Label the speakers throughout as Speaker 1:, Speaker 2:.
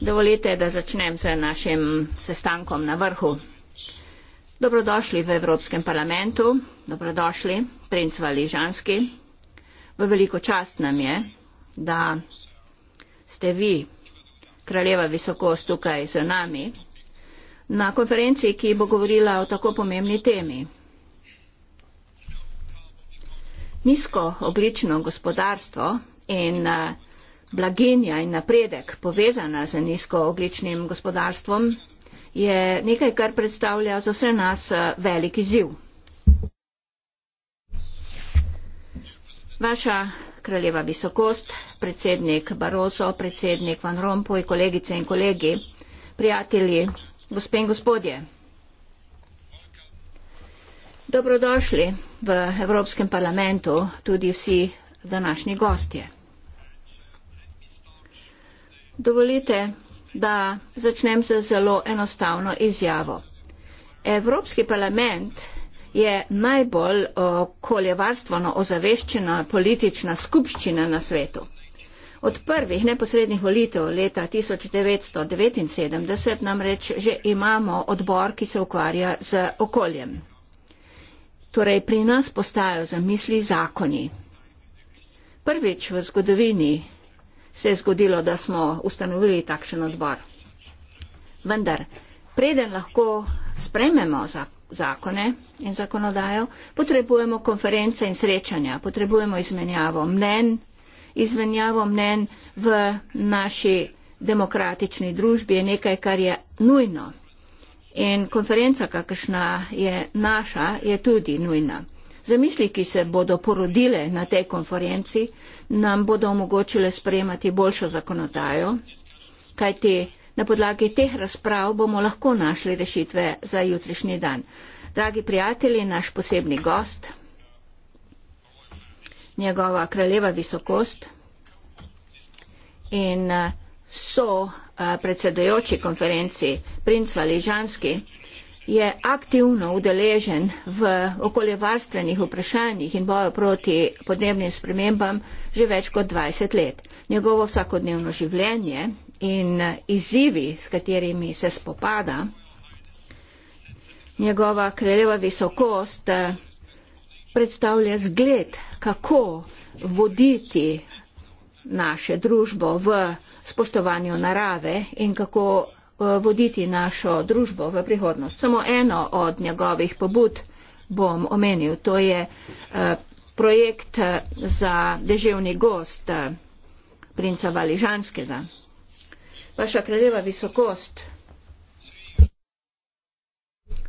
Speaker 1: Dovolite, da začnem z našim sestankom na vrhu. Dobrodošli v Evropskem parlamentu, dobrodošli, princ Valižanski. V veliko čast nam je, da ste vi, kraljeva visokost, tukaj z nami na konferenci, ki bo govorila o tako pomembni temi. Nizko oblično gospodarstvo in uh, blaginja in napredek povezana z nizkoogličnim gospodarstvom, je nekaj, kar predstavlja za vse nas eh, velik izziv. Vaša kraljeva visokost, predsednik Baroso, predsednik Van Rompuy, kolegice in kolegi, prijatelji, gospe in gospodje. Dobrodošli v Evropskem parlamentu tudi vsi današnji gostje. Dovolite, da začnem z zelo enostavno izjavo. Evropski parlament je najbolj okoljevarstveno ozaveščena politična skupščina na svetu. Od prvih neposrednih volitev leta 1979 namreč že imamo odbor, ki se ukvarja z okoljem. Torej pri nas postajajo zamisli zakoni. Prvič v zgodovini se je zgodilo, da smo ustanovili takšen odbor. Vendar, preden lahko sprememo zakone in zakonodajo, potrebujemo konference in srečanja, potrebujemo izmenjavo mnen, izmenjavo mnen v naši demokratični družbi je nekaj, kar je nujno. In konferenca, kakršna je naša, je tudi nujna. Zamisli, ki se bodo porodile na tej konferenci, nam bodo omogočile sprejemati boljšo zakonodajo, kajti na podlagi teh razprav bomo lahko našli rešitve za jutrišnji dan. Dragi prijatelji, naš posebni gost, njegova kraljeva visokost in eh, so eh, predsedojoči konferenci princ Valižanski, je aktivno udeležen v okoljevarstvenih vprašanjih in boju proti podnebnim spremembam že več kot 20 let. Njegovo vsakodnevno življenje in izzivi, s katerimi se spopada, njegova kraljeva visokost eh, predstavlja zgled, kako voditi naše družbo v spoštovanju narave in kako Eh, voditi našo družbo v prihodnost. Samo eno od njegovih pobud bom omenil, to je eh, projekt eh, za deževni gost princa Valižanskega. Vaša kraljeva visokost.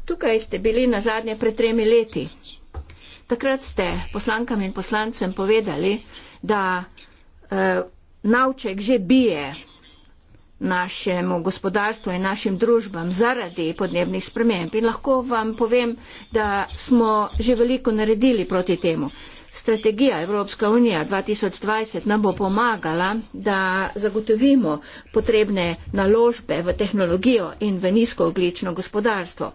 Speaker 1: Tukaj ste bili na zadnje pred tremi leti. Takrat ste poslankam in poslancem povedali, da eh, navček že bije našemu gospodarstvu in našim družbam zaradi podnebnih sprememb. In lahko vam povem, da smo že veliko naredili proti temu. Strategija Evropska unija 2020 nam bo pomagala, da zagotovimo potrebne naložbe v tehnologijo in v nizkooglično gospodarstvo.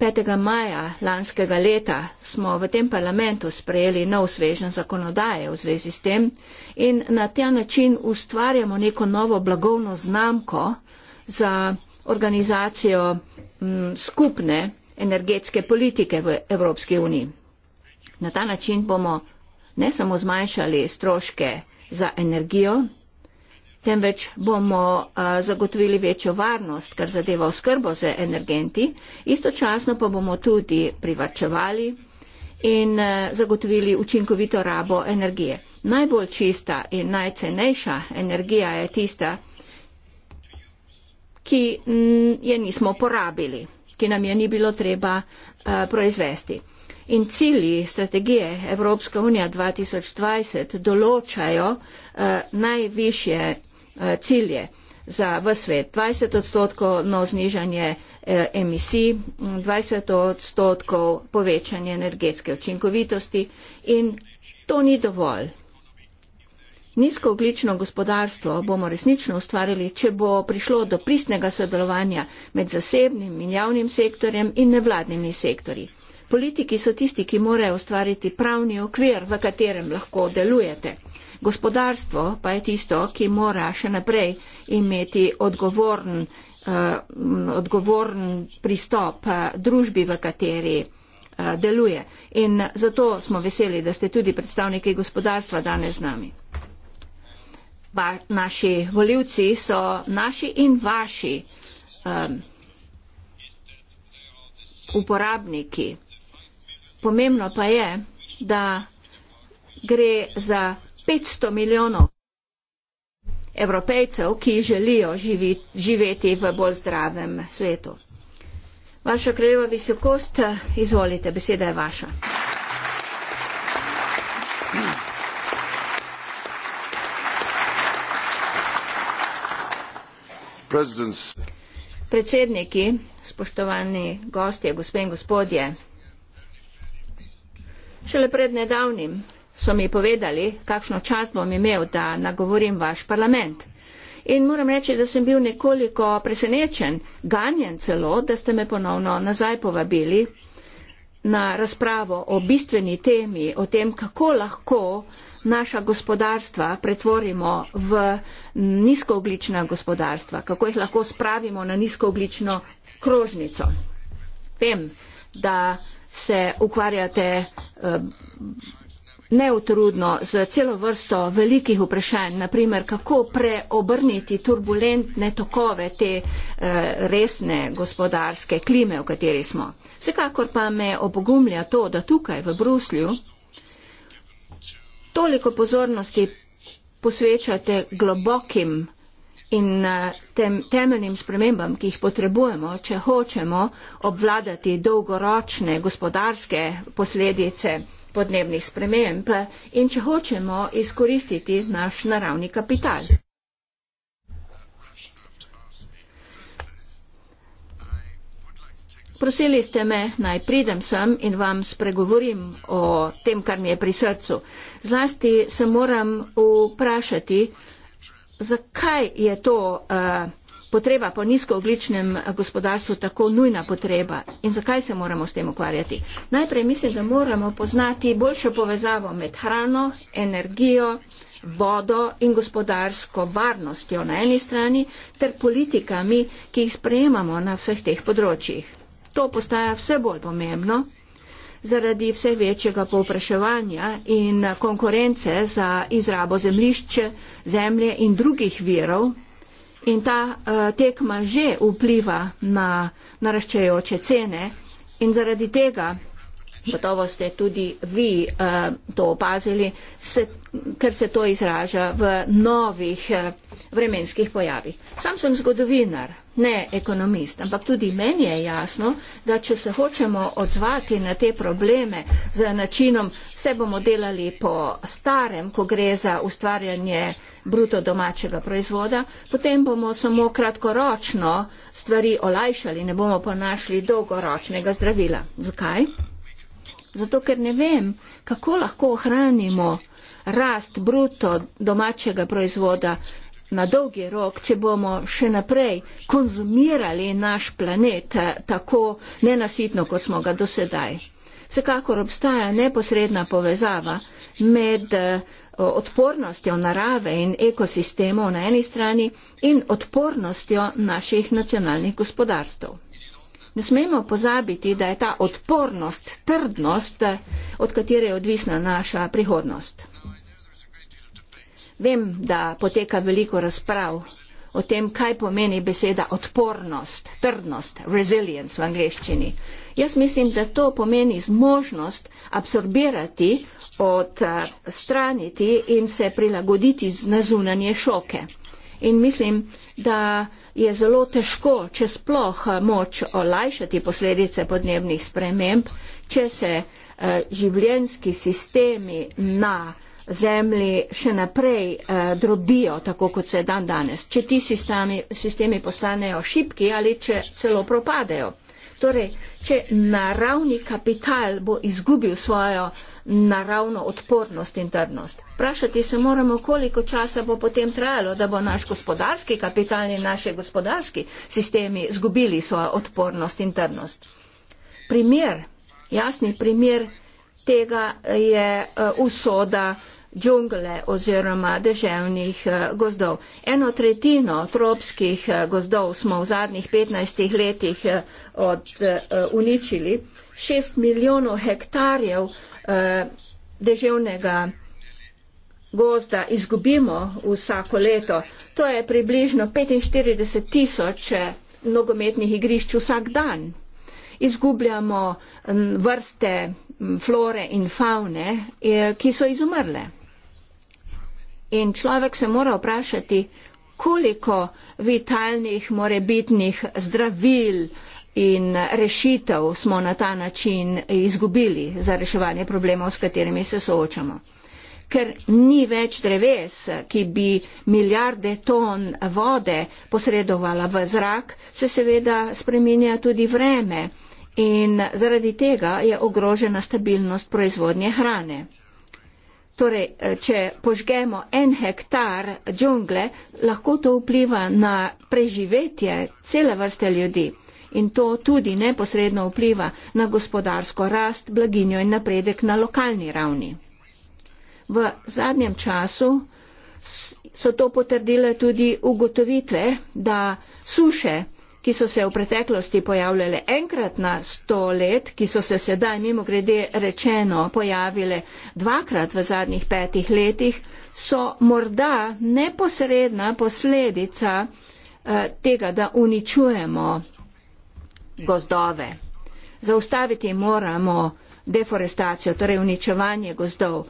Speaker 1: 5. maja lanskega leta smo v tem parlamentu sprejeli nov svežen zakonodaje v zvezi s tem in na ta način ustvarjamo neko novo blagovno znamko za organizacijo m, mm, skupne energetske politike v Evropski uniji. Na ta način bomo ne samo zmanjšali stroške za energijo, temveč bomo eh, zagotovili večjo varnost, kar zadeva oskrbo z energenti, istočasno pa bomo tudi privrčevali in eh, zagotovili učinkovito rabo energije. Najbolj čista in najcenejša energija je tista, ki mm, je nismo porabili, ki nam je ni bilo treba eh, proizvesti. In cilji strategije Evropska unija 2020 določajo eh, najvišje Eh, cilje za v svet. 20 odstotkov no znižanje eh, emisij, 20 odstotkov povečanje energetske učinkovitosti in to ni dovolj. Nizkooglično gospodarstvo bomo resnično ustvarili, če bo prišlo do pristnega sodelovanja med zasebnim in javnim sektorjem in nevladnimi sektorji. Politiki so tisti, ki morajo ustvariti pravni okvir, v katerem lahko delujete. Gospodarstvo pa je tisto, ki mora še naprej imeti odgovorn, uh, eh, odgovorn pristop eh, družbi, v kateri uh, deluje. In zato smo veseli, da ste tudi predstavniki gospodarstva danes z nami. Va, naši voljivci so naši in vaši um, uporabniki. Pomembno pa je, da gre za 500 milijonov evropejcev, ki želijo živeti v bolj zdravem svetu. Vaša kraljeva visokost, izvolite, beseda je vaša. Predsedniki, spoštovani gostje, gospe in gospodje, Šele pred nedavnim so mi povedali, kakšno čast bom imel, da nagovorim vaš parlament. In moram reči, da sem bil nekoliko presenečen, ganjen celo, da ste me ponovno nazaj povabili na razpravo o bistveni temi, o tem, kako lahko naša gospodarstva pretvorimo v nizkooglična gospodarstva, kako jih lahko spravimo na nizkooglično krožnico. Vem, da se ukvarjate eh, neutrudno z celo vrsto velikih vprašanj, naprimer kako preobrniti turbulentne tokove te eh, resne gospodarske klime, v kateri smo. Vsekakor pa me obogumlja to, da tukaj v Bruslju toliko pozornosti posvečate globokim in eh, tem, temeljnim spremembam, ki jih potrebujemo, če hočemo obvladati dolgoročne gospodarske posledice podnebnih sprememb in če hočemo izkoristiti naš naravni kapital. Prosili ste me, naj pridem sem in vam spregovorim o tem, kar mi je pri srcu. Zlasti se moram vprašati, zakaj je to uh, potreba po nizkoogličnem gospodarstvu tako nujna potreba in zakaj se moramo s tem ukvarjati. Najprej mislim, da moramo poznati boljšo povezavo med hrano, energijo, vodo in gospodarsko varnostjo na eni strani ter politikami, ki jih sprejemamo na vseh teh področjih. To postaja vse bolj pomembno zaradi vse večjega povpraševanja in konkurence za izrabo zemljišče, zemlje in drugih virov. In ta uh, tekma že vpliva na naraščajoče cene in zaradi tega gotovo ste tudi vi uh, to opazili, se, ker se to izraža v novih uh, vremenskih pojavih. Sam sem zgodovinar, ne ekonomist, ampak tudi meni je jasno, da če se hočemo odzvati na te probleme z načinom, vse bomo delali po starem, ko gre za ustvarjanje bruto domačega proizvoda, potem bomo samo kratkoročno stvari olajšali, ne bomo pa našli dolgoročnega zdravila. Zakaj? zato ker ne vem, kako lahko ohranimo rast bruto domačega proizvoda na dolgi rok, če bomo še naprej konzumirali naš planet eh, tako nenasitno, kot smo ga dosedaj. Vsekakor obstaja neposredna povezava med eh, odpornostjo narave in ekosistemov na eni strani in odpornostjo naših nacionalnih gospodarstv ne smemo pozabiti, da je ta odpornost, trdnost, od katere je odvisna naša prihodnost. Vem, da poteka veliko razprav o tem, kaj pomeni beseda odpornost, trdnost, resilience v angleščini. Jaz mislim, da to pomeni zmožnost absorbirati, odstraniti in se prilagoditi na zunanje šoke. In mislim, da je zelo težko, če sploh eh, moč olajšati posledice podnebnih sprememb, če se eh, življenski sistemi na zemlji še naprej eh, drobijo, tako kot se dan danes, če ti sistemi, sistemi postanejo šipki ali če celo propadejo. Torej, če naravni kapital bo izgubil svojo eh, naravno odpornost in trdnost. Prašati se moramo, koliko časa bo potem trajalo, da bo naš gospodarski kapital in naše gospodarski sistemi zgubili svojo odpornost in trdnost. Primer, jasni primer tega je eh, usoda džungle oziroma deževnih eh, gozdov. Eno tretjino tropskih eh, gozdov smo v zadnjih 15 letih od, uničili. 6 milijonov hektarjev eh, deževnega gozda izgubimo vsako leto. To je približno 45 tisoč eh, nogometnih igrišč vsak dan. Izgubljamo mm, vrste mm, flore in faune, eh, ki so izumrle. In človek se mora vprašati, koliko vitalnih, morebitnih zdravil, in rešitev smo na ta način izgubili za reševanje problemov, s katerimi se soočamo. Ker ni več dreves, ki bi milijarde ton vode posredovala v zrak, se seveda spreminja tudi vreme in zaradi tega je ogrožena stabilnost proizvodnje hrane. Torej, če požgemo en hektar džungle, lahko to vpliva na preživetje cele vrste ljudi in to tudi neposredno vpliva na gospodarsko rast, blaginjo in napredek na lokalni ravni. V zadnjem času so to potrdile tudi ugotovitve, da suše, ki so se v preteklosti pojavljale enkrat na sto let, ki so se sedaj, mimo grede rečeno, pojavile dvakrat v zadnjih petih letih, so morda neposredna posledica eh, tega, da uničujemo gozdove. Zaustaviti moramo deforestacijo, torej uničevanje gozdov.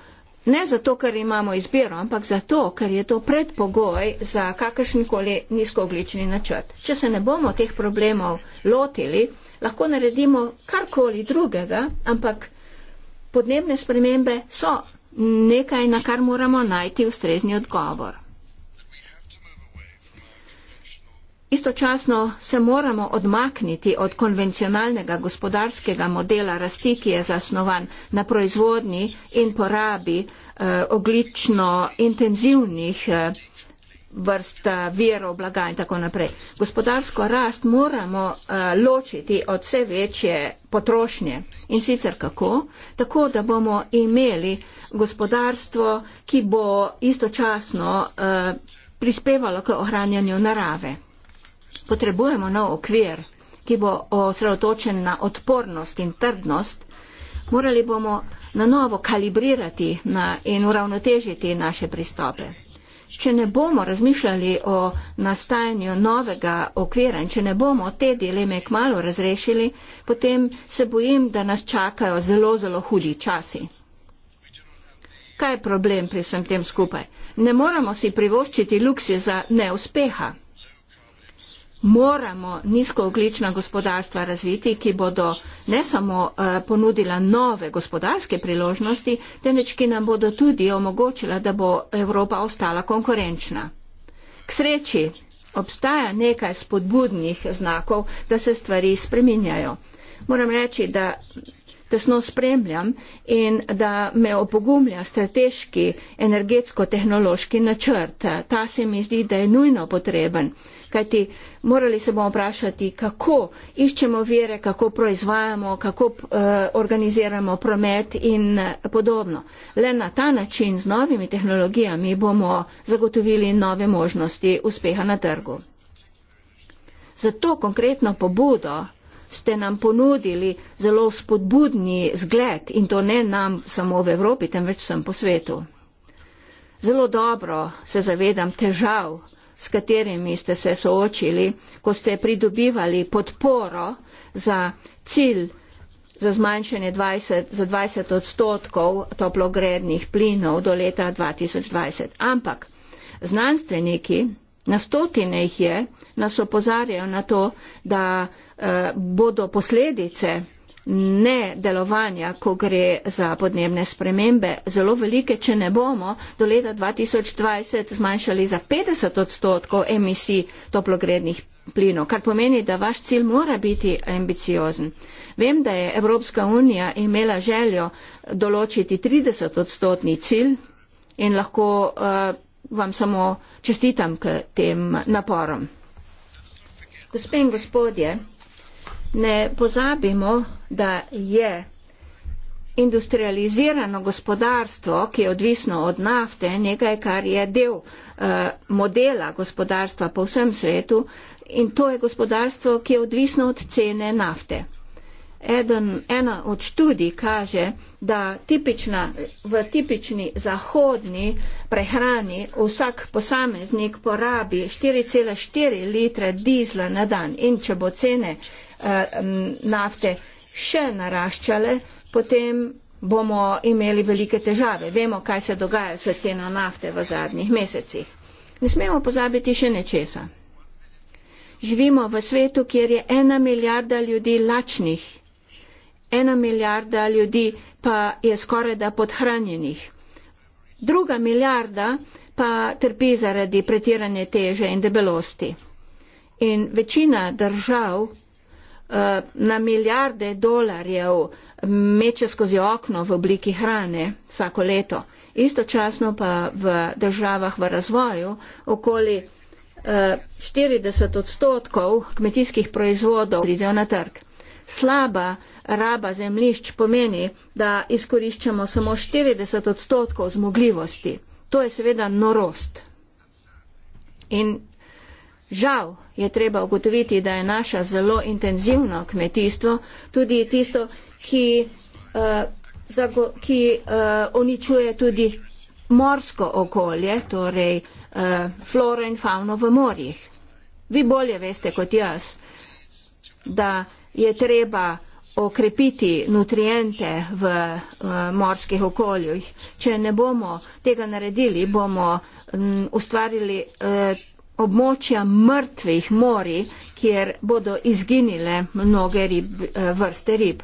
Speaker 1: Ne zato, ker imamo izbiro, ampak zato, ker je to predpogoj za kakršenkoli nizkooglični načrt. Če se ne bomo teh problemov lotili, lahko naredimo karkoli drugega, ampak podnebne spremembe so nekaj, na kar moramo najti ustrezni odgovor. Istočasno se moramo odmakniti od konvencionalnega gospodarskega modela rasti, ki je zasnovan na proizvodni in porabi eh, oglično intenzivnih eh, vrst eh, virov blaga in tako naprej. Gospodarsko rast moramo eh, ločiti od vse večje potrošnje in sicer kako? Tako, da bomo imeli gospodarstvo, ki bo istočasno eh, prispevalo k ohranjanju narave potrebujemo nov okvir, ki bo osredotočen na odpornost in trdnost, morali bomo na novo kalibrirati na in uravnotežiti naše pristope. Če ne bomo razmišljali o nastajanju novega okvira in če ne bomo te dileme kmalo razrešili, potem se bojim, da nas čakajo zelo, zelo hudi časi. Kaj je problem pri vsem tem skupaj? Ne moramo si privoščiti luksiza neuspeha moramo nizkooglična gospodarstva razviti, ki bodo ne samo uh, ponudila nove gospodarske priložnosti, temveč ki nam bodo tudi omogočila, da bo Evropa ostala konkurenčna. K sreči obstaja nekaj spodbudnih znakov, da se stvari spreminjajo. Moram reči, da tesno spremljam in da me opogumlja strateški energetsko-tehnološki načrt. Ta se mi zdi, da je nujno potreben. Kajti morali se bomo vprašati, kako iščemo vire, kako proizvajamo, kako uh, organiziramo promet in eh, podobno. Le na ta način z novimi tehnologijami bomo zagotovili nove možnosti uspeha na trgu. Zato konkretno pobudo ste nam ponudili zelo spodbudni zgled in to ne nam samo v Evropi, temveč sem po svetu. Zelo dobro se zavedam težav, s katerimi ste se soočili, ko ste pridobivali podporo za cilj za zmanjšanje 20, za 20 odstotkov toplogrednih plinov do leta 2020. Ampak znanstveniki, na stotine jih je, nas opozarjajo na to, da eh, bodo posledice nedelovanja, ko gre za podnebne spremembe, zelo velike, če ne bomo do leta 2020 zmanjšali za 50 odstotkov emisij toplogrednih plinov, kar pomeni, da vaš cilj mora biti ambiciozen. Vem, da je Evropska unija imela željo določiti 30 odstotni cilj in lahko uh, vam samo čestitam k tem naporom. Gospe in gospodje, Ne pozabimo, da je industrializirano gospodarstvo, ki je odvisno od nafte, nekaj, kar je del eh, modela gospodarstva po vsem svetu in to je gospodarstvo, ki je odvisno od cene nafte. Eden, ena od študij kaže, da tipična, v tipični zahodni prehrani vsak posameznik porabi 4,4 litre dizla na dan in če bo cene eh, Eh, nafte še naraščale, potem bomo imeli velike težave. Vemo, kaj se dogaja z ceno nafte v zadnjih mesecih. Ne smemo pozabiti še nečesa. Živimo v svetu, kjer je ena milijarda ljudi lačnih, ena milijarda ljudi pa je skoraj da podhranjenih, druga milijarda pa trpi zaradi pretirane teže in debelosti. In večina držav Eh, na milijarde dolarjev meče skozi okno v obliki hrane vsako leto. Istočasno pa v državah v razvoju okoli 40 eh, odstotkov kmetijskih proizvodov pridejo na trg. Slaba raba zemlišč pomeni, da izkoriščamo samo 40 odstotkov zmogljivosti. To je seveda norost. In žal je treba ugotoviti, da je naša zelo intenzivno kmetijstvo tudi tisto, ki, uh, zago, ki uh, uničuje tudi morsko okolje, torej uh, eh, flora in fauno v morjih. Vi bolje veste kot jaz, da je treba okrepiti nutriente v, v morskih okoljih. Če ne bomo tega naredili, bomo m, mm, ustvarili. Uh, območja mrtvih mori, kjer bodo izginile mnoge rib, eh, vrste rib.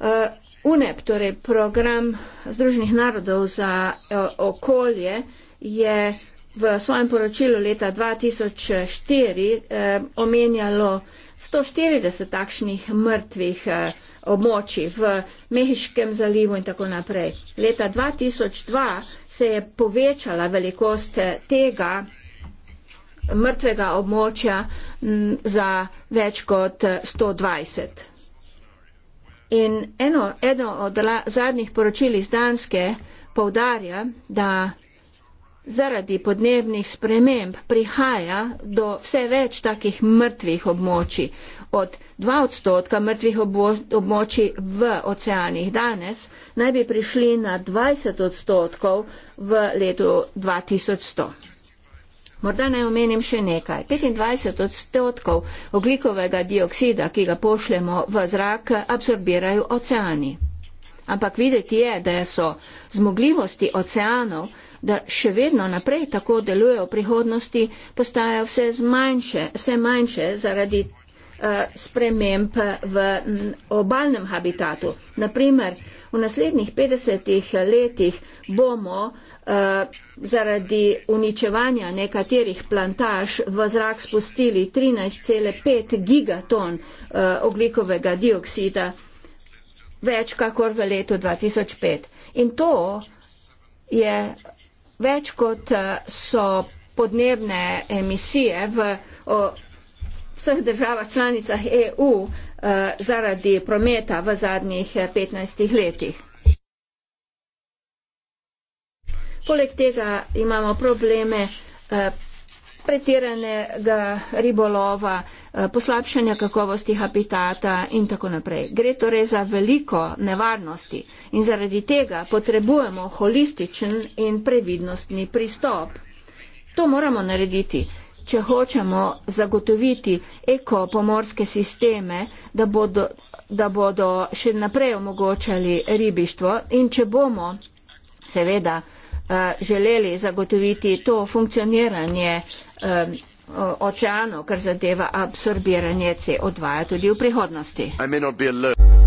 Speaker 1: Eh, UNEP, torej program Združenih narodov za eh, okolje, je v svojem poročilu leta 2004 omenjalo 140 takšnih mrtvih območji v Mehiškem zalivu in tako naprej. Leta 2002 se je povečala velikost eh, tega mrtvega območja za več kot 120. Eh, in eno, eno od la, zadnjih poročil iz Danske povdarja, da zaradi podnebnih sprememb prihaja do vse več takih mrtvih območij od 2 odstotka mrtvih območij v oceanih danes, naj bi prišli na 20 odstotkov v letu 2100. Morda naj omenim še nekaj. 25 odstotkov oglikovega dioksida, ki ga pošljemo v zrak, absorbirajo oceani. Ampak videti je, da so zmogljivosti oceanov, da še vedno naprej tako delujejo v prihodnosti, postajajo vse, zmanjše, vse manjše zaradi Eh, sprememb v obalnem habitatu. Naprimer, v naslednjih 50 letih bomo eh, zaradi uničevanja nekaterih plantaž v zrak spustili 13,5 gigaton eh, oglikovega dioksida, več kakor v letu 2005. In to je več kot so podnebne emisije v vseh državah članicah EU eh, zaradi prometa v zadnjih 15 eh, letih. Poleg tega imamo probleme eh, pretiranega ribolova, poslabšanja kakovosti habitata in tako naprej. Gre torej za veliko nevarnosti in zaradi tega potrebujemo holističen in previdnostni pristop. To moramo narediti če hočemo zagotoviti ekopomorske sisteme, da bodo, da bodo še naprej omogočali ribištvo in če bomo seveda eh, želeli zagotoviti to funkcioniranje eh, oceanov, kar zadeva absorbiranje CO2 tudi v prihodnosti.
Speaker 2: I may not be alone.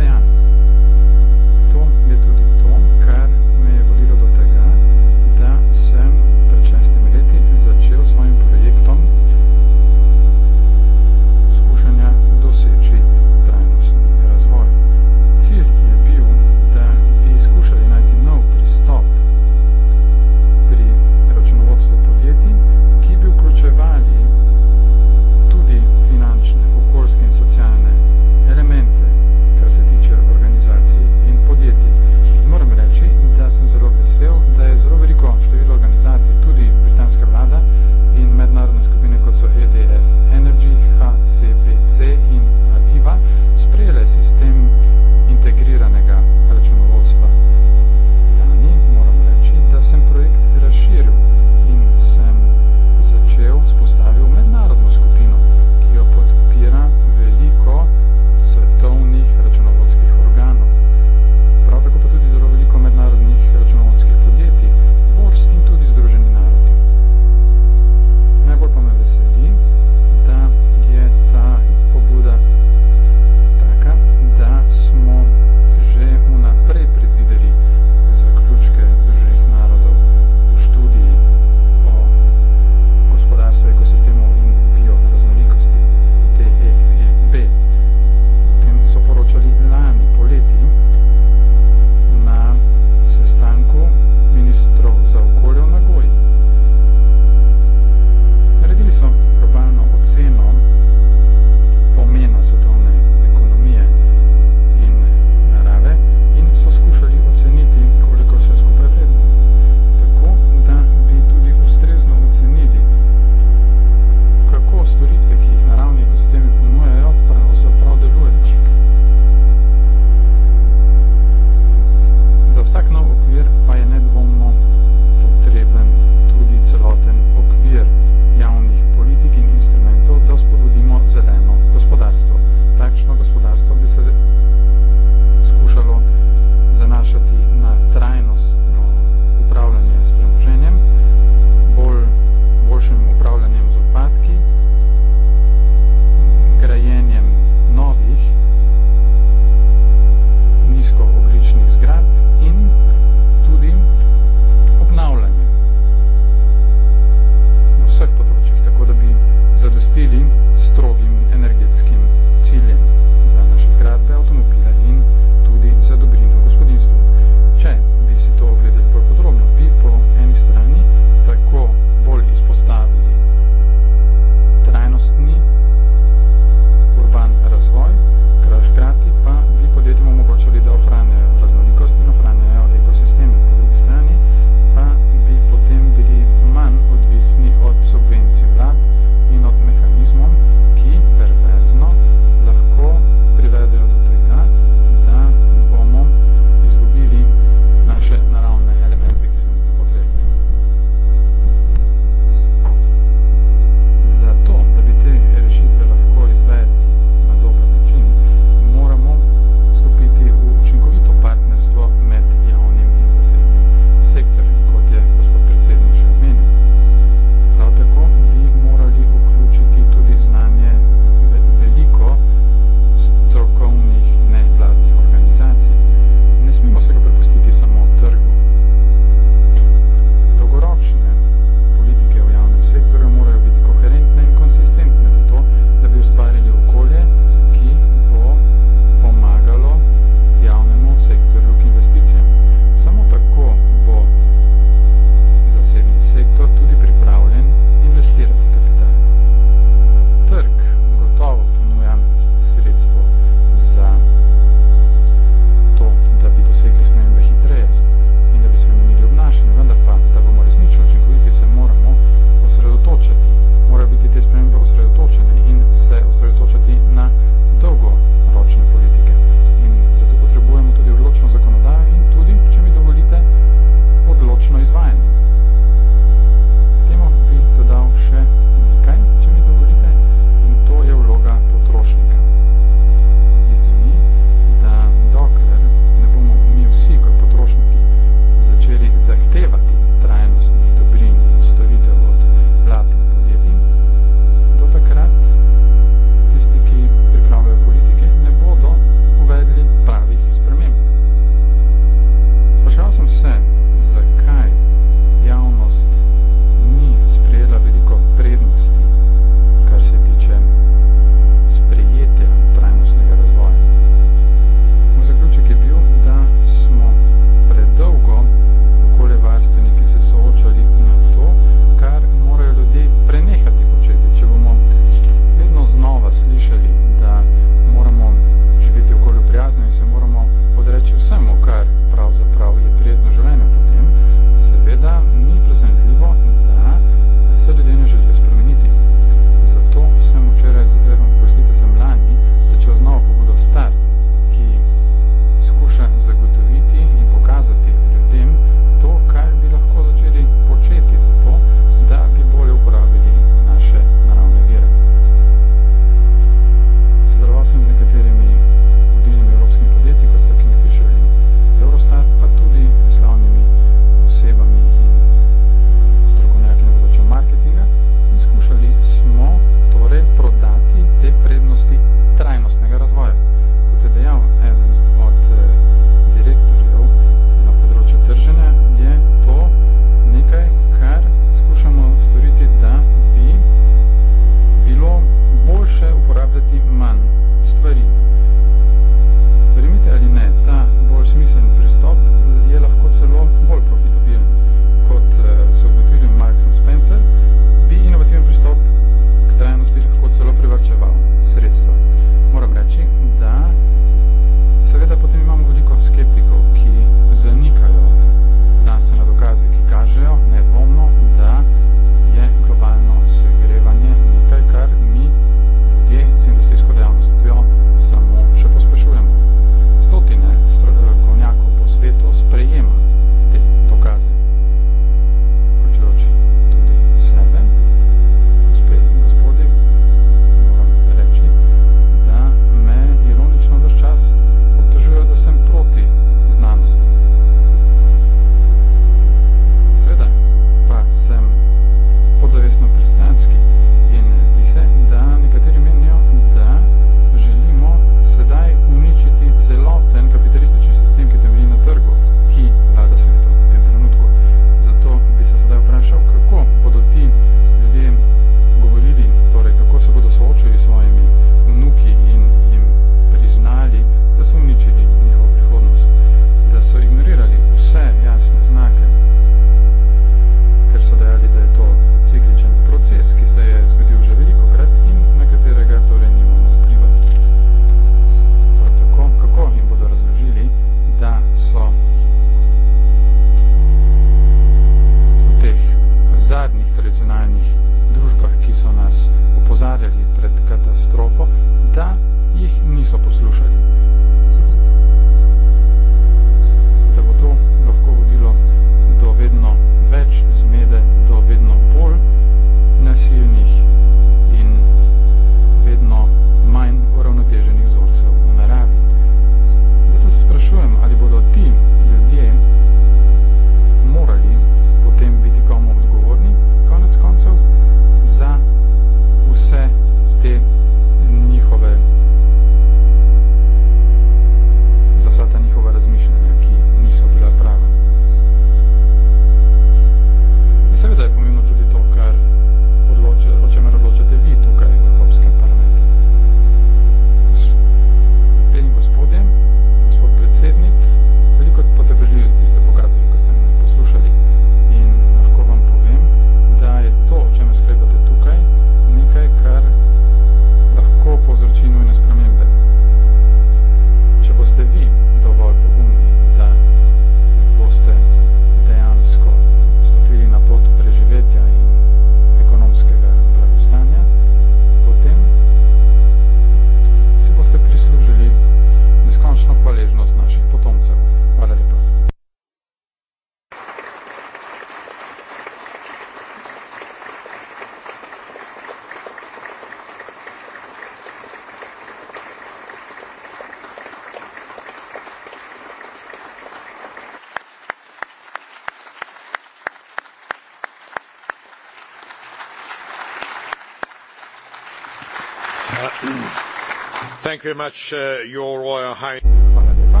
Speaker 2: Thank you very much, uh, Your Royal High. Hvala lepa,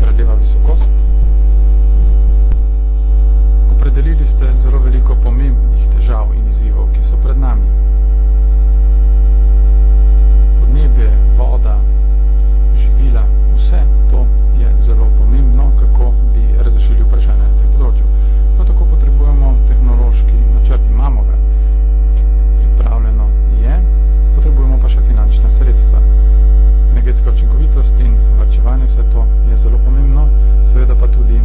Speaker 2: kraljeva visokost. Opredelili ste zelo veliko pomembnih težav in izzivov, ki so pred nami. Podnebje, voda, energetska učinkovitost in varčevanje, vse to je zelo pomembno, seveda pa tudi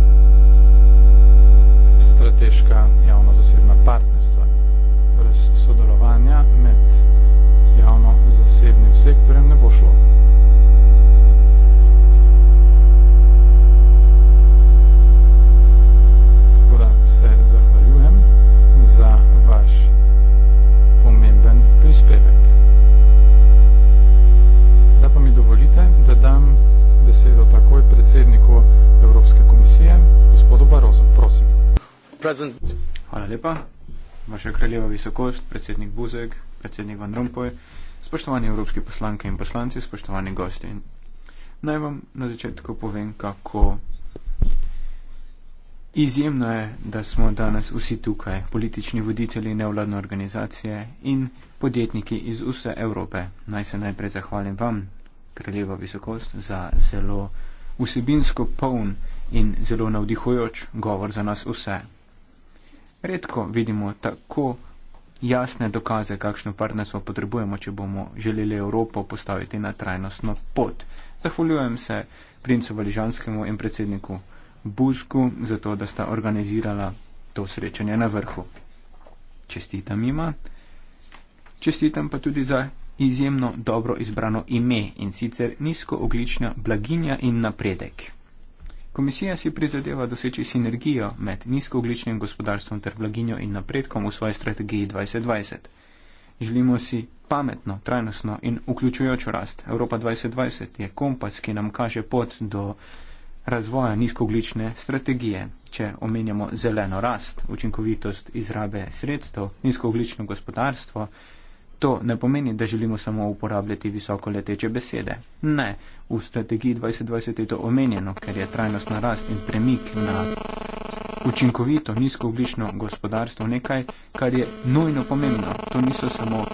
Speaker 2: strateška javno-zasebna partnerstva. Torej, sodelovanja med javno-zasebnim sektorjem ne bo šlo.
Speaker 3: President. Hvala lepa. Vaša kraljeva visokost, predsednik Buzek, predsednik Van Rompuy, spoštovani evropski poslanke in poslanci, spoštovani gosti. Naj vam na začetku povem, kako izjemno je, da smo danes vsi tukaj, politični voditelji, nevladne organizacije in podjetniki iz vse Evrope. Naj se najprej zahvalim vam, kraljeva visokost, za zelo vsebinsko poln in zelo navdihujoč govor za nas vse. Redko vidimo tako jasne dokaze, kakšno partnerstvo potrebujemo, če bomo želeli Evropo postaviti na trajnostno pot. Zahvaljujem se princu Valižanskemu in predsedniku Busku za to, da sta organizirala to srečanje na vrhu. Čestitam ima. Čestitam pa tudi za izjemno dobro izbrano ime in sicer nizkooglična blaginja in napredek. Komisija si prizadeva doseči sinergijo med nizkoogličnim gospodarstvom ter blaginjo in napredkom v svoji strategiji 2020. Želimo si pametno, trajnostno in vključujočo rast. Evropa 2020 je kompas, ki nam kaže pot do razvoja nizkoglične strategije. Če omenjamo zeleno rast, učinkovitost izrabe sredstev, nizkoglično gospodarstvo, To ne pomeni, da želimo samo uporabljati visoko leteče besede. Ne, v strategiji 2020 je to omenjeno, ker je trajnostna rast in premik na učinkovito nizkooglično gospodarstvo nekaj, kar je nujno pomembno. To niso samo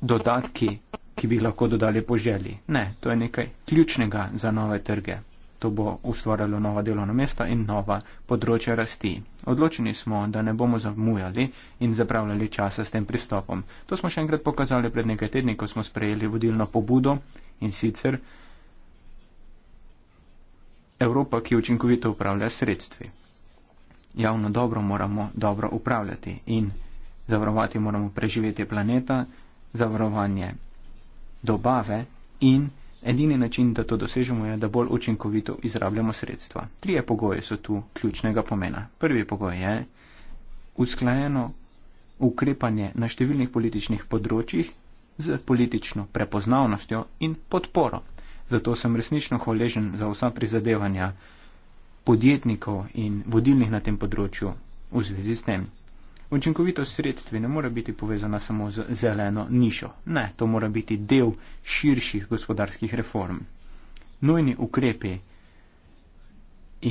Speaker 3: dodatki, ki bi lahko dodali po želji. Ne, to je nekaj ključnega za nove trge. To bo ustvarjalo nova delovna mesta in nova področja rasti. Odločeni smo, da ne bomo zamujali in zapravljali časa s tem pristopom. To smo še enkrat pokazali pred nekaj tedni, ko smo sprejeli vodilno pobudo in sicer Evropa, ki učinkovito upravlja sredstvi. Javno dobro moramo dobro upravljati in zavarovati moramo preživetje planeta, zavarovanje dobave in. Edini način, da to dosežemo, je, da bolj učinkovito izrabljamo sredstva. Trije pogoji so tu ključnega pomena. Prvi pogoj je usklajeno ukrepanje na številnih političnih področjih z politično prepoznavnostjo in podporo. Zato sem resnično hvaležen za vsa prizadevanja podjetnikov in vodilnih na tem področju v zvezi s tem. Učinkovitost sredstvi ne mora biti povezana samo z zeleno nišo. Ne, to mora biti del širših gospodarskih reform. Nujni ukrepi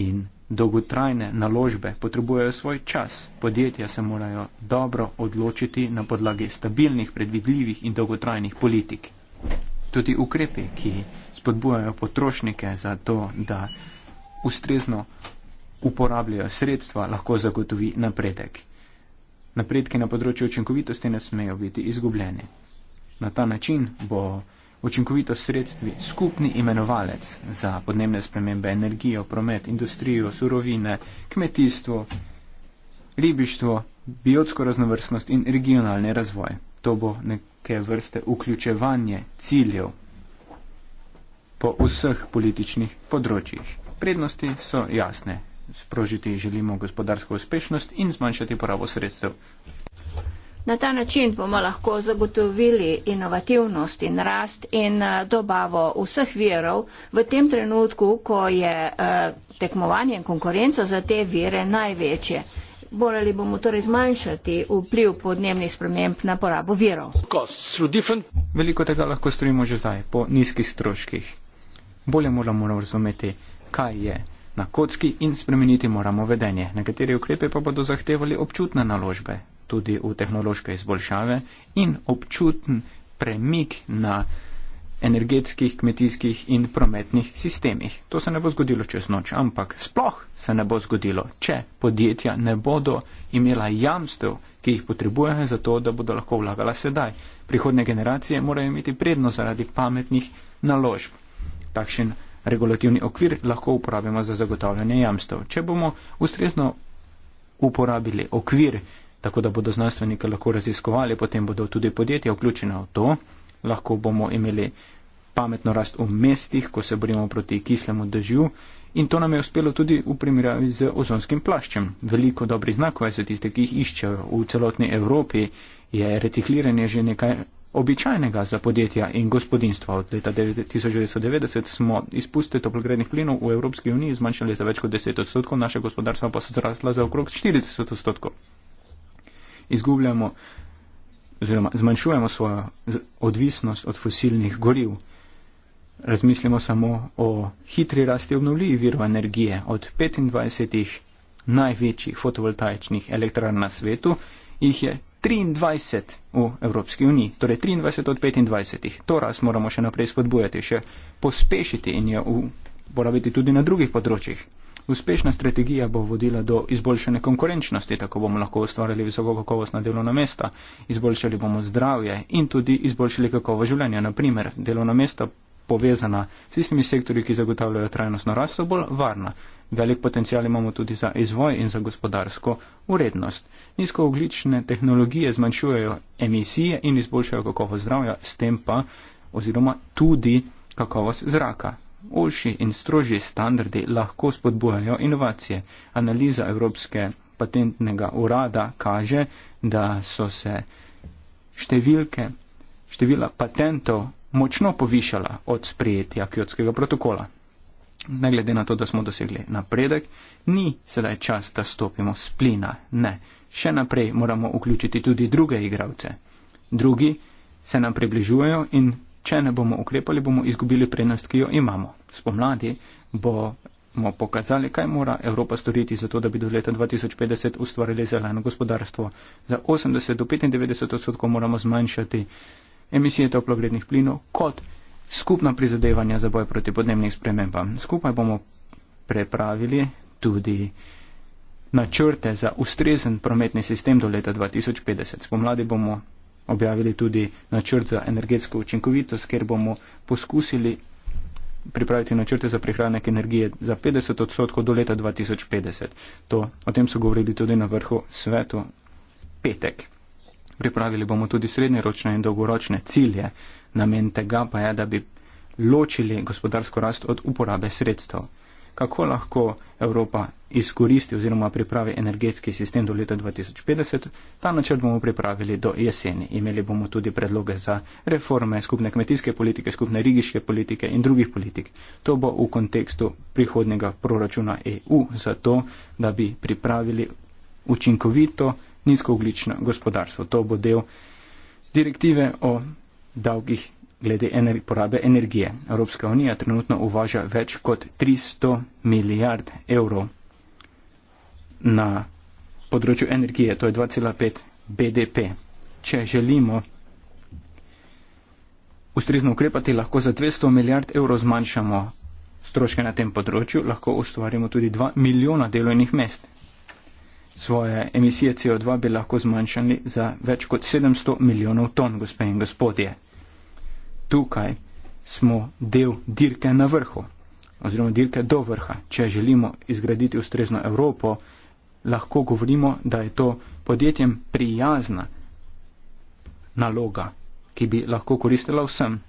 Speaker 3: in dolgotrajne naložbe potrebujejo svoj čas. Podjetja se morajo dobro odločiti na podlagi stabilnih, predvidljivih in dolgotrajnih politik. Tudi ukrepi, ki spodbujajo potrošnike za to, da ustrezno uporabljajo sredstva, lahko zagotovi napredek. Napredke na področju učinkovitosti ne smejo biti izgubljene. Na ta način bo učinkovitost sredstvi skupni imenovalec za podnebne spremembe, energijo, promet, industrijo, surovine, kmetijstvo, ribištvo, biotsko raznovrstnost in regionalni razvoj. To bo neke vrste vključevanje ciljev po vseh političnih področjih. Prednosti so jasne, sprožiti želimo gospodarsko uspešnost in zmanjšati porabo sredstev.
Speaker 1: Na ta način bomo lahko zagotovili inovativnost in rast in eh, dobavo vseh virov v tem trenutku, ko je eh, tekmovanje in konkurenca za te vire največje. Morali bomo torej zmanjšati vpliv podnebnih sprememb na porabo virov.
Speaker 3: Veliko tega lahko storimo že zdaj, po nizkih stroških. Bolje moramo razumeti, kaj je na kocki in spremeniti moramo vedenje. Nekateri ukrepe pa bodo zahtevali občutne naložbe, tudi v tehnološke izboljšave in občuten premik na energetskih, kmetijskih in prometnih sistemih. To se ne bo zgodilo čez noč, ampak sploh se ne bo zgodilo, če podjetja ne bodo imela jamstev, ki jih potrebujejo za to, da bodo lahko vlagala sedaj. Prihodne generacije morajo imeti prednost zaradi pametnih naložb. Takšen regulativni okvir lahko uporabimo za zagotavljanje jamstev. Če bomo ustrezno uporabili okvir, tako da bodo znanstveniki lahko raziskovali, potem bodo tudi podjetja vključena v to, lahko bomo imeli pametno rast v mestih, ko se borimo proti kislemu dežju in to nam je uspelo tudi v primerjavi z ozonskim plaščem. Veliko dobrih znakov je za tiste, ki jih iščejo. V celotni Evropi je recikliranje že nekaj običajnega za podjetja in gospodinstva. Od leta 1990 smo izpuste toplogrednih plinov v Evropski uniji zmanjšali za več kot 10 odstotkov, naše gospodarstvo pa se zrasla za okrog 40 odstotkov. Izgubljamo oziroma zmanjšujemo svojo odvisnost od fosilnih goriv. Razmislimo samo o hitri rasti obnovljivih virov energije. Od 25 največjih fotovoltaičnih elektrarn na svetu jih je 23 v Evropski uniji, torej 23 od 25. To rast moramo še naprej spodbujati, še pospešiti in jo uporabiti tudi na drugih področjih. Uspešna strategija bo vodila do izboljšane konkurenčnosti, tako bomo lahko ustvarjali visoko kakovostna delovna mesta, izboljšali bomo zdravje in tudi izboljšali kakovo življenja. Naprimer, delovna mesta povezana s tistimi sektorji, ki zagotavljajo trajnostno rast, so bolj varna. Velik potencial imamo tudi za izvoj in za gospodarsko urednost. Nizkooglične tehnologije zmanjšujejo emisije in izboljšajo kakovost zdravja, s tem pa oziroma tudi kakovost zraka. Oljši in strožji standardi lahko spodbujajo inovacije. Analiza Evropske patentnega urada kaže, da so se številke, števila patentov močno povišala od sprejetja kjotskega protokola. Ne glede na to, da smo dosegli napredek, ni sedaj čas, da stopimo s plina. Ne, še naprej moramo vključiti tudi druge igravce. Drugi se nam približujejo in če ne bomo ukrepali, bomo izgubili prednost, ki jo imamo. Spomladi bomo pokazali, kaj mora Evropa storiti za to, da bi do leta 2050 ustvarili zeleno gospodarstvo. Za 80 do 95 odstotkov moramo zmanjšati emisije toplogrednih plinov kot skupna prizadevanja za boj proti podnebnim spremembam. Skupaj bomo prepravili tudi načrte za ustrezen prometni sistem do leta 2050. Spomladi bomo objavili tudi načrt za energetsko učinkovitost, kjer bomo poskusili pripraviti načrte za prihranek energije za 50 odstotkov do leta 2050. To, o tem so govorili tudi na vrhu svetu petek pripravili bomo tudi srednjeročne in dolgoročne cilje. Namen tega pa je, da bi ločili gospodarsko rast od uporabe sredstev. Kako lahko Evropa izkoristi oziroma pripravi energetski sistem do leta 2050? Ta načrt bomo pripravili do jeseni. Imeli bomo tudi predloge za reforme skupne kmetijske politike, skupne rigiške politike in drugih politik. To bo v kontekstu prihodnega proračuna EU za to, da bi pripravili učinkovito nizkooglično gospodarstvo. To bo del direktive o davkih glede ener porabe energije. Evropska unija trenutno uvaža več kot 300 milijard evrov na področju energije, to je 2,5 BDP. Če želimo ustrezno ukrepati, lahko za 200 milijard evrov zmanjšamo stroške na tem področju, lahko ustvarimo tudi 2 milijona delovnih mest. Svoje emisije CO2 bi lahko zmanjšali za več kot 700 milijonov ton, gospe in gospodje. Tukaj smo del dirke na vrhu, oziroma dirke do vrha. Če želimo izgraditi ustrezno Evropo, lahko govorimo, da je to podjetjem prijazna naloga, ki bi lahko koristila vsem.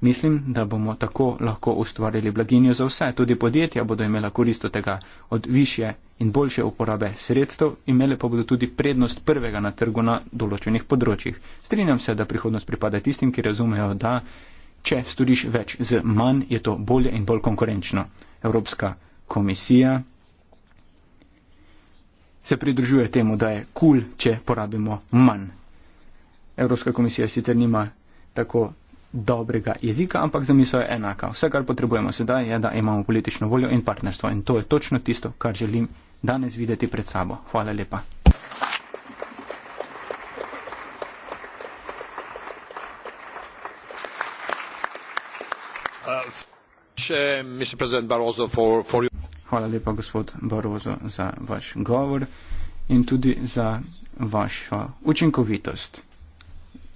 Speaker 3: Mislim, da bomo tako lahko ustvarili blaginjo za vse. Tudi podjetja bodo imela korist od tega, od više in boljše uporabe sredstev, imele pa bodo tudi prednost prvega na trgu na določenih področjih. Strinjam se, da prihodnost pripada tistim, ki razumejo, da če storiš več z manj, je to bolje in bolj konkurenčno. Evropska komisija se pridružuje temu, da je kul, cool, če porabimo manj. Evropska komisija sicer nima tako dobrega jezika, ampak zamisel je enaka. Vse, kar potrebujemo sedaj, je, da imamo politično voljo in partnerstvo. In to je točno tisto, kar želim danes videti pred sabo. Hvala lepa. Hvala lepa, gospod Barozo, za vaš govor in tudi za vašo učinkovitost.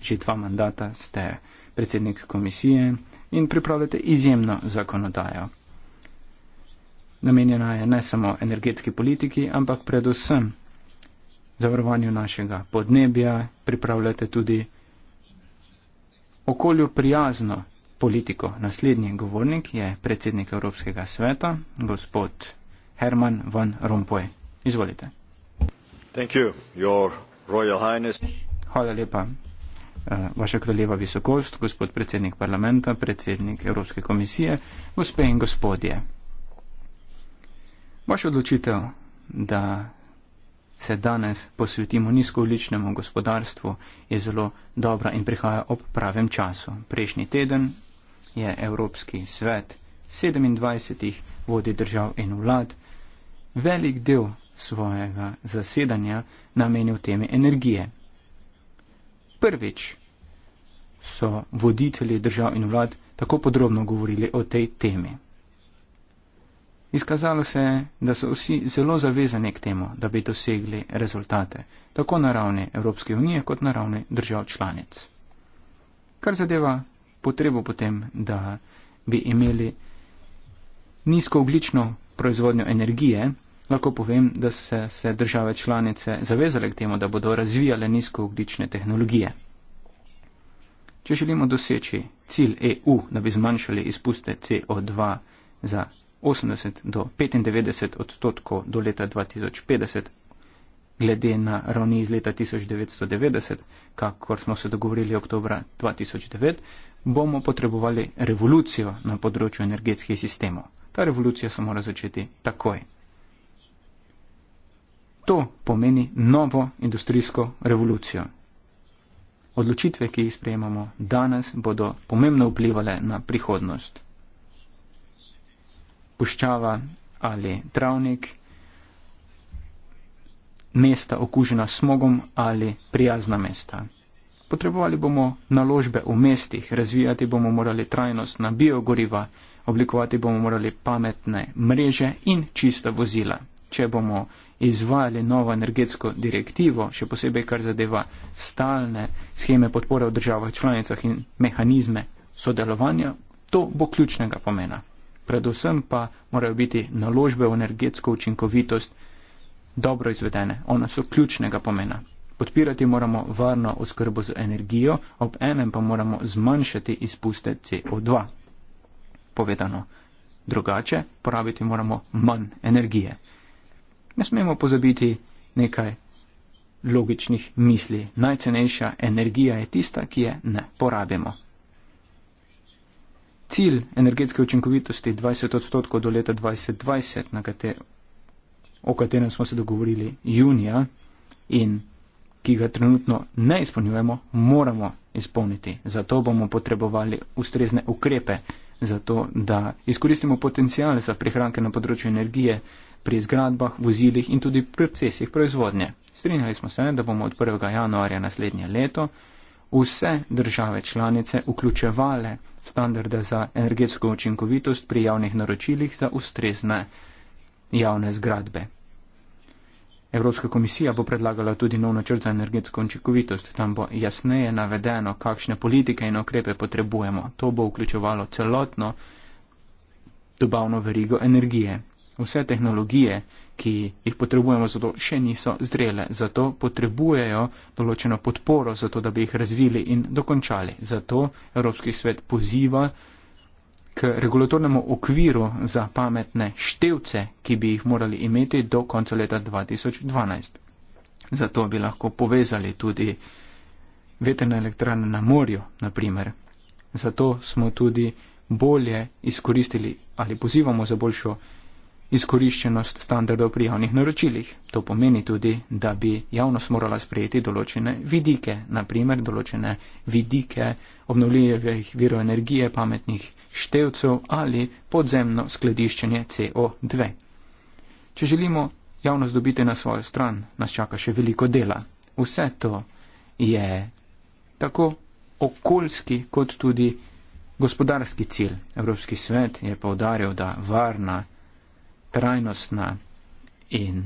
Speaker 3: Že dva mandata ste predsednik komisije in pripravljate izjemno zakonodajo. Namenjena je ne samo energetski politiki, ampak predvsem zavarovanju našega podnebja, pripravljate tudi okolju prijazno politiko. Naslednji govornik je predsednik Evropskega sveta, gospod Herman van Rompuy. Izvolite.
Speaker 1: Thank you, Your Royal Highness.
Speaker 3: Hvala lepa, Eh, vaša kraljeva visokost, gospod predsednik parlamenta, predsednik Evropske komisije, gospe in gospodje. Vaša odločitev, da se danes posvetimo nizkouličnemu gospodarstvu, je zelo dobra in prihaja ob pravem času. Prejšnji teden je Evropski svet 27 vodi držav in vlad velik del svojega zasedanja namenil temi energije prvič so voditelji držav in vlad tako podrobno govorili o tej temi. Izkazalo se je, da so vsi zelo zavezani k temu, da bi dosegli rezultate, tako na ravni Evropske unije kot na ravni držav članic. Kar zadeva potrebo potem, da bi imeli nizkooglično proizvodnjo energije, Lahko povem, da se, se države članice zavezale k temu, da bodo razvijale nizkooglične tehnologije. Če želimo doseči cilj EU, da bi zmanjšali izpuste CO2 za 80 do 95 odstotkov do leta 2050, glede na ravni iz leta 1990, kakor smo se dogovorili oktobra 2009, bomo potrebovali revolucijo na področju energetskih sistemov. Ta revolucija se mora začeti takoj, To pomeni novo industrijsko revolucijo. Odločitve, ki jih sprejemamo danes, bodo pomembno vplivale na prihodnost. Puščava ali travnik, mesta okužena smogom ali prijazna mesta. Potrebovali bomo naložbe v mestih, razvijati bomo morali trajnost na biogoriva, oblikovati bomo morali pametne mreže in čista vozila če bomo izvajali novo energetsko direktivo, še posebej kar zadeva stalne scheme podpore v državah članicah in mehanizme sodelovanja, to bo ključnega pomena. Predvsem pa morajo biti naložbe v energetsko učinkovitost dobro izvedene. Ona so ključnega pomena. Podpirati moramo varno oskrbo z energijo, ob enem pa moramo zmanjšati izpuste CO2. Povedano drugače, porabiti moramo manj energije. Ne smemo pozabiti nekaj logičnih misli. Najcenejša energija je tista, ki je ne porabimo. Cilj energetske učinkovitosti 20 odstotkov do leta 2020, kater o katerem smo se dogovorili junija in ki ga trenutno ne izpolnjujemo, moramo izpolniti. Zato bomo potrebovali ustrezne ukrepe, zato da izkoristimo potencijale za prihranke na področju energije, pri zgradbah, vozilih in tudi procesih proizvodnje. Strinjali smo se, da bomo od 1. januarja naslednje leto vse države članice vključevale standarde za energetsko učinkovitost pri javnih naročilih za ustrezne javne zgradbe. Evropska komisija bo predlagala tudi nov načrt za energetsko učinkovitost. Tam bo jasneje navedeno, kakšne politike in okrepe potrebujemo. To bo vključevalo celotno dobavno verigo energije. Vse tehnologije, ki jih potrebujemo, zato še niso zrele, zato potrebujejo določeno podporo, zato da bi jih razvili in dokončali. Zato Evropski svet poziva k regulatornemu okviru za pametne števce, ki bi jih morali imeti do konca leta 2012. Zato bi lahko povezali tudi veterne elektrane na morju, naprimer. Zato smo tudi bolje izkoristili ali pozivamo za boljšo izkoriščenost standardov pri javnih naročilih. To pomeni tudi, da bi javnost morala sprejeti določene vidike, naprimer določene vidike obnovljivih virov energije, pametnih števcev ali podzemno skladiščenje CO2. Če želimo javnost dobiti na svojo stran, nas čaka še veliko dela. Vse to je tako okoljski kot tudi gospodarski cilj. Evropski svet je povdarjal, da varna trajnostna in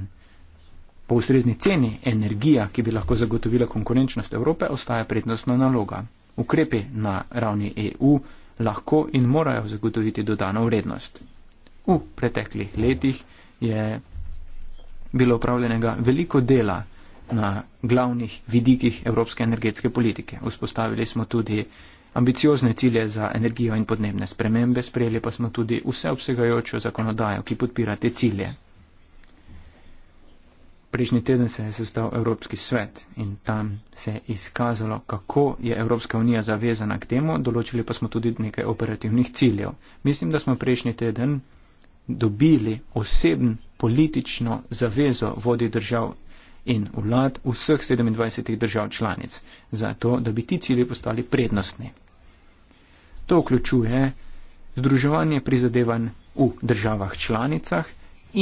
Speaker 3: po ustrezni ceni energija, ki bi lahko zagotovila konkurenčnost Evrope, ostaja prednostna naloga. Ukrepi na ravni EU lahko in morajo zagotoviti dodano vrednost. V preteklih letih je bilo upravljenega veliko dela na glavnih vidikih evropske energetske politike. Vzpostavili smo tudi ambiciozne cilje za energijo in podnebne spremembe, sprejeli pa smo tudi vseobsegajočo zakonodajo, ki podpira te cilje. Prejšnji teden se je sestal Evropski svet in tam se je izkazalo, kako je Evropska unija zavezana k temu, določili pa smo tudi nekaj operativnih ciljev. Mislim, da smo prejšnji teden dobili osebn politično zavezo vodi držav in vlad vseh 27 držav članic, zato da bi ti cilji postali prednostni. To vključuje združevanje prizadevanj v državah članicah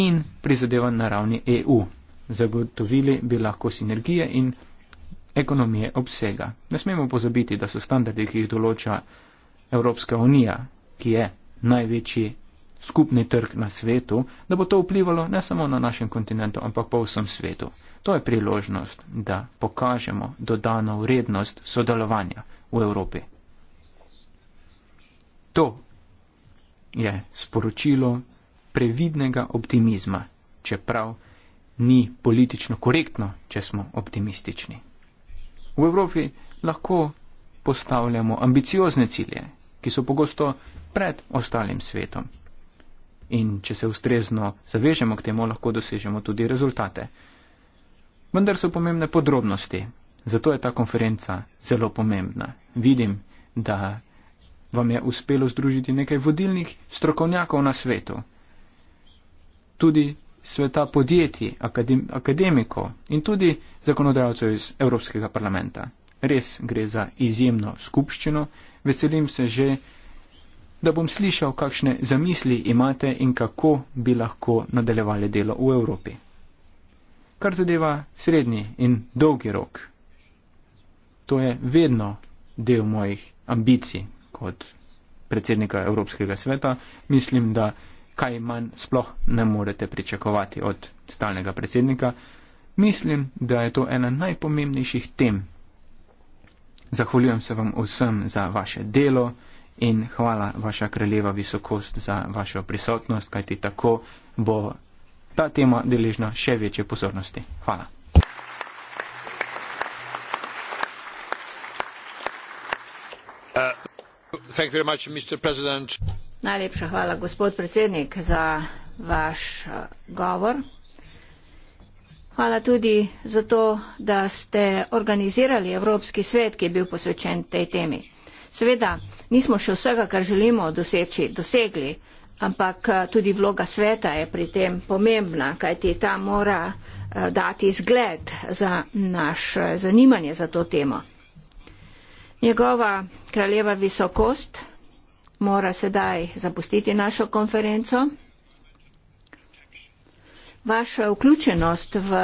Speaker 3: in prizadevanj na ravni EU. Zagotovili bi lahko sinergije in ekonomije obsega. Ne smemo pozabiti, da so standardi, ki jih določa Evropska unija, ki je največji skupni trg na svetu, da bo to vplivalo ne samo na našem kontinentu, ampak po vsem svetu. To je priložnost, da pokažemo dodano vrednost sodelovanja v Evropi. To je sporočilo previdnega optimizma, čeprav ni politično korektno, če smo optimistični. V Evropi lahko postavljamo ambiciozne cilje, ki so pogosto pred ostalim svetom. In če se ustrezno zavežemo k temu, lahko dosežemo tudi rezultate. Vendar so pomembne podrobnosti, zato je ta konferenca zelo pomembna. Vidim, da vam je uspelo združiti nekaj vodilnih strokovnjakov na svetu, tudi sveta podjetij, akadem, akademiko in tudi zakonodajalcev iz Evropskega parlamenta. Res gre za izjemno skupščino, veselim se že, da bom slišal, kakšne zamisli imate in kako bi lahko nadaljevali delo v Evropi. Kar zadeva srednji in dolgi rok, to je vedno del mojih ambicij, kot predsednika Evropskega sveta, mislim, da kaj manj sploh ne morete pričakovati od stalnega predsednika. Mislim, da je to ena najpomembnejših tem. Zahvaljujem se vam vsem za vaše delo in hvala vaša kraljeva visokost za vašo prisotnost, kajti tako bo ta tema deležna še večje pozornosti. Hvala.
Speaker 1: najlepša hvala gospod predsednik za vaš eh, govor hvala tudi za to da ste organizirali evropski svet ki je bil posvečen tej temi seveda nismo še vsega kar želimo doseči dosegli ampak eh, tudi vloga sveta je pri tem pomembna kajti ta mora eh, dati zgled za naš zanimanje za to temo Njegova kraljeva visokost mora sedaj zapustiti našo konferenco. Vaša vključenost v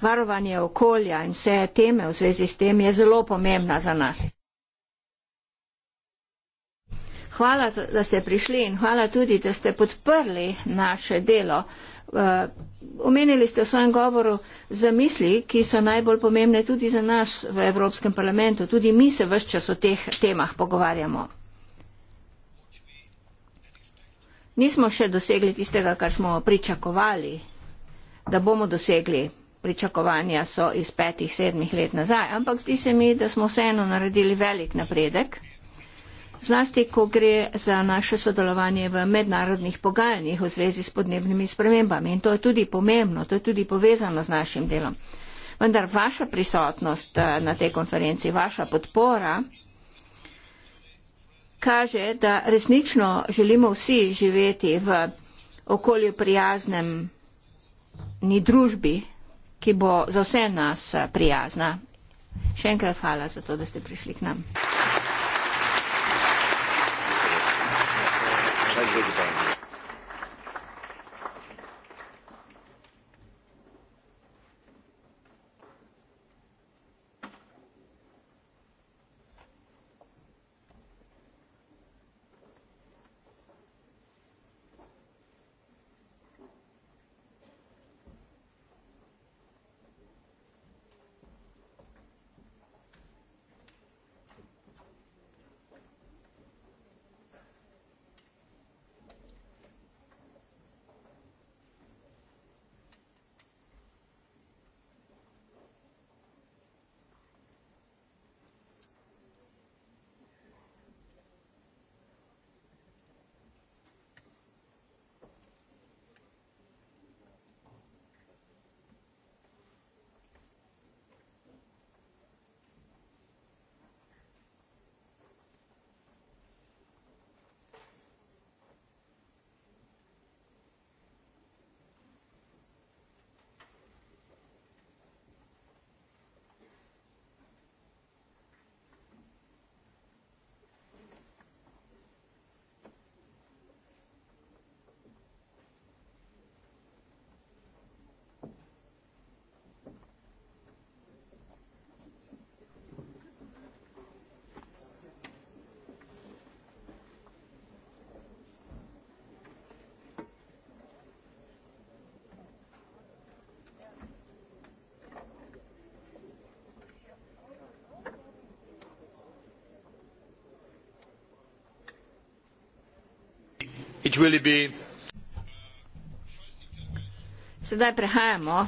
Speaker 1: varovanje okolja in vse teme v zvezi s tem je zelo pomembna za nas. Hvala, da ste prišli in hvala tudi, da ste podprli naše delo. Eh, Omenili ste v svojem govoru zamisli, ki so najbolj pomembne tudi za nas v Evropskem parlamentu. Tudi mi se vse čas o teh temah pogovarjamo. Nismo še dosegli tistega, kar smo pričakovali, da bomo dosegli. Pričakovanja so iz petih, sedmih let nazaj. Ampak zdi se mi, da smo vseeno naredili velik napredek zlasti, ko gre za naše sodelovanje v mednarodnih pogajanjih v zvezi s podnebnimi spremembami. In to je tudi pomembno, to je tudi povezano z našim delom. Vendar vaša prisotnost eh, na tej konferenci, vaša podpora kaže, da resnično želimo vsi živeti v okolju prijaznem ni družbi, ki bo za vse nas prijazna. Še enkrat hvala za to, da ste prišli k nam. zadovoljni. sedaj prehajamo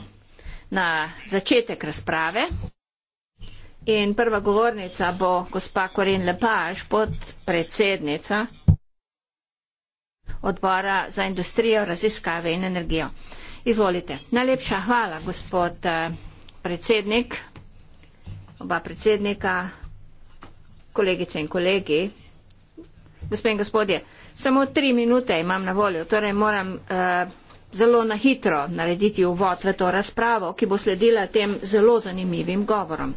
Speaker 1: na začetek razprave in prva govornica bo gospa Korin Lepaš, podpredsednica odbora za industrijo, raziskave in energijo. Izvolite. Najlepša hvala, gospod eh, predsednik, oba predsednika, kolegice in kolegi, gospod in gospodje. Samo tri minute imam na voljo, torej moram uh, zelo na hitro narediti uvod v to razpravo, ki bo sledila tem zelo zanimivim govorom.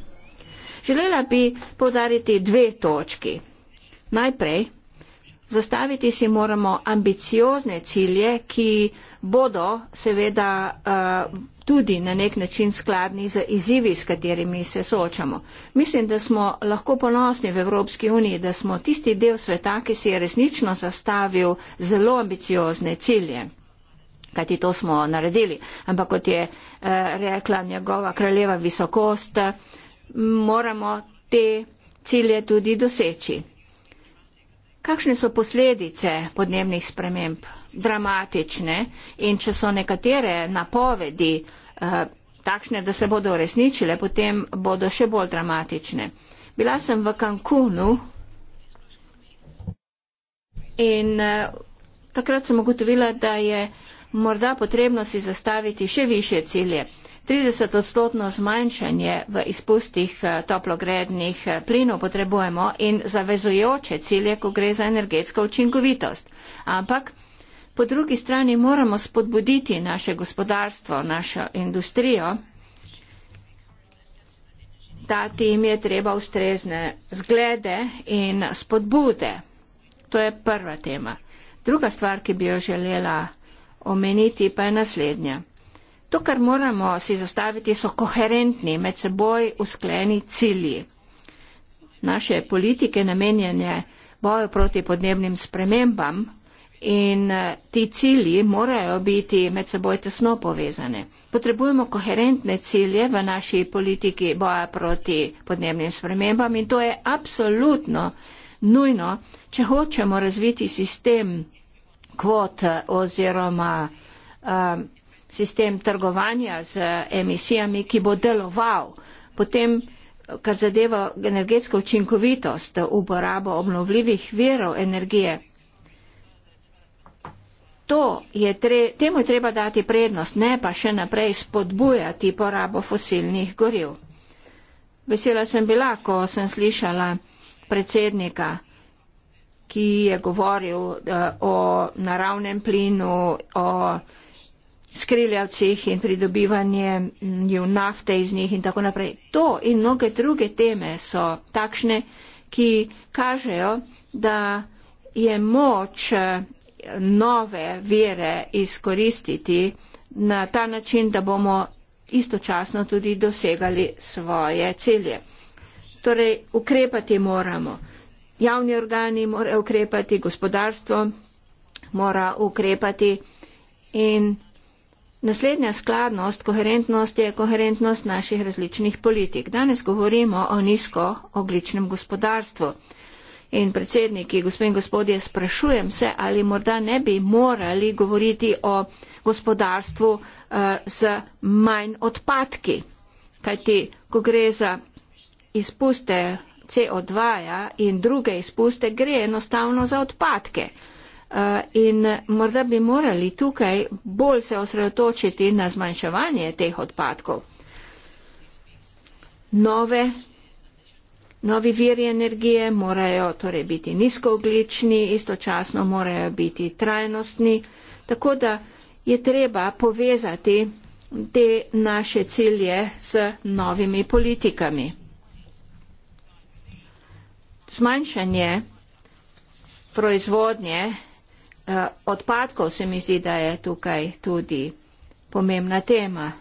Speaker 1: Želela bi podariti dve točki. Najprej, zastaviti si moramo ambiciozne cilje, ki bodo seveda uh, tudi na nek način skladni z izzivi, s katerimi se soočamo. Mislim, da smo lahko ponosni v Evropski uniji, da smo tisti del sveta, ki si je resnično zastavil zelo ambiciozne cilje. Kajti to smo naredili. Ampak kot je eh, rekla njegova kraljeva visokost, moramo te cilje tudi doseči. Kakšne so posledice podnebnih sprememb? dramatične in če so nekatere napovedi eh, takšne, da se bodo uresničile, potem bodo še bolj dramatične. Bila sem v Cancunu in eh, takrat sem ugotovila, da je morda potrebno si zastaviti še više cilje. 30 odstotno zmanjšanje v izpustih eh, toplogrednih plinov potrebujemo in zavezujoče cilje, ko gre za energetsko učinkovitost. Ampak Po drugi strani moramo spodbuditi naše gospodarstvo, našo industrijo, da tim je treba ustrezne zglede in spodbude. To je prva tema. Druga stvar, ki bi jo želela omeniti, pa je naslednja. To, kar moramo si zastaviti, so koherentni med seboj uskleni cilji. Naše politike namenjene boju proti podnebnim spremembam In eh, ti cilji morajo biti med seboj tesno povezane. Potrebujemo koherentne cilje v naši politiki boja proti podnebnim spremembam in to je absolutno nujno, če hočemo razviti sistem kvot eh, oziroma um, sistem trgovanja z emisijami, ki bo deloval. Potem, kar zadeva energetsko učinkovitost, uporabo obnovljivih verov energije, je tre, temu je treba dati prednost, ne pa še naprej spodbujati porabo fosilnih goriv. Vesela sem bila, ko sem slišala predsednika, ki je govoril eh, o naravnem plinu, o skriljavcih in pridobivanju mm, nafte iz njih in tako naprej. To in mnoge druge teme so takšne, ki kažejo, da je moč eh, nove vire izkoristiti na ta način, da bomo istočasno tudi dosegali svoje cilje. Torej, ukrepati moramo. Javni organi morajo ukrepati, gospodarstvo mora ukrepati in naslednja skladnost, koherentnost je koherentnost naših različnih politik. Danes govorimo o nizkoogličnem gospodarstvu in predsedniki, gospe in gospodje, sprašujem se, ali morda ne bi morali govoriti o gospodarstvu eh, z manj odpadki. Kajti, ko gre za izpuste CO2 -ja in druge izpuste, gre enostavno za odpadke. Eh, in morda bi morali tukaj bolj se osredotočiti na zmanjševanje teh odpadkov. Nove Novi viri energije morajo torej biti nizkooglični, istočasno morajo biti trajnostni, tako da je treba povezati te naše cilje s novimi politikami. Zmanjšanje proizvodnje eh, odpadkov se mi zdi, da je tukaj tudi pomembna tema.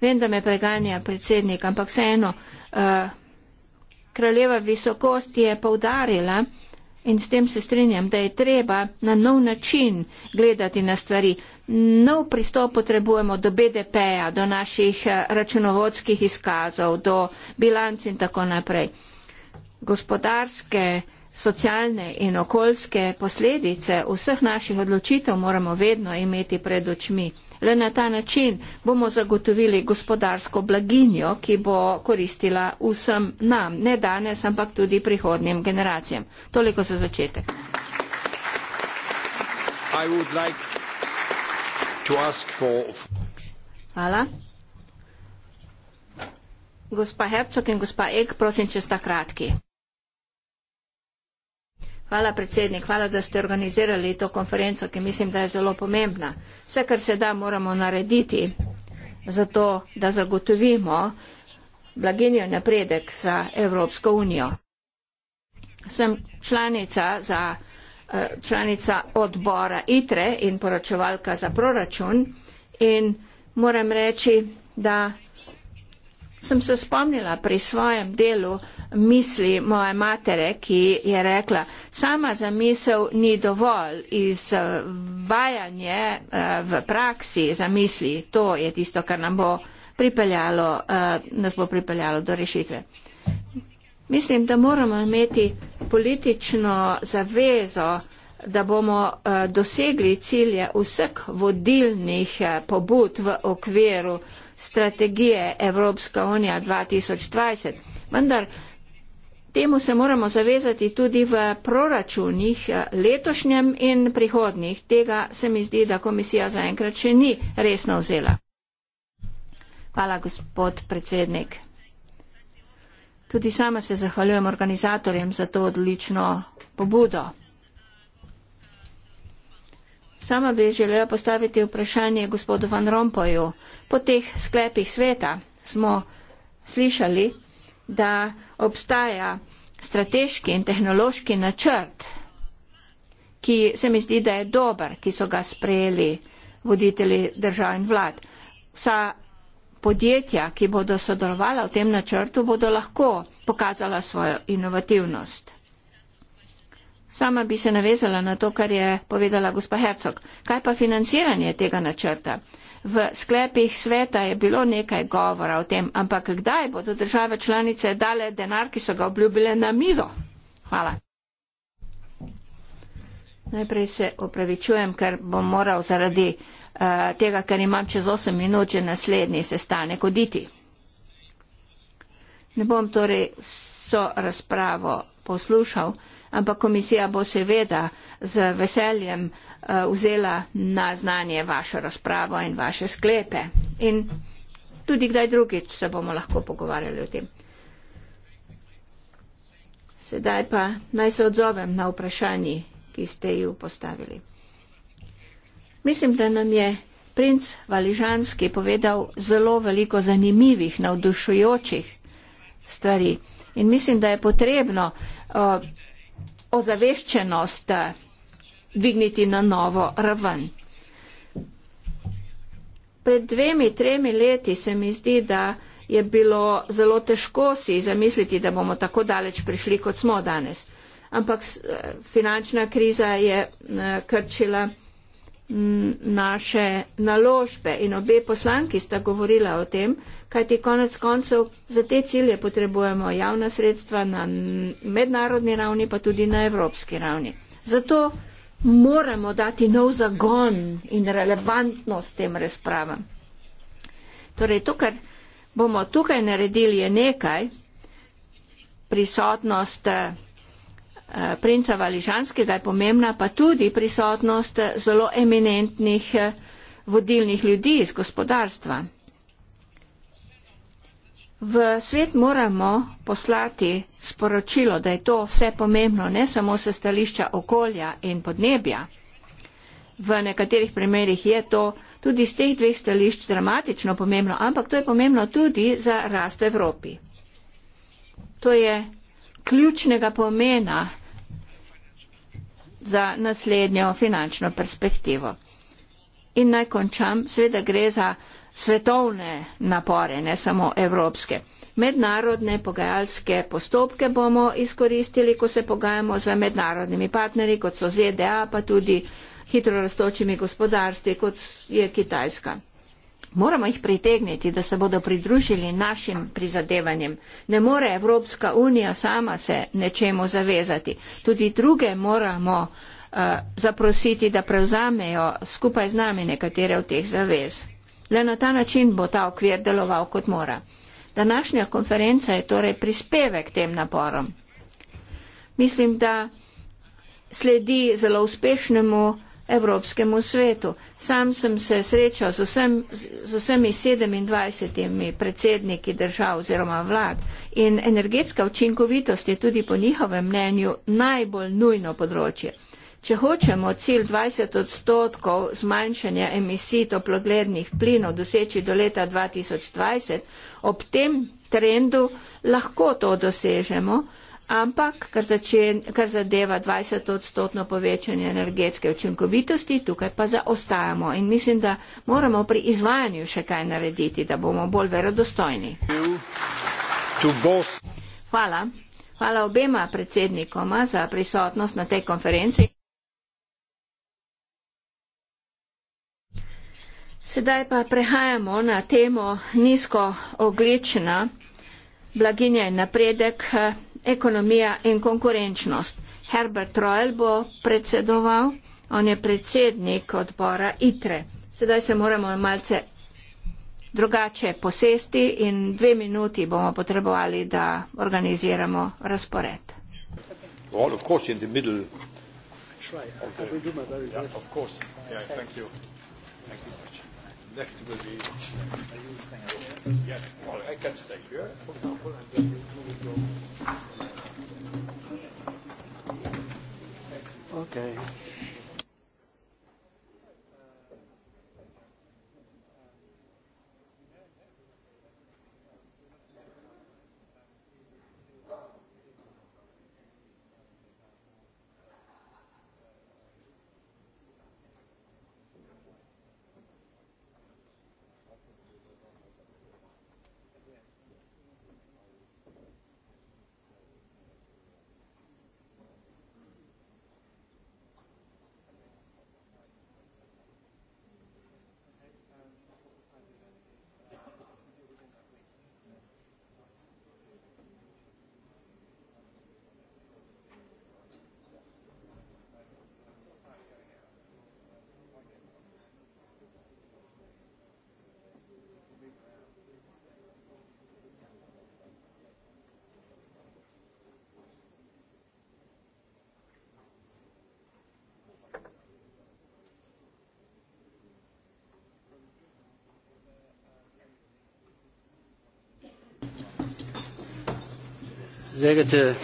Speaker 1: Vem, da me preganja predsednik, ampak vseeno. Uh, kraljeva visokost je povdarila in s tem se strinjam, da je treba na nov način gledati na stvari. Nov pristop potrebujemo do BDP-ja, do naših eh, računovodskih izkazov, do bilanc in tako naprej. Gospodarske, socialne in okoljske posledice vseh naših odločitev moramo vedno imeti pred očmi. Le na ta način bomo zagotovili gospodarsko blaginjo, ki bo koristila vsem nam, ne danes, ampak tudi prihodnjim generacijam. Toliko za začetek. Like for... Hvala. Gospa Herzog in gospa Ek, prosim, če sta kratki. Hvala predsednik, hvala, da ste organizirali to konferenco, ki mislim, da je zelo pomembna. Vse, kar se da, moramo narediti za to, da zagotovimo blaginjo napredek za Evropsko unijo. Sem članica, za, eh, članica odbora ITRE in poročevalka za proračun in moram reči, da sem se spomnila pri svojem delu, misli moje matere, ki je rekla, sama zamisel ni dovolj, izvajanje eh, v praksi zamisli, to je tisto, kar nam bo pripeljalo, eh, nas bo pripeljalo do rešitve. Mislim, da moramo imeti politično zavezo, da bomo eh, dosegli cilje vseh vodilnih pobud v okviru strategije Evropska unija 2020. Vendar Temu se moramo zavezati tudi v proračunih eh, letošnjem in prihodnjih. Tega se mi zdi, da komisija zaenkrat še ni resno vzela. Hvala, gospod predsednik. Tudi sama se zahvaljujem organizatorjem za to odlično pobudo. Sama bi želela postaviti vprašanje gospodu Van Rompoju. Po teh sklepih sveta smo slišali, da obstaja strateški in tehnološki načrt, ki se mi zdi, da je dober, ki so ga sprejeli voditelji držav in vlad. Vsa podjetja, ki bodo sodelovala v tem načrtu, bodo lahko pokazala svojo inovativnost. Sama bi se navezala na to, kar je povedala gospa Hercog. Kaj pa financiranje tega načrta? V sklepih sveta je bilo nekaj govora o tem, ampak kdaj bodo države članice dale denar, ki so ga obljubile na mizo? Hvala. Najprej se opravičujem, ker bom moral zaradi uh, tega, ker imam čez 8 minut že naslednji sestanek oditi. Ne bom torej so razpravo poslušal ampak komisija bo seveda z veseljem eh, vzela na znanje vašo razpravo in vaše sklepe. In tudi kdaj drugič se bomo lahko pogovarjali o tem. Sedaj pa naj se odzovem na vprašanji, ki ste ju postavili. Mislim, da nam je princ Valižanski povedal zelo veliko zanimivih, navdušujočih stvari. In mislim, da je potrebno uh, ozaveščenost eh, dvigniti na novo raven. Pred dvemi, tremi leti se mi zdi, da je bilo zelo težko si zamisliti, da bomo tako daleč prišli, kot smo danes. Ampak eh, finančna kriza je eh, krčila naše naložbe in obe poslanki sta govorila o tem, kajti konec koncev za te cilje potrebujemo javna sredstva na mednarodni ravni, pa tudi na evropski ravni. Zato moramo dati nov zagon in relevantnost tem razpravam. Torej, to, kar bomo tukaj naredili, je nekaj prisotnost eh, princa Vališanskega je pomembna, pa tudi prisotnost zelo eminentnih eh, vodilnih ljudi iz gospodarstva. V svet moramo poslati sporočilo, da je to vse pomembno, ne samo se stališča okolja in podnebja. V nekaterih primerjih je to tudi z teh dveh stališč dramatično pomembno, ampak to je pomembno tudi za rast v Evropi. To je ključnega pomena za naslednjo finančno perspektivo. In naj končam, sveda gre za svetovne napore, ne samo evropske. Mednarodne pogajalske postopke bomo izkoristili, ko se pogajamo za mednarodnimi partnerji, kot so ZDA, pa tudi hitro raztočimi gospodarstvi, kot je Kitajska. Moramo jih pritegniti, da se bodo pridružili našim prizadevanjem. Ne more Evropska unija sama se nečemu zavezati. Tudi druge moramo uh, zaprositi, da prevzamejo skupaj z nami nekatere od teh zavez. Le na ta način bo ta okvir deloval kot mora. Današnja konferenca je torej prispevek tem naporom. Mislim, da sledi zelo uspešnemu Evropskemu svetu. Sam sem se srečal z, vsem, z vsemi 27 predsedniki držav oziroma vlad in energetska učinkovitost je tudi po njihovem mnenju najbolj nujno področje. Če hočemo cilj 20 odstotkov zmanjšanja emisij toploglednih plinov doseči do leta 2020, ob tem trendu lahko to dosežemo, ampak kar, začen, kar zadeva 20 odstotno povečanje energetske učinkovitosti, tukaj pa zaostajamo in mislim, da moramo pri izvajanju še kaj narediti, da bomo bolj verodostojni. Hvala. Hvala obema predsednikoma za prisotnost na tej konferenci. Sedaj pa prehajamo na temo nizko oglična, blaginja in napredek, ekonomija in konkurenčnost. Herbert Royal bo predsedoval, on je predsednik odbora ITRE. Sedaj se moramo malce drugače posesti in dve minuti bomo potrebovali, da organiziramo razpored.
Speaker 2: Well, of
Speaker 3: course, in the middle. I'll
Speaker 2: try. I'll do my very best. Yeah, of course. Yeah, thank you next
Speaker 3: will be. Are you staying here? Yes, well, I can stay here, for example, and then you will go. Okay.
Speaker 2: Sehr geehrte,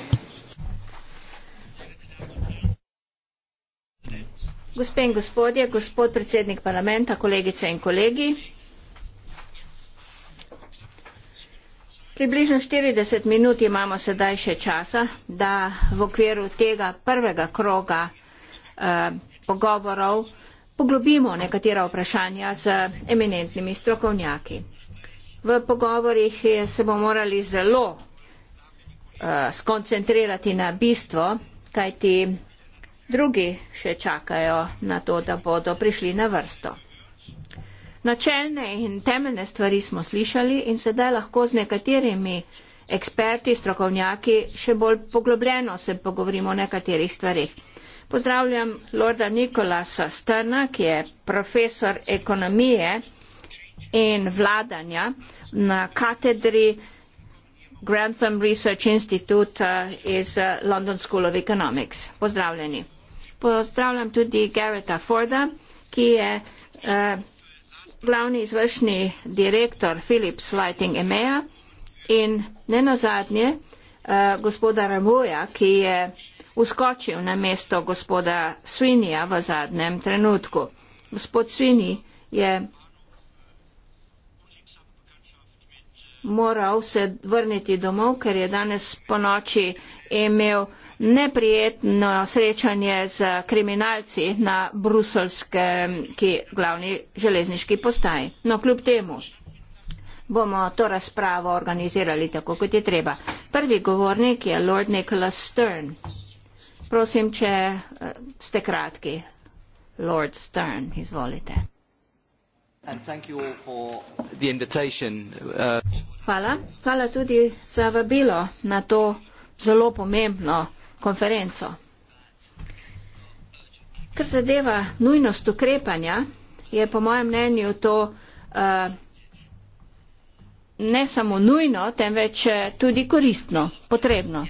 Speaker 1: gospe in gospodje, gospod predsednik parlamenta, kolegice in kolegi. Približno 40 minut imamo sedaj še časa, da v okviru tega prvega kroga eh, pogovorov poglobimo nekatera vprašanja z eminentnimi strokovnjaki. V pogovorih eh, se bomo morali zelo Eh, skoncentrirati na bistvo, kajti drugi še čakajo na to, da bodo prišli na vrsto. Načelne in temeljne stvari smo slišali in sedaj lahko z nekaterimi eksperti, strokovnjaki še bolj poglobljeno se pogovorimo o nekaterih stvarih. Pozdravljam Lorda Nikolasa Strna, ki je profesor ekonomije in vladanja na katedri uh, Grantham Research Institute eh, iz eh, London School of Economics. Pozdravljeni. Pozdravljam tudi Garretta Forda, ki je eh, glavni izvršni direktor Philips Lighting EMEA in ne nazadnje gospoda Ramuja, ki je uskočil na mesto gospoda Svinija v zadnjem trenutku. Gospod Svini je moral se vrniti domov, ker je danes po noči imel neprijetno srečanje z kriminalci na bruselskem glavni železniški postaji. No, kljub temu bomo to razpravo organizirali tako, kot je treba. Prvi govornik je Lord Nicholas Stern. Prosim, če eh, ste kratki. Lord Stern, izvolite. Uh, Hvala. Hvala tudi za vabilo na to zelo pomembno konferenco. Kar zadeva nujnost ukrepanja, je po mojem mnenju to uh, ne samo nujno, temveč eh, tudi koristno, potrebno.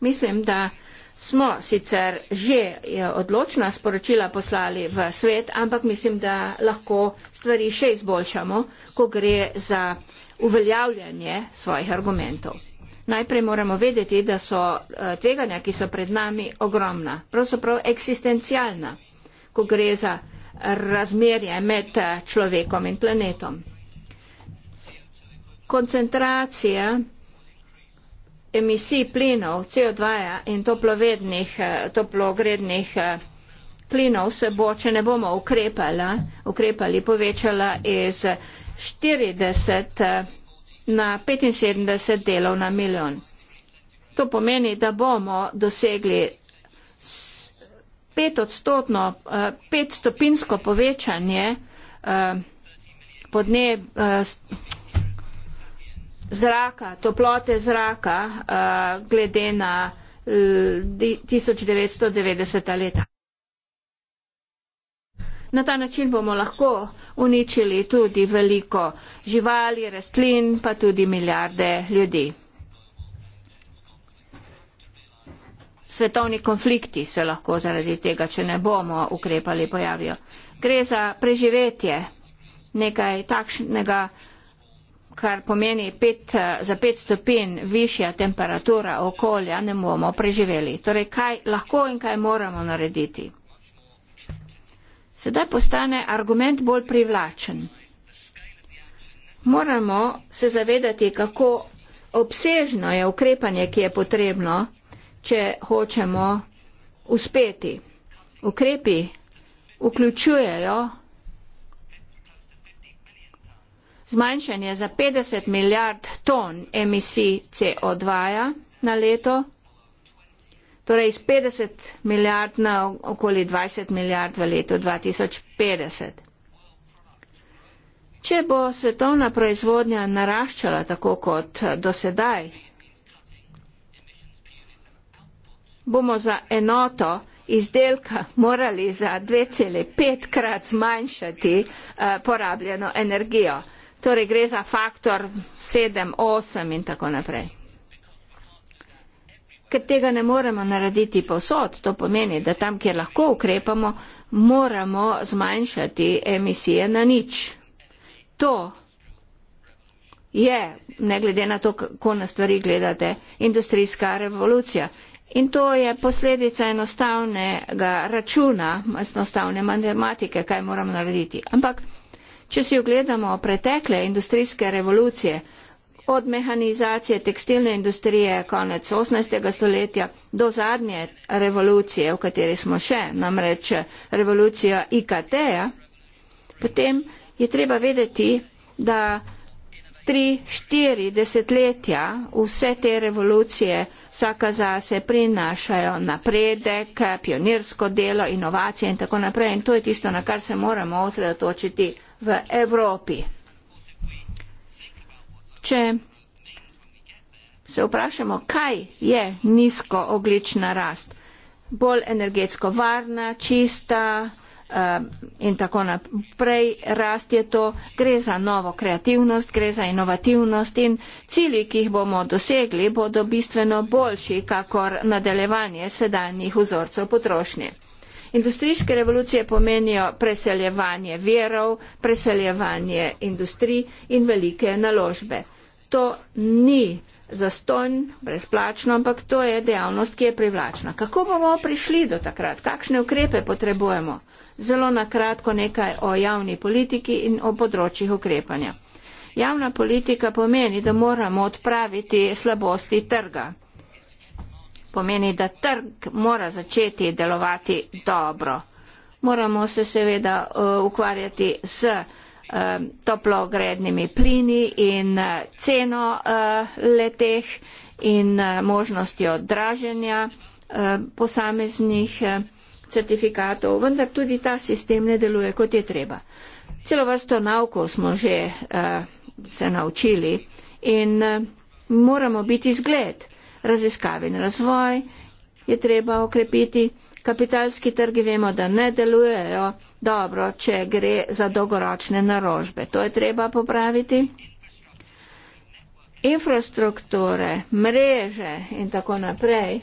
Speaker 1: Mislim, da smo sicer že eh, odločna sporočila poslali v svet, ampak mislim, da lahko stvari še izboljšamo, ko gre za uveljavljanje svojih argumentov. Najprej moramo vedeti, da so eh, tveganja, ki so pred nami, ogromna, pravzaprav eksistencialna, ko gre za razmerje med eh, človekom in planetom. Koncentracija emisij plinov CO2 -ja in toplovednih, eh, toplogrednih eh, plinov se bo, če ne bomo ukrepala, ukrepali, povečala iz 40 eh, na 75 delov na milijon. To pomeni, da bomo dosegli petodstotno, petstopinsko povečanje podneb, zraka, toplote zraka uh, glede na uh, eh, 1990. leta. Na ta način bomo lahko uničili tudi veliko živali, rastlin, pa tudi milijarde ljudi. Svetovni konflikti se lahko zaradi tega, če ne bomo ukrepali, pojavijo. Gre za preživetje nekaj takšnega, kar pomeni pet, eh, za pet stopinj višja temperatura okolja, ne bomo preživeli. Torej, kaj lahko in kaj moramo narediti? Sedaj postane argument bolj privlačen. Moramo se zavedati, kako obsežno je ukrepanje, ki je potrebno, če hočemo uspeti. Ukrepi vključujejo zmanjšanje za 50 milijard ton emisij CO2 -ja na leto, torej iz 50 milijard na okoli 20 milijard v letu 2050. Če bo svetovna proizvodnja naraščala tako kot do sedaj, bomo za enoto izdelka morali za 2,5 krat zmanjšati uh, porabljeno energijo torej gre za faktor sedem osem in tako naprej ker tega ne moremo narediti povsod to pomeni da tam kjer lahko ukrepamo moramo zmanjšati emisije na nič to je, ne glede na to, kako na stvari gledate, industrijska revolucija. In to je posledica enostavnega računa, enostavne matematike, kaj moramo narediti. Ampak Če si ogledamo pretekle industrijske revolucije, od mehanizacije tekstilne industrije konec 18. stoletja do zadnje revolucije, v kateri smo še, namreč revolucija IKT-ja, potem je treba vedeti, da tri, štiri desetletja vse te revolucije vsaka za se prinašajo napredek, pionirsko delo, inovacije in tako naprej. In to je tisto, na kar se moramo osredotočiti v Evropi. Če se vprašamo, kaj je nizko oglična rast, bolj energetsko varna, čista, Um, in tako naprej rast je to, gre za novo kreativnost, gre za inovativnost in cilji, ki jih bomo dosegli, bodo bistveno boljši, kakor nadaljevanje sedanjih vzorcev potrošnje. Industrijske revolucije pomenijo preseljevanje verov, preseljevanje industrij in velike naložbe. To ni zastonj, brezplačno, ampak to je dejavnost, ki je privlačna. Kako bomo prišli do takrat? Kakšne ukrepe potrebujemo? Zelo na kratko nekaj o javni politiki in o področjih ukrepanja. Javna politika pomeni, da moramo odpraviti slabosti trga. Pomeni, da trg mora začeti delovati dobro. Moramo se seveda uh, ukvarjati s Um, toplogrednimi plini in uh, ceno uh, leteh in uh, možnostjo draženja posameznih certifikatov, vendar tudi ta sistem ne deluje, kot je treba. Celo vrsto naukov smo že se naučili in moramo biti zgled raziskav in razvoj je treba okrepiti. Kapitalski trgi vemo, da ne delujejo dobro, če gre za dolgoročne narožbe. To je treba popraviti. Infrastrukture, mreže in tako naprej,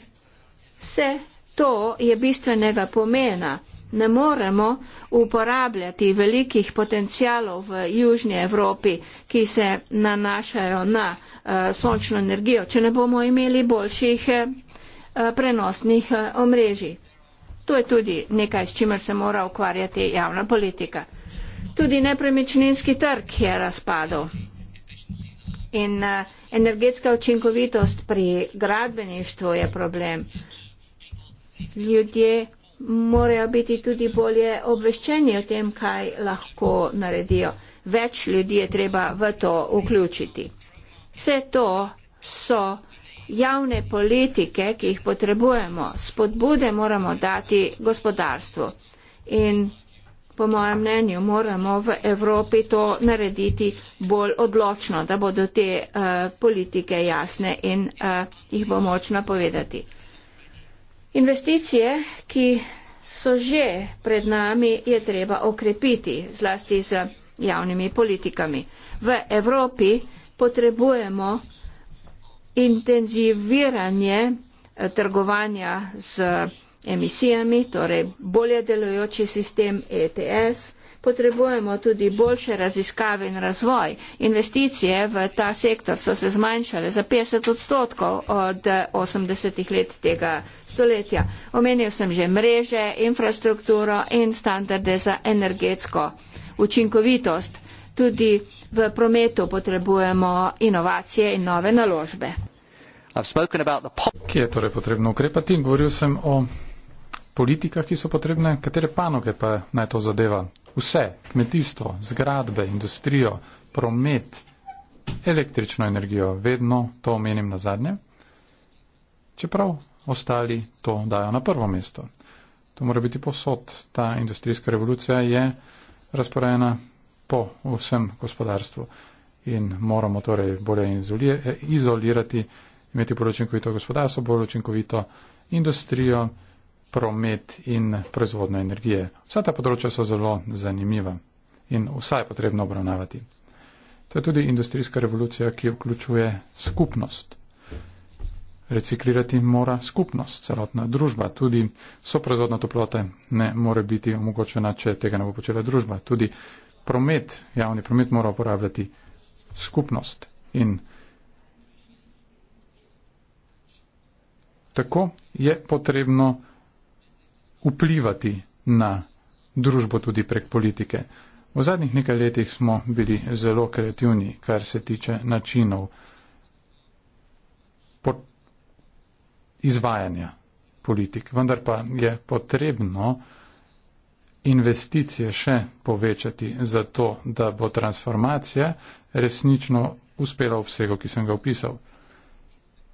Speaker 1: vse to je bistvenega pomena. Ne moremo uporabljati velikih potencijalov v Južnji Evropi, ki se nanašajo na uh, sončno energijo, če ne bomo imeli boljših uh, prenosnih uh, omrežij. To je tudi nekaj, s čimer se mora ukvarjati javna politika. Tudi nepremičninski trg je razpadel. In eh, energetska učinkovitost pri gradbeništvu je problem. Ljudje morajo biti tudi bolje obveščeni o tem, kaj lahko naredijo. Več ljudi je treba v to vključiti. Vse to so javne politike, ki jih potrebujemo, spodbude moramo dati gospodarstvu. In po mojem mnenju moramo v Evropi to narediti bolj odločno, da bodo te uh, politike jasne in uh, jih bo močno povedati. Investicije, ki so že pred nami, je treba okrepiti zlasti z javnimi politikami. V Evropi potrebujemo uh, intenziviranje eh, trgovanja z eh, emisijami, torej bolje delujoči sistem ETS, potrebujemo tudi boljše raziskave in razvoj. Investicije v ta sektor so se zmanjšale za 50 odstotkov od 80 eh, let tega stoletja. Omenil sem že mreže, infrastrukturo in standarde za energetsko učinkovitost tudi v prometu potrebujemo inovacije in nove naložbe.
Speaker 2: Kje je torej potrebno ukrepati? Govoril sem o politikah, ki so potrebne, katere panoge pa naj to zadeva. Vse, kmetijstvo, zgradbe, industrijo, promet, električno energijo, vedno to omenim na zadnje, čeprav ostali to dajo na prvo mesto. To mora biti posod. Ta industrijska revolucija je razporejena po vsem gospodarstvu in moramo torej bolje izolirati, imeti bolj učinkovito gospodarstvo, bolj učinkovito industrijo, promet in proizvodno energije. Vsa ta področja so zelo zanimiva in vsa je potrebno obravnavati. To je tudi industrijska revolucija, ki vključuje skupnost. Reciklirati mora skupnost, celotna družba, tudi soprazodna toplota ne more biti omogočena, če tega ne bo počela družba. Tudi promet, javni promet mora uporabljati skupnost. In tako je potrebno vplivati na družbo tudi prek politike. V zadnjih nekaj letih smo bili zelo kreativni, kar se tiče načinov izvajanja politik. Vendar pa je potrebno, investicije še povečati za to, da bo transformacija resnično uspela obsegu, ki sem ga opisal.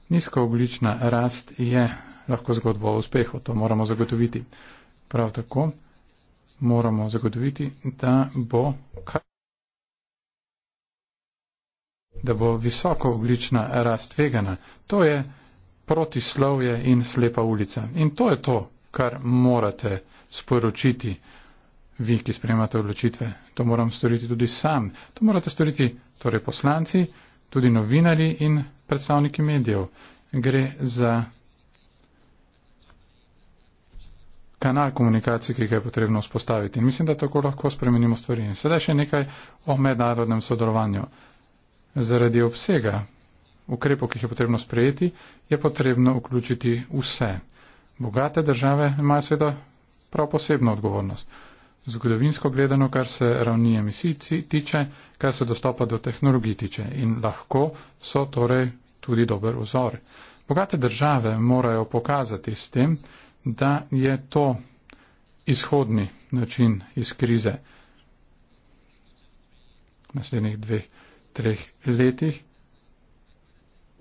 Speaker 2: Nizkooglična rast je lahko zgodbo o uspehu, to moramo zagotoviti. Prav tako moramo zagotoviti, da bo, da bo visokooglična rast vegana. To je protislovje in slepa ulica. In to je to, kar morate sporočiti vi, ki sprejemate odločitve. To moram storiti tudi sam. To morate storiti torej poslanci, tudi novinari in predstavniki medijev. Gre za kanal komunikacije, ki ga je potrebno vzpostaviti. Mislim, da tako lahko spremenimo stvari. In sedaj še nekaj o mednarodnem sodelovanju. Zaradi obsega ukrepov, ki jih je potrebno sprejeti, je potrebno vključiti vse. Bogate države imajo seveda prav posebno odgovornost zgodovinsko gledano, kar se ravni emisij tiče, kar se dostopa do tehnologij tiče in lahko so torej tudi dober vzor. Bogate države morajo pokazati s tem, da je to izhodni način iz krize naslednjih dveh, treh letih.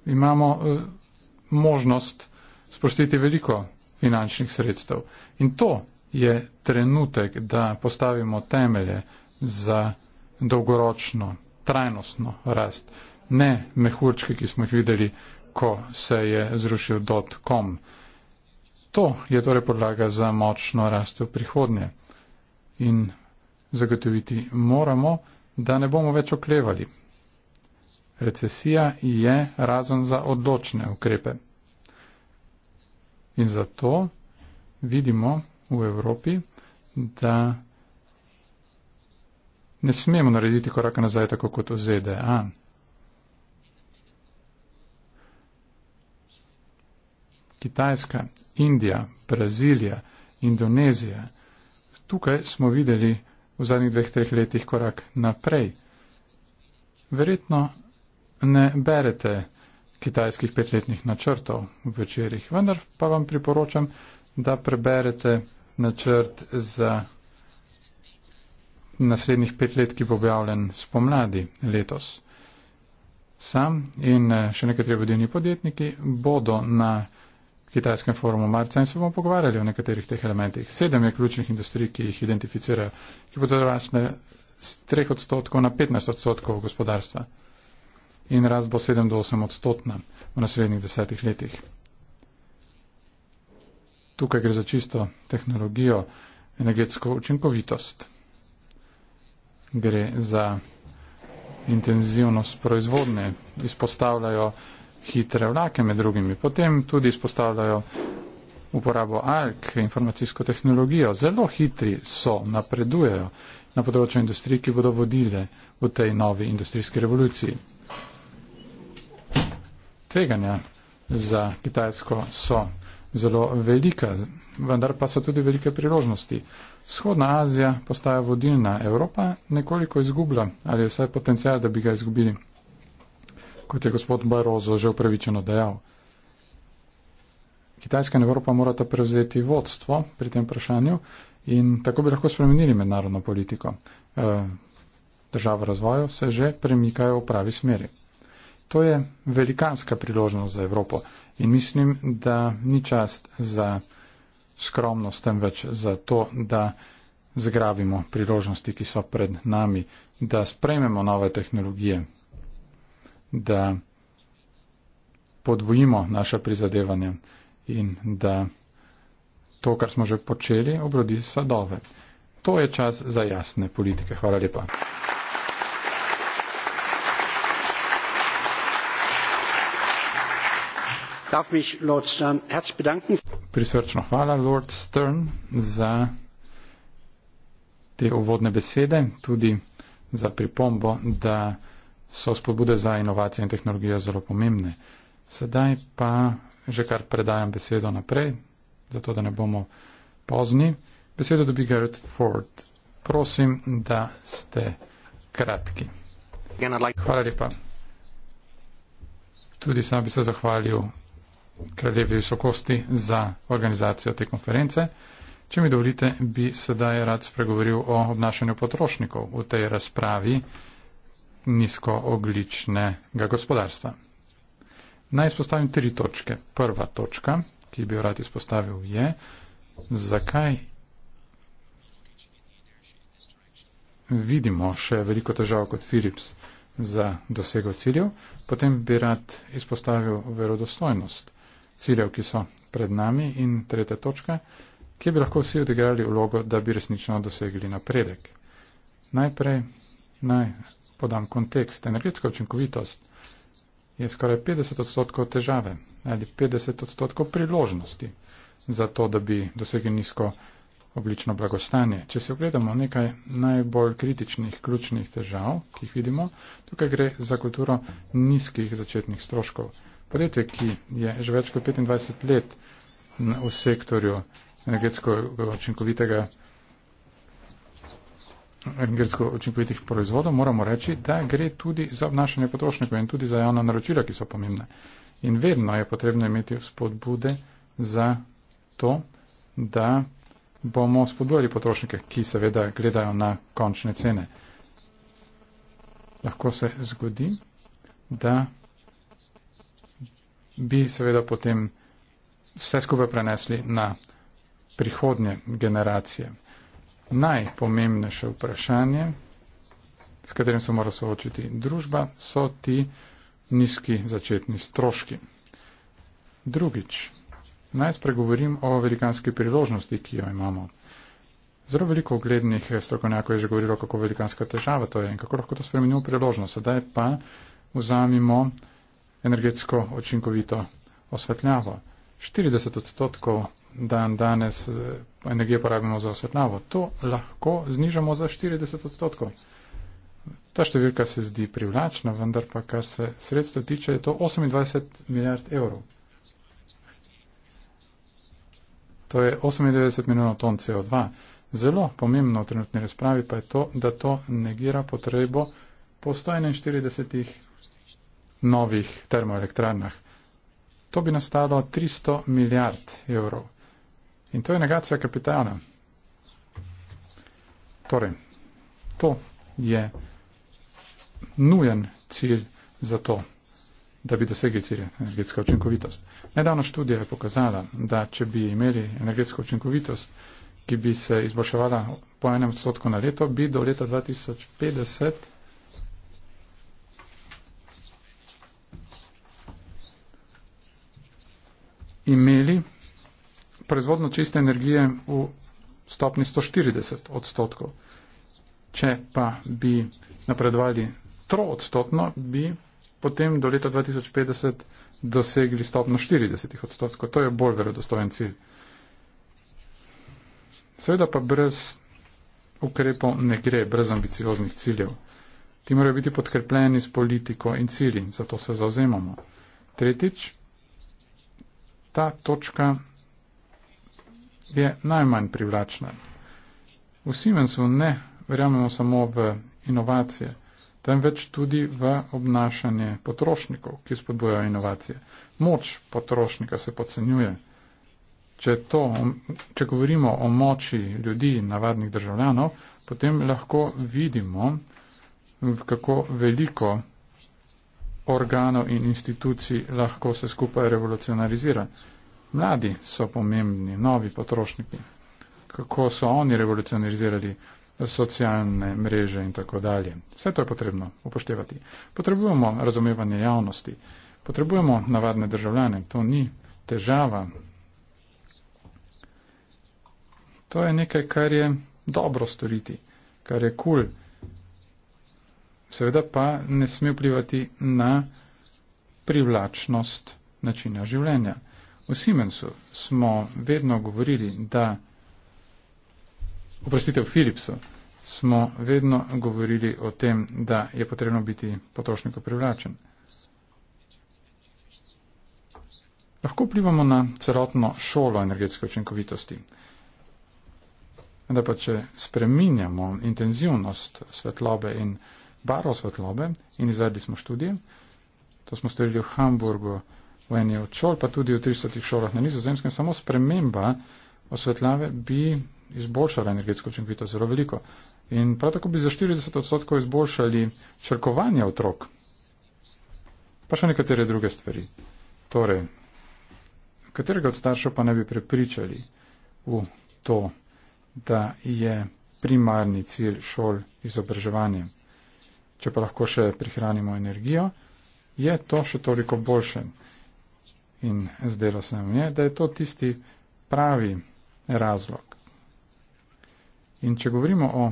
Speaker 2: Imamo eh, možnost sprostiti veliko finančnih sredstev. In to je trenutek, da postavimo temelje za dolgoročno, trajnostno rast. Ne mehurčke, ki smo jih videli, ko se je zrušil dot.com. To je torej podlaga za močno rast v prihodnje. In zagotoviti moramo, da ne bomo več oklevali. Recesija je razen za odločne ukrepe. In zato vidimo, v Evropi, da ne smemo narediti koraka nazaj tako kot v ZDA. Kitajska, Indija, Brazilija, Indonezija. Tukaj smo videli v zadnjih dveh, treh letih korak naprej. Verjetno ne berete kitajskih petletnih načrtov v večerjih, vendar pa vam priporočam, da preberete načrt za naslednjih pet let, ki bo objavljen spomladi letos. Sam in eh, še nekateri vodilni podjetniki bodo na kitajskem forumu marca in se bomo pogovarjali o nekaterih teh elementih. Sedem je ključnih industrij, ki jih identificirajo, ki bodo rasle z 3 odstotkov na 15 odstotkov gospodarstva. In rast bo 7 do 8 odstotna v naslednjih desetih letih. Tukaj gre za čisto tehnologijo, energetsko učinkovitost. Gre za intenzivnost proizvodne, izpostavljajo hitre vlake med drugimi, potem tudi izpostavljajo uporabo ALK, informacijsko tehnologijo. Zelo hitri so, napredujejo na področju industrij, ki bodo vodile v tej novi industrijski revoluciji. Tveganja za Kitajsko so zelo velika, vendar pa so tudi velike priložnosti. Vzhodna Azija postaja vodilna, Evropa nekoliko izgublja ali je vsaj potencijal, da bi ga izgubili, kot je gospod Barozo že upravičeno dejal. Kitajska in Evropa morata prevzeti vodstvo pri tem vprašanju in tako bi lahko spremenili mednarodno politiko. Eh, države razvoju se že premikajo v pravi smeri. To je velikanska priložnost za Evropo in mislim, da ni čast za skromnost, temveč za to, da zgrabimo priložnosti, ki so pred nami, da sprejmemo nove tehnologije, da podvojimo naše prizadevanja in da to, kar smo že počeli, obrodi sadove. To je čas za jasne politike. Hvala lepa. Darf mich Lord Stern herzlich bedanken. Prisrčno hvala, Lord Stern, za te uvodne besede, tudi za pripombo, da so spodbude za inovacije in tehnologijo zelo pomembne. Sedaj pa že kar predajam besedo naprej, zato da ne bomo pozni. Besedo dobi Gerrit Ford. Prosim, da ste kratki. Hvala lepa. Tudi sam bi se zahvalil kraljevi visokosti za organizacijo te konference. Če mi dovolite, bi sedaj rad spregovoril o obnašanju potrošnikov v tej razpravi nizkoogličnega gospodarstva. Naj izpostavim tri točke. Prva točka, ki bi jo rad izpostavil, je, zakaj vidimo še veliko težav kot Philips za dosego ciljev. Potem bi rad izpostavil verodostojnost ciljev, ki so pred nami in tretja točka, kje bi lahko vsi odigrali vlogo, da bi resnično dosegli napredek. Najprej naj podam kontekst. Energetska učinkovitost je skoraj 50 odstotkov težave ali 50 odstotkov priložnosti za to, da bi dosegli nizko oblično blagostanje. Če se ogledamo nekaj najbolj kritičnih, ključnih težav, ki jih vidimo, tukaj gre za kulturo nizkih začetnih stroškov podjetje, ki je že več kot 25 let v sektorju energetsko učinkovitega energetsko učinkovitih proizvodov, moramo reči, da gre tudi za obnašanje potrošnikov in tudi za javna naročila, ki so pomembne. In vedno je potrebno imeti spodbude za to, da bomo spodbujali potrošnike, ki seveda gledajo na končne cene. Lahko se zgodi, da bi seveda potem vse skupaj prenesli na prihodnje generacije. Najpomembnejše vprašanje, s katerim se mora soočiti družba, so ti nizki začetni stroški. Drugič, naj spregovorim o velikanski priložnosti, ki jo imamo. Zelo veliko oglednih strokovnjakov je že govorilo, kako velikanska težava to je in kako lahko to spremenimo priložnost. Sedaj pa vzamimo energetsko očinkovito osvetljavo. 40 odstotkov dan danes eh, energije porabimo za osvetljavo. To lahko znižamo za 40 odstotkov. Ta številka se zdi privlačna, vendar pa kar se sredstva tiče, je to 28 milijard evrov. To je 98 milijonov ton CO2. Zelo pomembno v trenutni razpravi pa je to, da to negira potrebo po 141 novih termoelektrarnah. To bi nastalo 300 milijard evrov. In to je negacija kapitala. Torej, to je nujen cilj za to, da bi dosegli cilj energetska učinkovitost. Nedavna študija je pokazala, da če bi imeli energetsko učinkovitost, ki bi se izboljševala po enem odstotku na leto, bi do leta 2050 imeli proizvodno čiste energije v stopni 140 odstotkov. Če pa bi napredovali troodstotno, bi potem do leta 2050 dosegli stopno 40 odstotkov. To je bolj verodostojen cilj. Seveda pa brez ukrepov ne gre, brez ambicioznih ciljev. Ti morajo biti podkrepljeni s politiko in cilji, zato se zauzemamo. Tretjič, ta točka je najmanj privlačna. V Siemensu ne verjamemo samo v inovacije, temveč tudi v obnašanje potrošnikov, ki spodbujajo inovacije. Moč potrošnika se podcenjuje. Če, to, če govorimo o moči ljudi, navadnih državljanov, potem lahko vidimo, kako veliko organov in institucij lahko se skupaj revolucionarizira. Mladi so pomembni, novi potrošniki. Kako so oni revolucionirali socialne mreže in tako dalje. Vse to je potrebno upoštevati. Potrebujemo razumevanje javnosti, potrebujemo navadne državljane, to ni težava. To je nekaj, kar je dobro storiti, kar je kul. Cool seveda pa ne sme vplivati na privlačnost načina življenja. V Siemensu smo vedno govorili, da, oprostite, v Philipsu smo vedno govorili o tem, da je potrebno biti potrošniku privlačen. Lahko vplivamo na celotno šolo energetske učinkovitosti. Da pa če spreminjamo intenzivnost svetlobe in barov svetlobe in izvedli smo študije. To smo storili v Hamburgu, v eni od šol, pa tudi v 300 šolah na nizozemskem. Samo sprememba osvetlave bi izboljšala energetsko učinkovitost zelo veliko. In prav tako bi za 40 odstotkov izboljšali črkovanje otrok. Pa še nekatere druge stvari. Torej, katerega od staršev pa ne bi prepričali v to, da je primarni cilj šol izobraževanje če pa lahko še prihranimo energijo, je to še toliko boljše. In zdelo se mi je, da je to tisti pravi razlog. In če govorimo o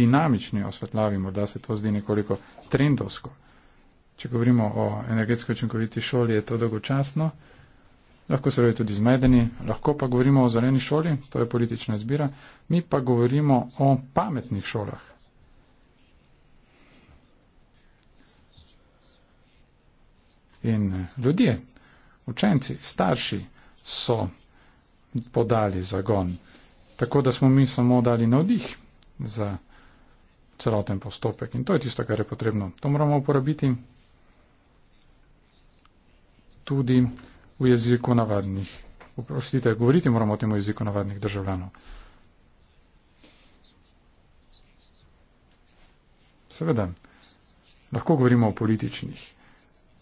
Speaker 2: dinamični osvetljavi, morda se to zdi nekoliko trendovsko. Če govorimo o energetsko učinkoviti šoli, je to dolgočasno. Lahko se rodi tudi zmedeni, lahko pa govorimo o zeleni šoli, to je politična izbira. Mi pa govorimo o pametnih šolah. In eh, ljudje, učenci, starši so podali zagon. Tako da smo mi samo dali navdih za celoten postopek. In to je tisto, kar je potrebno. To moramo uporabiti tudi v jeziku navadnih. Oprostite, govoriti moramo o tem jeziku navadnih državljanov. Seveda, lahko govorimo o političnih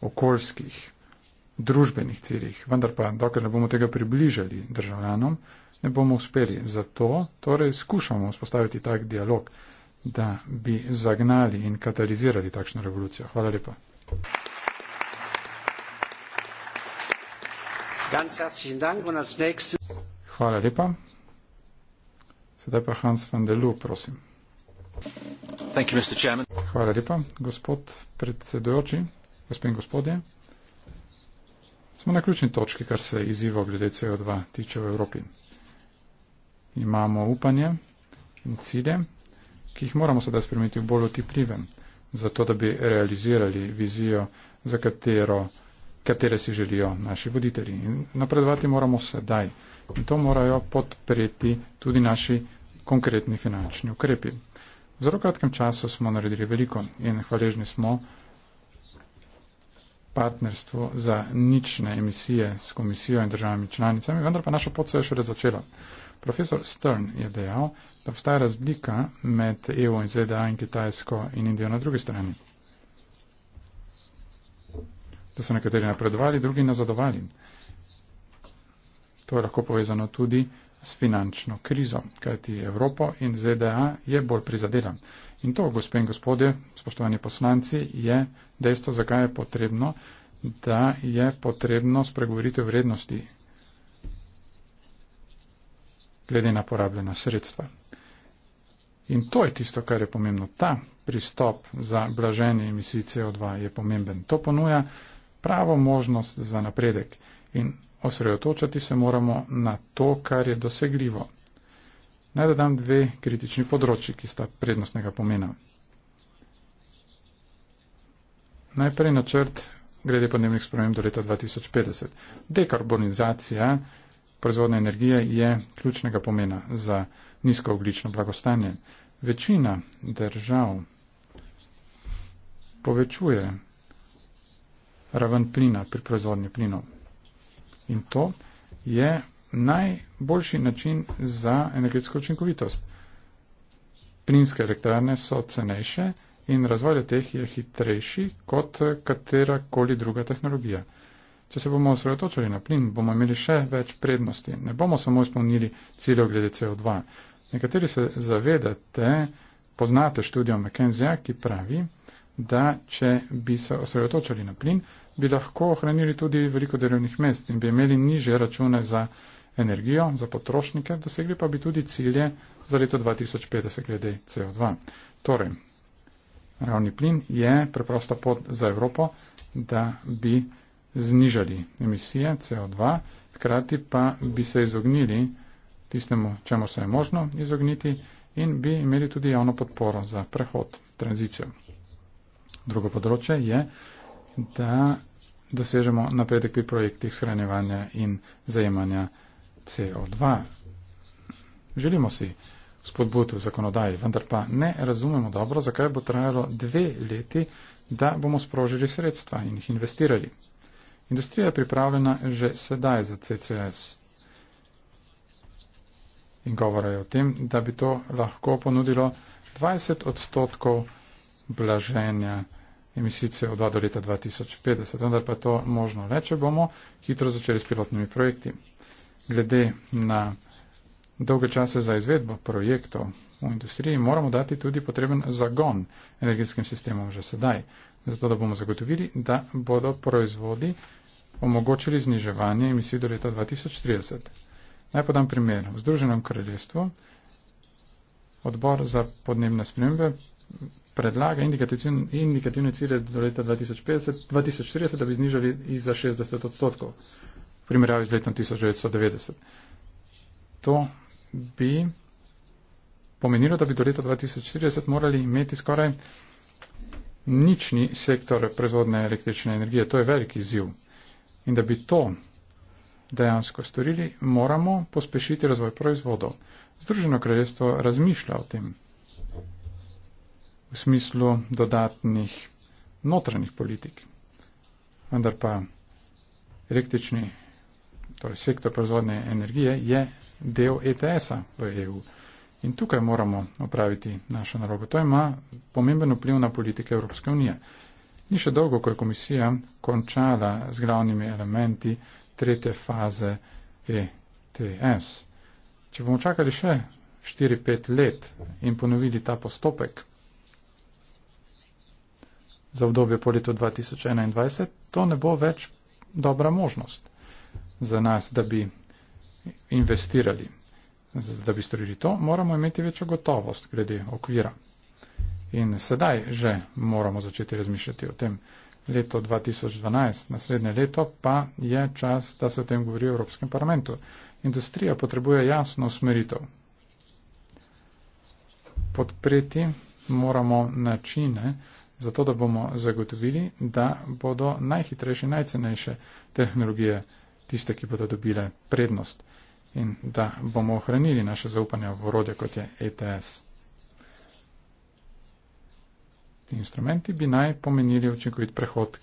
Speaker 2: okoljskih, družbenih ciljih. Vendar pa, dokler ne bomo tega približali državljanom, ne bomo uspeli. Zato torej skušamo vzpostaviti tak dialog, da bi zagnali in katalizirali takšno revolucijo. Hvala lepa. Hvala lepa. Sedaj pa Hans van der Loo, prosim.
Speaker 3: Thank you, Mr. Chairman.
Speaker 2: Hvala lepa, gospod predsedujoči gospe in gospodje. Smo na ključni točki, kar se izziva glede CO2 tiče v Evropi. Imamo upanje in cilje, ki jih moramo sedaj spremeniti v bolj otipljive, zato da bi realizirali vizijo, za katero, katere si želijo naši voditelji. In napredovati moramo sedaj in to morajo podpreti tudi naši konkretni finančni ukrepi. V zelo kratkem času smo naredili veliko in hvaležni smo, partnerstvo za nične emisije s komisijo in državami članicami, vendar pa naša pot se je šele začela. Profesor Stern je dejal, da obstaja razlika med EU in ZDA in Kitajsko in Indijo na drugi strani. Da so nekateri napredovali, drugi nazadovali. To je lahko povezano tudi s finančno krizo, kajti Evropo in ZDA je bolj prizadela. In to, gospe in gospodje, spoštovani poslanci, je dejstvo, zakaj je potrebno, da je potrebno spregovoriti o vrednosti glede na porabljena sredstva. In to je tisto, kar je pomembno. Ta pristop za blaženje emisij CO2 je pomemben. To ponuja pravo možnost za napredek in osredotočati se moramo na to, kar je dosegljivo. Naj dodam dve kritični področji, ki sta prednostnega pomena. Najprej načrt glede podnebnih sprememb do leta 2050. Dekarbonizacija proizvodne energije je ključnega pomena za nizkooglično blagostanje. Večina držav povečuje raven plina pri proizvodnji plinov. In to je najboljši način za energetsko učinkovitost. Plinske elektrarne so cenejše in razvoj teh je hitrejši kot katerakoli druga tehnologija. Če se bomo osredotočili na plin, bomo imeli še več prednosti. Ne bomo samo izpolnili ciljev glede CO2. Nekateri se zavedate, poznate študijo McKenzieja, ki pravi, da če bi se osredotočili na plin, bi lahko ohranili tudi veliko delovnih mest in bi imeli niže račune za energijo za potrošnike, dosegli pa bi tudi cilje za leto 2050 glede CO2. Torej, ravni plin je preprosta pot za Evropo, da bi znižali emisije CO2, hkrati pa bi se izognili tistemu, čemu se je možno izogniti in bi imeli tudi javno podporo za prehod, tranzicijo. Drugo področje je, da dosežemo napredek pri projektih shranjevanja in zajemanja CO2. Želimo si spodbuditi v zakonodaji, vendar pa ne razumemo dobro, zakaj bo trajalo dve leti, da bomo sprožili sredstva in jih investirali. Industrija je pripravljena že sedaj za CCS. In govora je o tem, da bi to lahko ponudilo 20 odstotkov blaženja emisij CO2 do leta 2050, vendar pa je to možno le, če bomo hitro začeli s pilotnimi projekti glede na dolge čase za izvedbo projektov v industriji, moramo dati tudi potreben zagon energetskim sistemom že sedaj, zato da bomo zagotovili, da bodo proizvodi omogočili zniževanje emisij do leta 2030. Naj podam primer. V Združenem kraljestvu odbor za podnebne spremembe predlaga indikativne cilje do leta 2050, 2040, da bi znižali iz za 60 odstotkov v primerjavi z letom 1990. To bi pomenilo, da bi do leta 2040 morali imeti skoraj nični sektor proizvodne električne energije. To je veliki ziv. In da bi to dejansko storili, moramo pospešiti razvoj proizvodov. Združeno kraljestvo razmišlja o tem v smislu dodatnih notranjih politik. Vendar pa električni torej sektor proizvodne energije, je del ETS-a v EU. In tukaj moramo opraviti našo nalogo. To ima pomemben vpliv na politike Evropske unije. Ni še dolgo, ko je komisija končala z glavnimi elementi tretje faze ETS. Če bomo čakali še 4-5 let in ponovili ta postopek za obdobje po letu 2021, to ne bo več dobra možnost za nas, da bi investirali, da bi storili to, moramo imeti večjo gotovost glede okvira. In sedaj že moramo začeti razmišljati o tem. Leto 2012, naslednje leto, pa je čas, da se o tem govori v Evropskem parlamentu. Industrija potrebuje jasno usmeritev. Podpreti moramo načine, zato da bomo zagotovili, da bodo najhitrejše, najcenejše tehnologije tiste, ki bodo dobile prednost in da bomo ohranili naše zaupanje v orodje, kot je ETS. Ti instrumenti bi naj pomenili učinkovit prehod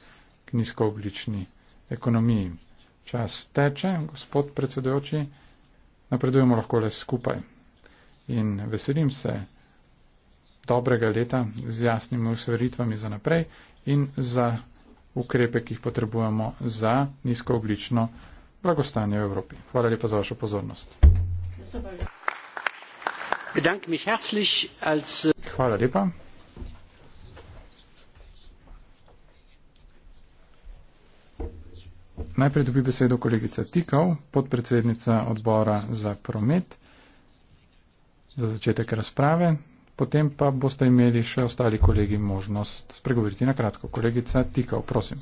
Speaker 2: k nizkooglični ekonomiji. Čas teče, gospod predsedujoči, napredujemo lahko le skupaj. In veselim se dobrega leta z jasnimi usveritvami za naprej in za ukrepe, ki jih potrebujemo za nizkooglično ekonomijo blagostanje v Evropi. Hvala lepa za vašo pozornost.
Speaker 3: Äh, Hvala lepa.
Speaker 2: Najprej dobi besedo kolegica Tikov, podpredsednica odbora za promet, za začetek razprave. Potem pa boste imeli še ostali kolegi možnost spregovoriti na kratko. Kolegica Tikov, prosim.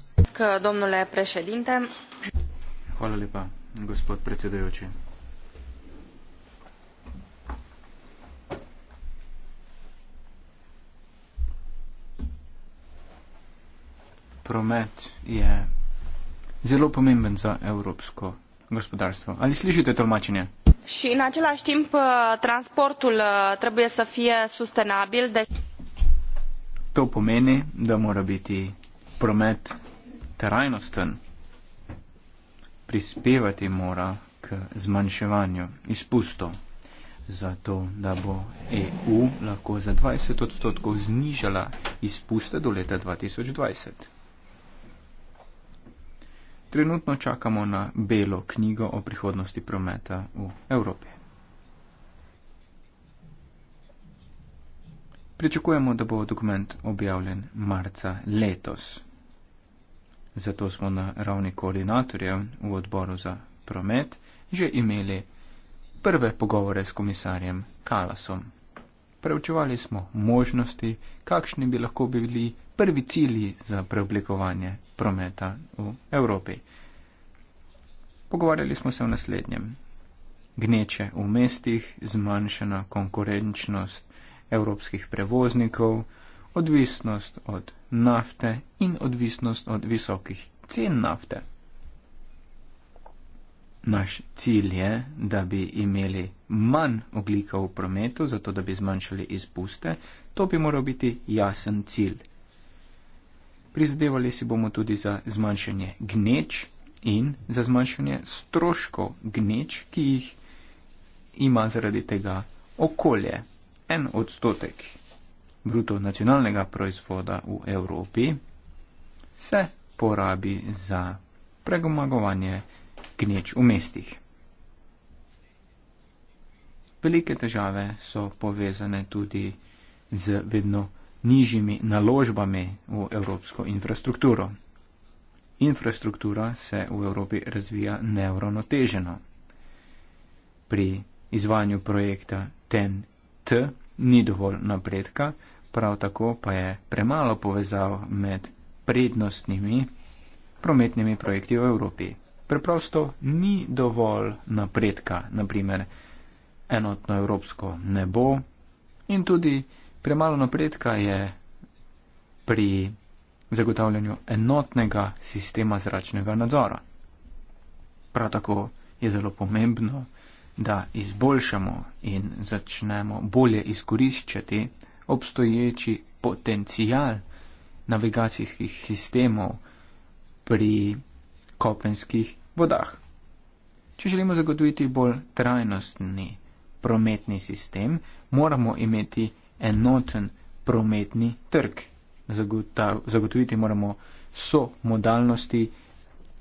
Speaker 1: Domnule Prešelinte.
Speaker 3: Hvala lepa, gospod predsedujoči. Promet je zelo pomemben za evropsko gospodarstvo. Ali slišite tolmačenje?
Speaker 1: Și în același timp, uh, transportul uh, trebuie să fie sustenabil. De...
Speaker 3: To pomeni, da mora biti promet trajnosten prispevati mora k zmanjševanju izpustov, zato da bo EU lahko za 20 odstotkov znižala izpuste do leta 2020. Trenutno čakamo na belo knjigo o prihodnosti prometa v Evropi. Pričakujemo, da bo dokument objavljen marca letos. Zato smo na ravni koordinatorjev v odboru za promet že imeli prve pogovore s komisarjem Kalasom. Preučevali smo možnosti, kakšni bi lahko bili prvi cilji za preoblikovanje prometa v Evropi. Pogovarjali smo se o naslednjem. Gneče v mestih, zmanjšana konkurenčnost evropskih prevoznikov, odvisnost od nafte in odvisnost od visokih cen nafte. Naš cilj je, da bi imeli manj oglika v prometu, zato da bi zmanjšali izpuste. To bi moral biti jasen cilj. Prizadevali si bomo tudi za zmanjšanje gneč in za zmanjšanje stroškov gneč, ki jih ima zaradi tega okolje. En odstotek bruto nacionalnega proizvoda v Evropi, se porabi za pregomagovanje gneč v mestih. Velike težave so povezane tudi z vedno nižjimi naložbami v evropsko infrastrukturo. Infrastruktura se v Evropi razvija neuronoteženo. Pri izvajanju projekta TEN-T ni dovolj napredka, prav tako pa je premalo povezav med prednostnimi prometnimi projekti v Evropi. Preprosto ni dovolj napredka, naprimer enotno evropsko nebo in tudi premalo napredka je pri zagotavljanju enotnega sistema zračnega nadzora. Prav tako je zelo pomembno, da izboljšamo in začnemo bolje izkoriščati obstoječi potencial navigacijskih sistemov pri kopenskih vodah. Če želimo zagotoviti bolj trajnostni prometni sistem, moramo imeti enoten prometni trg. Zagotoviti moramo so modalnosti,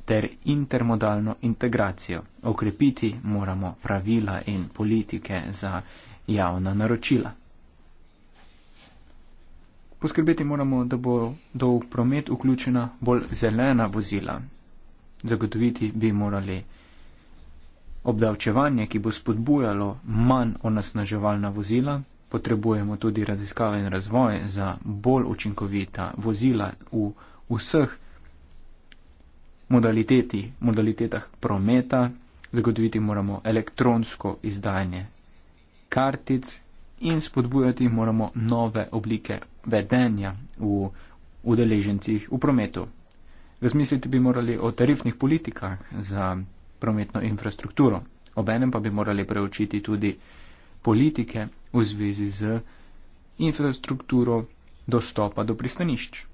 Speaker 3: ter intermodalno integracijo. Okrepiti moramo pravila in politike za javna naročila. Poskrbeti moramo, da bo do promet vključena bolj zelena vozila. Zagotoviti bi morali obdavčevanje, ki bo spodbujalo manj onasnaževalna vozila. Potrebujemo tudi raziskave in razvoj za bolj učinkovita vozila v vseh modalitetah prometa, zagotoviti moramo elektronsko izdajanje kartic in spodbujati moramo nove oblike vedenja v udeležencih v prometu. Razmisliti bi morali o tarifnih politikah za prometno infrastrukturo, obenem pa bi morali preučiti tudi politike v zvezi z infrastrukturo dostopa do pristanišč.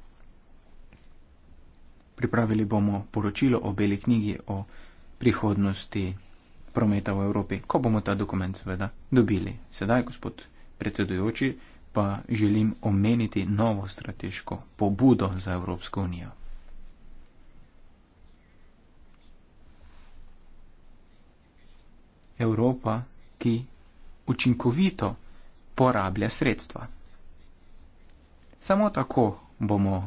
Speaker 3: Pripravili bomo poročilo o beli knjigi o prihodnosti prometa v Evropi, ko bomo ta dokument seveda dobili. Sedaj, gospod predsedujoči, pa želim omeniti novo strateško pobudo za Evropsko unijo. Evropa, ki učinkovito porablja sredstva. Samo tako bomo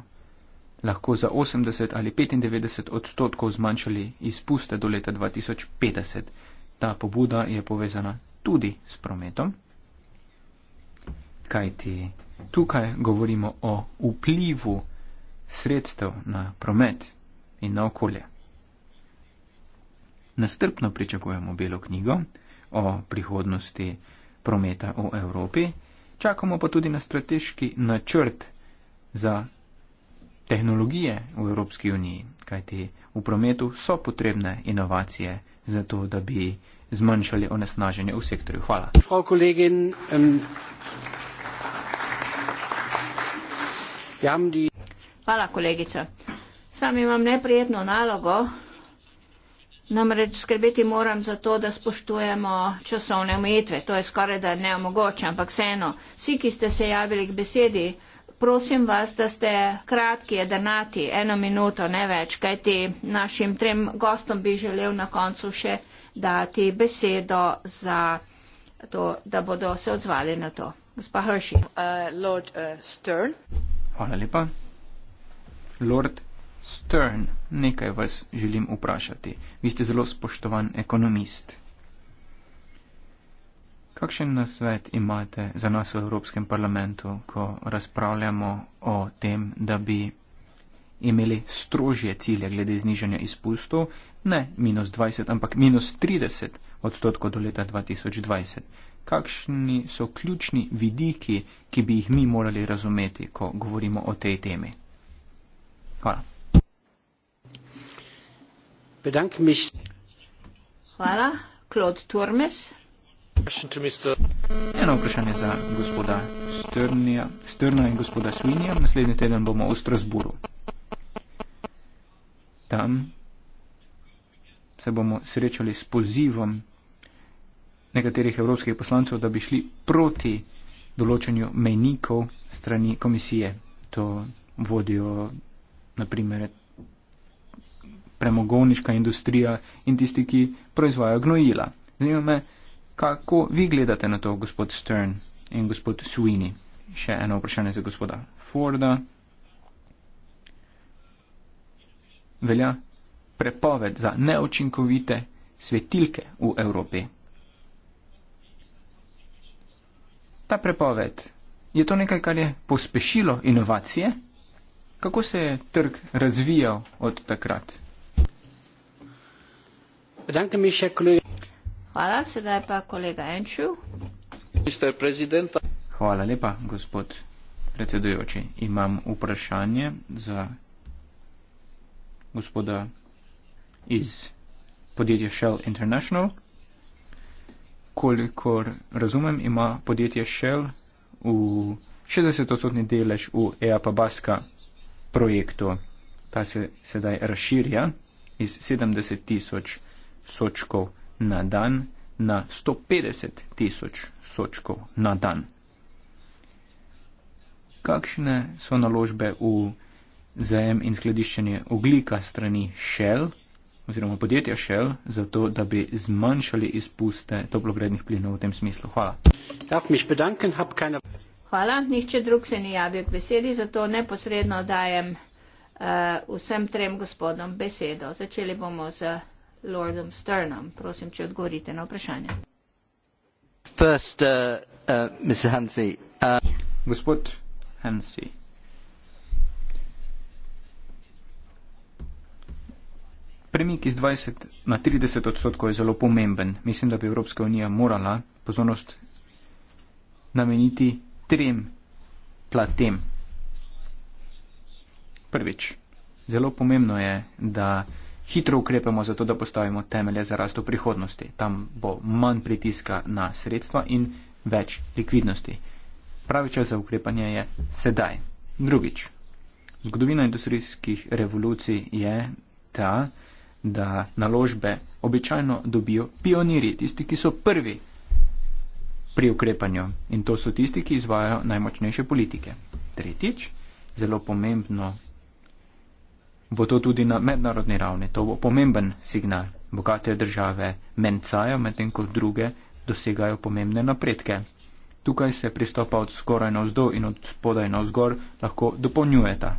Speaker 3: lahko za 80 ali 95 odstotkov zmanjšali izpuste do leta 2050. Ta pobuda je povezana tudi s prometom, kajti tukaj govorimo o vplivu sredstev na promet in na okolje. Nastrpno pričakujemo belo knjigo o prihodnosti prometa v Evropi, čakamo pa tudi na strateški načrt za tehnologije v Evropski uniji, kajti v prometu so potrebne inovacije za to, da bi zmanjšali onesnaženje v sektorju. Hvala. Ähm,
Speaker 1: Hvala, kolegica. Sam imam neprijetno nalogo, namreč skrbeti moram za to, da spoštujemo časovne omejitve. To je skoraj da neomogoče, ampak vseeno, vsi, ki ste se javili k besedi, prosim vas, da ste kratki, jedrnati, eno minuto, ne več, kajti našim trem gostom bi želel na koncu še dati besedo za to, da bodo se odzvali na to. Gospa Hrši. Uh, Lord uh, Stern.
Speaker 3: Hvala lepa. Lord Stern, nekaj vas želim vprašati. Vi ste zelo spoštovan ekonomist. Kakšen nasvet imate za nas v Evropskem parlamentu, ko razpravljamo o tem, da bi imeli strožje cilje glede znižanja izpustov, ne minus 20, ampak minus 30 odstotkov do leta 2020? Kakšni so ključni vidiki, ki bi jih mi morali razumeti, ko govorimo o tej temi? Hvala.
Speaker 1: Hvala. Claude Turmes.
Speaker 3: Eno vprašanje za gospoda Strnija, Strna in gospoda Svinija. Naslednji teden bomo v Strasburu. Tam se bomo srečali s pozivom nekaterih evropskih poslancev, da bi šli proti določenju menikov strani komisije. To vodijo naprimer premogovniška industrija in tisti, ki proizvajajo gnojila. Zanima me, Kako vi gledate na to, gospod Stern in gospod Sweeney? Še eno vprašanje za gospoda Forda. Velja prepoved za neočinkovite svetilke v Evropi. Ta prepoved je to nekaj, kar je pospešilo inovacije. Kako se je trg razvijal od takrat? Danke mi še kolegi.
Speaker 1: Hvala. Sedaj pa kolega Enčev.
Speaker 3: Hvala lepa, gospod predsedujoči. Imam vprašanje za gospoda iz podjetja Shell International. Kolikor razumem, ima podjetje Shell v 60-odstotni delež v EAPA Baska projektu. Ta se sedaj razširja iz 70 tisoč sočkov na dan na 150 tisoč sočkov na dan. Kakšne so naložbe v zajem in skladiščenje oglika strani Shell oziroma podjetja Shell, zato da bi zmanjšali izpuste toplogrednih plinov v tem smislu? Hvala.
Speaker 1: Hvala, nihče drug se ni javil k besedi, zato neposredno dajem uh, vsem trem gospodom besedo. Začeli bomo z. Za lordom Sternom. Prosim, če odgovorite na vprašanje.
Speaker 3: First, uh, uh, Hansi, uh... Gospod Hansi. Premik iz 20 na 30 odstotkov je zelo pomemben. Mislim, da bi Evropska unija morala pozornost nameniti trem platem. Prvič, zelo pomembno je, da hitro ukrepamo zato, da postavimo temelje za rast v prihodnosti. Tam bo manj pritiska na sredstva in več likvidnosti. Pravi čas za ukrepanje je sedaj. Drugič. Zgodovina industrijskih revolucij je ta, da naložbe običajno dobijo pionirji, tisti, ki so prvi pri ukrepanju in to so tisti, ki izvajo najmočnejše politike. Tretjič, zelo pomembno bo to tudi na mednarodni ravni. To bo pomemben signal. Bogate države mencajo, medtem ko druge dosegajo pomembne napredke. Tukaj se pristopa od skoraj na vzdolj in od spodaj na vzgor lahko dopolnjujeta.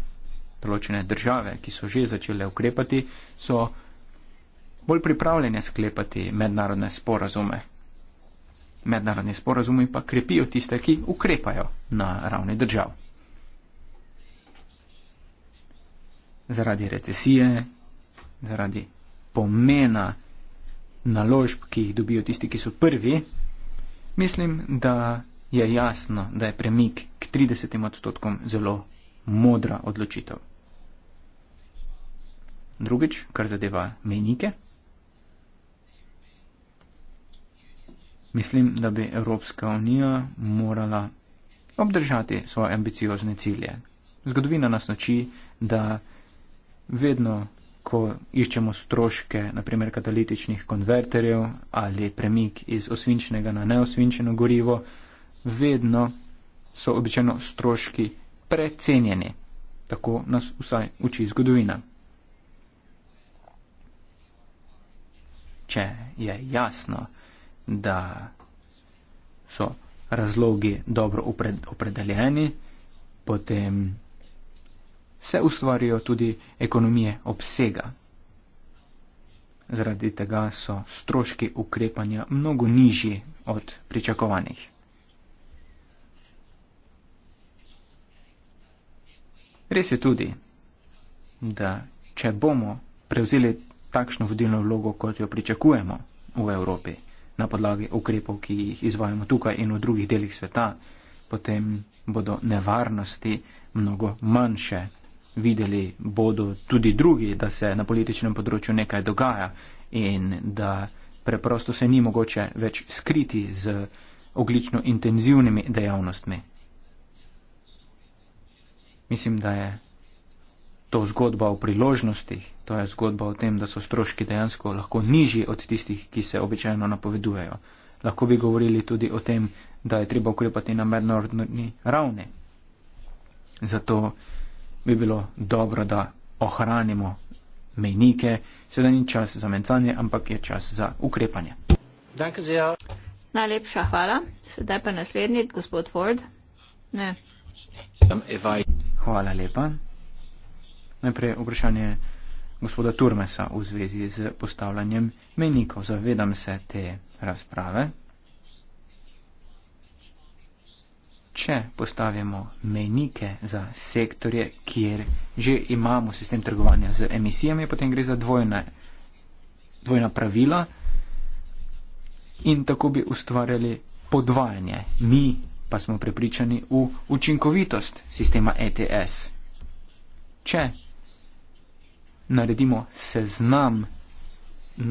Speaker 3: Določene države, ki so že začele ukrepati, so bolj pripravljene sklepati mednarodne sporazume. Mednarodni sporazumi pa krepijo tiste, ki ukrepajo na ravni držav. zaradi recesije, zaradi pomena naložb, ki jih dobijo tisti, ki so prvi, mislim, da je jasno, da je premik k 30 odstotkom zelo modra odločitev. Drugič, kar zadeva menike, mislim, da bi Evropska unija morala obdržati svoje ambiciozne cilje. Zgodovina nas noči, da vedno, ko iščemo stroške, naprimer katalitičnih konverterjev ali premik iz osvinčenega na neosvinčeno gorivo, vedno so običajno stroški precenjeni. Tako nas vsaj uči zgodovina. Če je jasno, da so razlogi dobro opredeljeni, potem se ustvarijo tudi ekonomije obsega. Zaradi tega so stroški ukrepanja mnogo nižji od pričakovanih. Res je tudi, da če bomo prevzeli takšno vodilno vlogo, kot jo pričakujemo v Evropi, na podlagi ukrepov, ki jih izvajamo tukaj in v drugih delih sveta, potem bodo nevarnosti mnogo manjše videli bodo tudi drugi, da se na političnem področju nekaj dogaja in da preprosto se ni mogoče več skriti z oglično intenzivnimi dejavnostmi. Mislim, da je to zgodba o priložnostih, to je zgodba o tem, da so stroški dejansko lahko nižji od tistih, ki se običajno napovedujejo. Lahko bi govorili tudi o tem, da je treba ukrepati na mednarodni ravni. Zato bi bilo dobro, da ohranimo mejnike. Sedaj ni čas za mencanje, ampak je čas za ukrepanje.
Speaker 1: Najlepša hvala. Sedaj pa naslednji, gospod Ford. Ne.
Speaker 3: Hvala lepa. Najprej vprašanje gospoda Turmesa v zvezi z postavljanjem mejnikov. Zavedam se te razprave, če postavimo menike za sektorje, kjer že imamo sistem trgovanja z emisijami, potem gre za dvojne, dvojna pravila in tako bi ustvarjali podvajanje. Mi pa smo prepričani v učinkovitost sistema ETS. Če naredimo seznam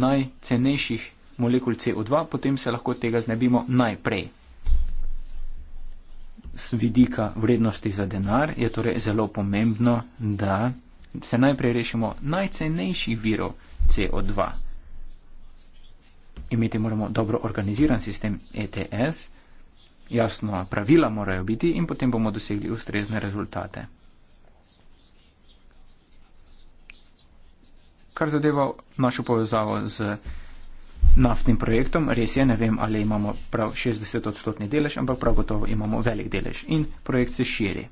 Speaker 3: najcenejših molekul CO2, potem se lahko tega znebimo najprej z vidika vrednosti za denar je torej zelo pomembno, da se najprej rešimo najcenejših virov CO2. Imeti moramo dobro organiziran sistem ETS, jasno pravila morajo biti in potem bomo dosegli ustrezne rezultate. Kar zadeva našo povezavo z naftnim projektom. Res je, ne vem, ali imamo prav 60-odstotni delež, ampak prav gotovo imamo velik delež. In projekt se širi.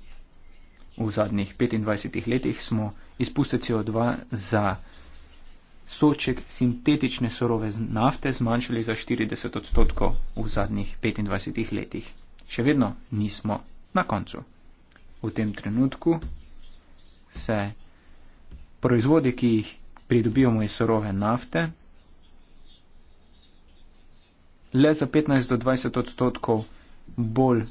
Speaker 3: V zadnjih 25 letih smo izpuste CO2 za soček sintetične sorove z nafte zmanjšali za 40 odstotkov v zadnjih 25 letih. Še vedno nismo na koncu. V tem trenutku se proizvode, ki jih pridobivamo iz sorove nafte, le za 15 do 20 odstotkov bolj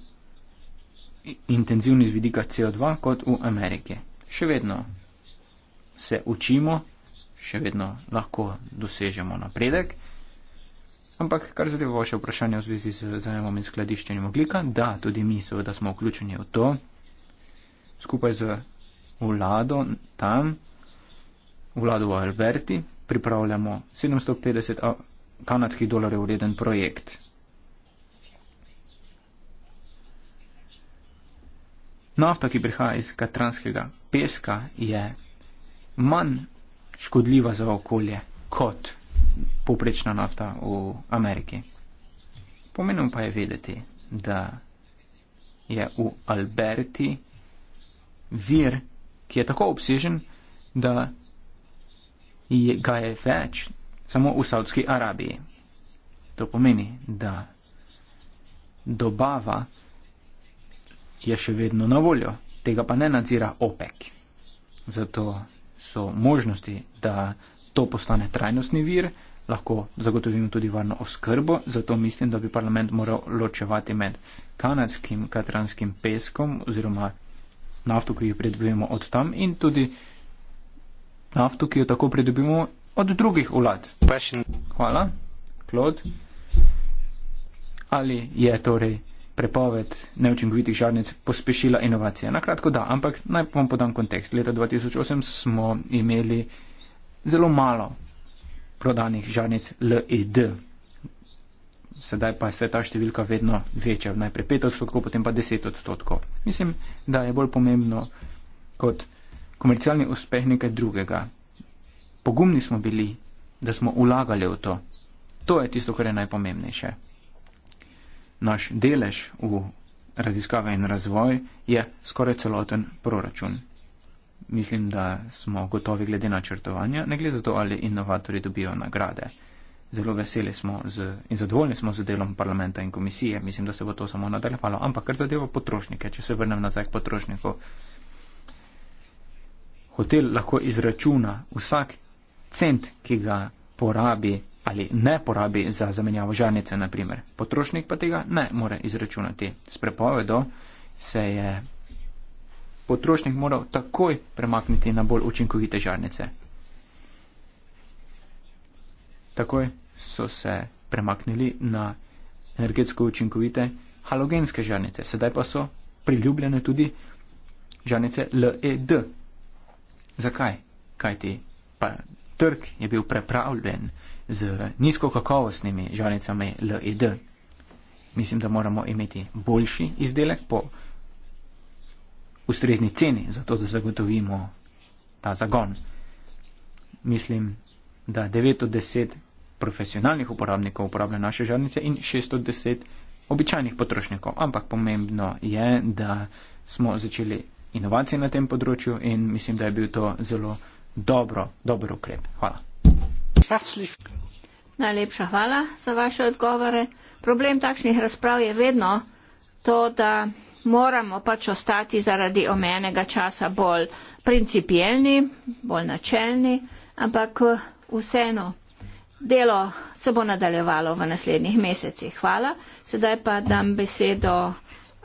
Speaker 3: intenzivni z vidika CO2 kot v Ameriki. Še vedno se učimo, še vedno lahko dosežemo napredek, ampak kar zadeva vaše vprašanje v zvezi z zajemom in skladiščenjem oglika, da, tudi mi seveda smo vključeni v to, skupaj z vlado tam, vlado v Alberti, pripravljamo 750 kanadskih dolarjev vreden projekt. Nafta, ki prihaja iz katranskega peska, je manj škodljiva za okolje kot poprečna nafta v Ameriki. Pomenem pa je vedeti, da je v Alberti vir, ki je tako obsežen, da ga je več samo v Saudski Arabiji. To pomeni, da dobava je še vedno na voljo, tega pa ne nadzira OPEC. Zato so možnosti, da to postane trajnostni vir, lahko zagotovimo tudi varno oskrbo, zato mislim, da bi parlament moral ločevati med kanadskim katranskim peskom oziroma nafto, ki jo pridobimo od tam in tudi nafto, ki jo tako pridobimo od drugih vlad. Hvala. Klod. Ali je torej prepoved neučinkovitih žarnic pospešila inovacije? Na kratko da, ampak naj vam podam kontekst. Leta 2008 smo imeli zelo malo prodanih žarnic LED. Sedaj pa se ta številka vedno veča, najprej 5 odstotkov, potem pa 10 odstotkov. Mislim, da je bolj pomembno kot komercialni uspeh nekaj drugega, pogumni smo bili, da smo ulagali v to. To je tisto, kar je najpomembnejše. Naš delež v raziskave in razvoj je skoraj celoten proračun. Mislim, da smo gotovi glede načrtovanja, ne glede za to, ali inovatori dobijo nagrade. Zelo veseli smo z, in zadovoljni smo z delom parlamenta in komisije. Mislim, da se bo to samo nadaljevalo. Ampak kar zadeva potrošnike, če se vrnem nazaj k potrošniku. Hotel lahko izračuna vsak cent, ki ga porabi ali ne porabi za zamenjavo žarnice, naprimer. Potrošnik pa tega ne more izračunati. S prepovedo se je potrošnik moral takoj premakniti na bolj učinkovite žarnice. Takoj so se premaknili na energetsko učinkovite halogenske žarnice. Sedaj pa so priljubljene tudi žarnice LED. Zakaj? Kaj ti? Pa trg je bil prepravljen z nizkokakovostnimi žarnicami LED. Mislim, da moramo imeti boljši izdelek po ustrezni ceni, zato da zagotovimo ta zagon. Mislim, da 9 od 10 profesionalnih uporabnikov uporablja naše žarnice in 6 od 10 običajnih potrošnikov. Ampak pomembno je, da smo začeli inovacije na tem področju in mislim, da je bil to zelo dobro, dober ukrep. Hvala.
Speaker 1: Najlepša hvala za vaše odgovore. Problem takšnih razprav je vedno to, da moramo pač ostati zaradi omenega časa bolj principijelni, bolj načelni, ampak vseeno delo se bo nadaljevalo v naslednjih mesecih. Hvala. Sedaj pa dam besedo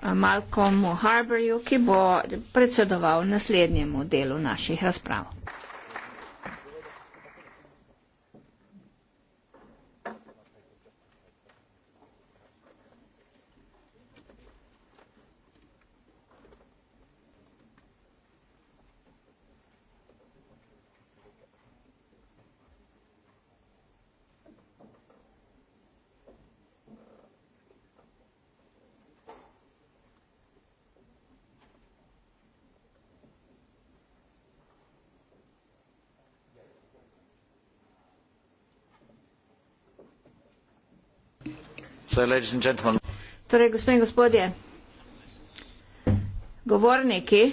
Speaker 1: eh, Malcolmu Harborju, ki bo predsedoval naslednjemu delu naših razprav. torej gospe in gospodje govorniki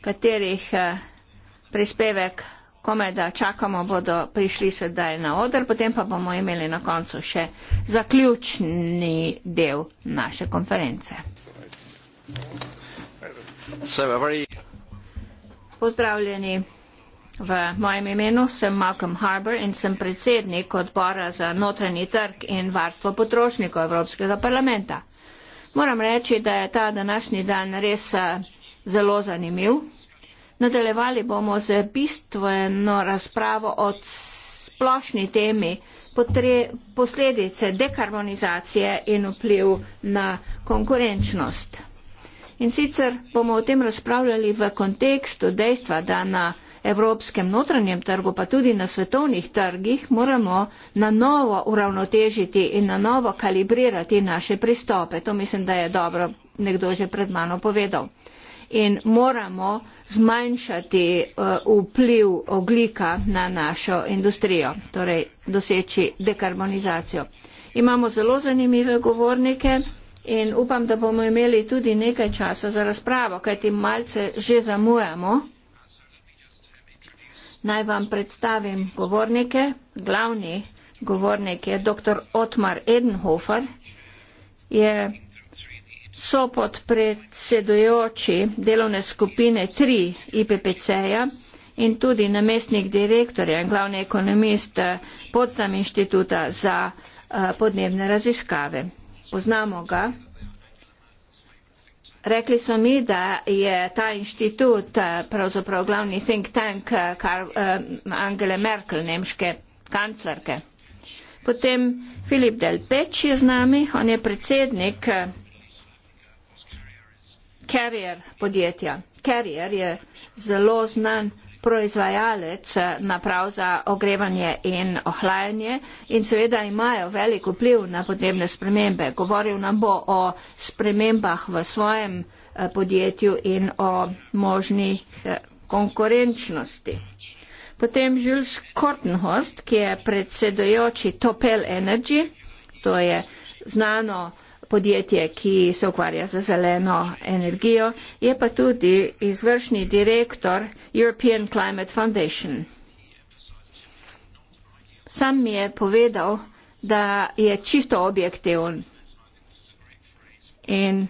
Speaker 1: katerih eh, prispevek kome da čakamo bodo prišli sedaj na oder potem pa bomo imeli na koncu še zaključni del naše konference
Speaker 3: so a very
Speaker 1: pozdravljeni V mojem imenu sem Malcolm Harbour in sem predsednik odbora za notranji trg in varstvo potrošnikov Evropskega parlamenta. Moram reči, da je ta današnji dan res eh, zelo zanimiv. Nadaljevali bomo z bistveno razpravo o splošni temi posledice dekarbonizacije in vpliv na konkurenčnost. In sicer bomo o tem razpravljali v kontekstu dejstva, da na evropskem notranjem trgu, pa tudi na svetovnih trgih, moramo na novo uravnotežiti in na novo kalibrirati naše pristope. To mislim, da je dobro nekdo že pred mano povedal. In moramo zmanjšati eh, vpliv oglika na našo industrijo, torej doseči dekarbonizacijo. Imamo zelo zanimive govornike. In upam, da bomo imeli tudi nekaj časa za razpravo, kajti malce že zamujamo. Naj vam predstavim govornike. Glavni govornik je dr. Otmar Edenhofer, je sopodpredsedujoči delovne skupine 3 IPPC-ja in tudi namestnik direktorja in glavni ekonomist Podstam inštituta za eh, podnebne raziskave. Poznamo ga. Rekli so mi, da je ta inštitut eh, pravzaprav glavni think tank eh, kar, um, Angele Merkel, nemške kanclerke. Potem Filip Del Peč je z nami, on je predsednik Carrier podjetja. Carrier je zelo znan proizvajalec eh, naprav za ogrevanje in ohlajanje in seveda imajo velik vpliv na podnebne spremembe. Govoril nam bo o spremembah v svojem eh, podjetju in o možni eh, konkurenčnosti. Potem Jules Kortenhorst, ki je predsedojoči Topel Energy, to je znano podjetje, ki se ukvarja za zeleno energijo, je pa tudi izvršni direktor European Climate Foundation. Sam mi je povedal, da je čisto objektivn in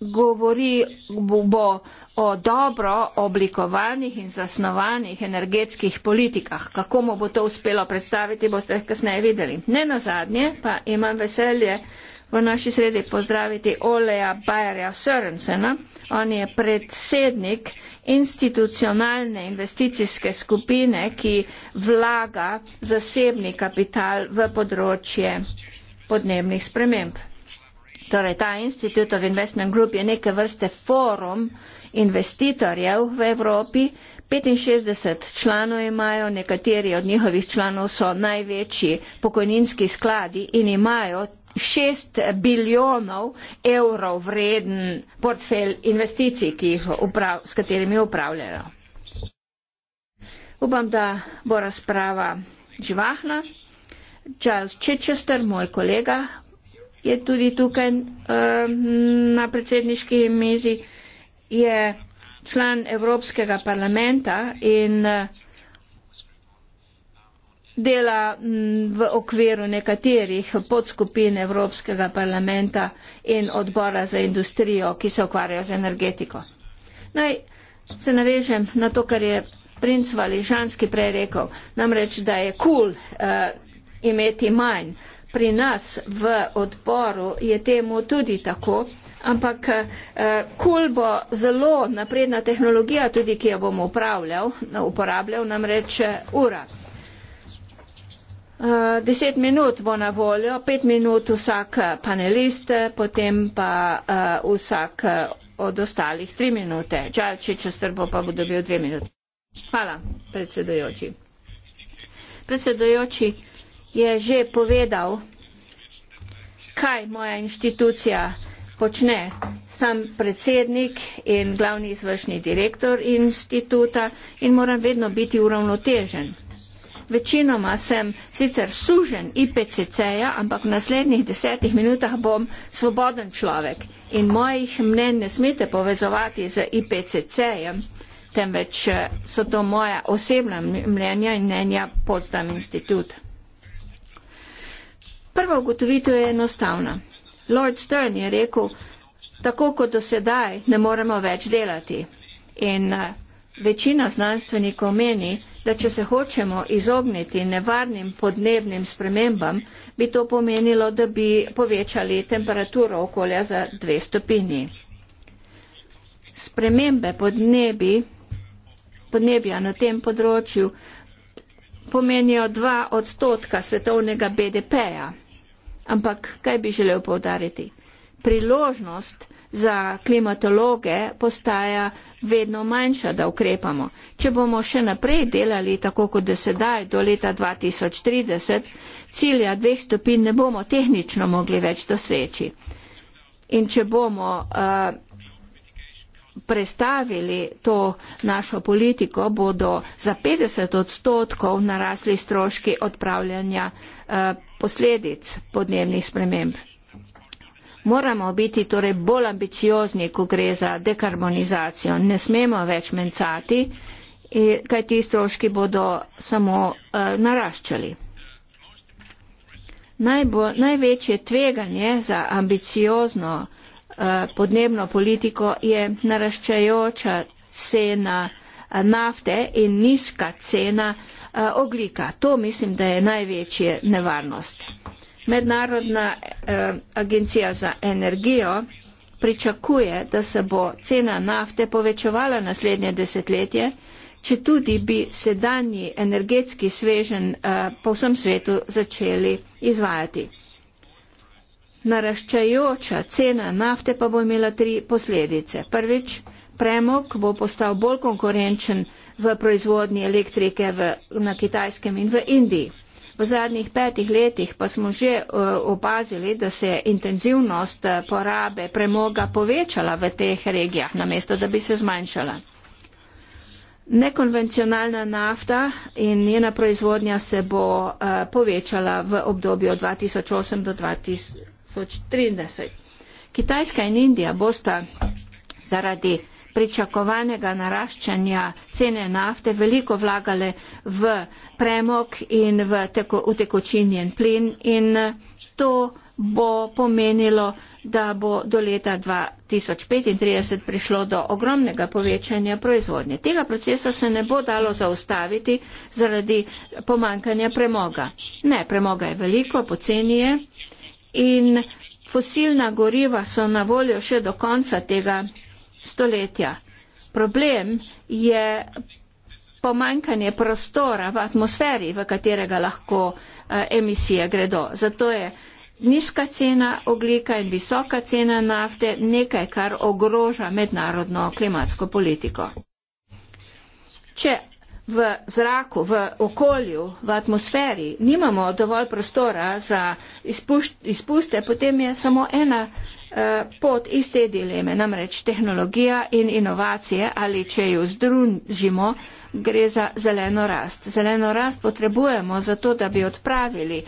Speaker 1: govori bo o dobro oblikovanih in zasnovanih energetskih politikah. Kako mu bo to uspelo predstaviti, boste kasneje videli. Ne na zadnje, pa imam veselje v naši sredi pozdraviti Oleja Bajerja Sörensena. On je predsednik institucionalne investicijske skupine, ki vlaga zasebni kapital v področje podnebnih sprememb. Torej, ta Institute of Investment Group je neke vrste forum investitorjev v Evropi. 65 članov imajo, nekateri od njihovih članov so največji pokojninski skladi in imajo 6 biljonov evrov vreden portfelj investicij, uprav, s katerimi upravljajo. Upam, da bo razprava živahna. Charles Chichester, moj kolega, je tudi tukaj eh, na predsedniški mizi, je član Evropskega parlamenta in eh, dela mm, v okviru nekaterih podskupin Evropskega parlamenta in odbora za industrijo, ki se ukvarja z energetiko. Naj se navežem na to, kar je princ Valižanski prej rekel, namreč, da je kul cool, uh, eh, imeti manj, pri nas v odboru je temu tudi tako, ampak eh, kul bo zelo napredna tehnologija, tudi ki jo bomo upravljal, no, uporabljal namreč eh, ura. Eh, deset minut bo na voljo, pet minut vsak panelist, potem pa vsak od ostalih tri minute. Čalčič Ostrbo pa bo dobil dve minuti. Hvala, predsedujoči. Predsedujoči, je že povedal, kaj moja inštitucija počne. Sem predsednik in glavni izvršni direktor instituta in moram vedno biti uravnotežen. Večinoma sem sicer sužen IPCC-ja, ampak v naslednjih desetih minutah bom svoboden človek in mojih mnen ne smete povezovati z IPCC-jem, temveč eh, so to moja osebna mnenja in mnenja podstam instituta. Prva ugotovitev je enostavna. Lord Stern je rekel, tako kot do sedaj ne moremo več delati. In eh, večina znanstvenikov meni, da če se hočemo izogniti nevarnim podnebnim spremembam, bi to pomenilo, da bi povečali temperaturo okolja za dve stopinji. Spremembe podnebi, podnebja na tem področju pomenijo dva odstotka svetovnega BDP-ja. Ampak kaj bi želel povdariti? Priložnost za klimatologe postaja vedno manjša, da ukrepamo. Če bomo še naprej delali tako kot do sedaj, do leta 2030, cilja dveh stopin ne bomo tehnično mogli več doseči. In če bomo uh, prestavili to našo politiko, bodo za 50 odstotkov narasli stroški odpravljanja uh, posledic podnebnih sprememb. Moramo biti torej bolj ambiciozni, ko gre za dekarbonizacijo. Ne smemo več mencati, e, kaj ti stroški bodo samo uh, naraščali. Najbo, največje tveganje za ambiciozno uh, podnebno politiko je naraščajoča cena uh, Eh, nafte in nizka cena eh, oglika. To mislim, da je največja nevarnost. Mednarodna eh, agencija za energijo pričakuje, da se bo cena nafte povečevala naslednje desetletje, če tudi bi sedanji energetski svežen po vsem svetu začeli izvajati. Naraščajoča cena nafte pa bo imela tri posledice. Prvič, premog bo postal bolj konkurenčen v proizvodnji elektrike v, na Kitajskem in v Indiji. V zadnjih petih letih pa smo že opazili, da se je intenzivnost eh, porabe premoga povečala v teh regijah, namesto da bi se zmanjšala. Nekonvencionalna nafta in njena proizvodnja se bo uh, povečala v obdobju 2008 do 2030. Kitajska in Indija bosta zaradi pričakovanega naraščanja cene nafte veliko vlagale v premog in v teko, tekočinjen plin in to bo pomenilo, da bo do leta 2035 prišlo do ogromnega povečanja proizvodnje. Tega procesa se ne bo dalo zaustaviti zaradi pomankanja premoga. Ne, premoga je veliko, poceni je in fosilna goriva so na voljo še do konca tega stoletja. Problem je pomankanje prostora v atmosferi, v katerega lahko eh, emisije gredo. Zato je nizka cena oglika in visoka cena nafte nekaj, kar ogroža mednarodno klimatsko politiko. Če v zraku, v okolju, v atmosferi nimamo dovolj prostora za izpuš, izpuste, potem je samo ena Eh, pot iz te dileme, namreč tehnologija in inovacije ali če jo združimo, gre za zeleno rast. Zeleno rast potrebujemo zato, da bi odpravili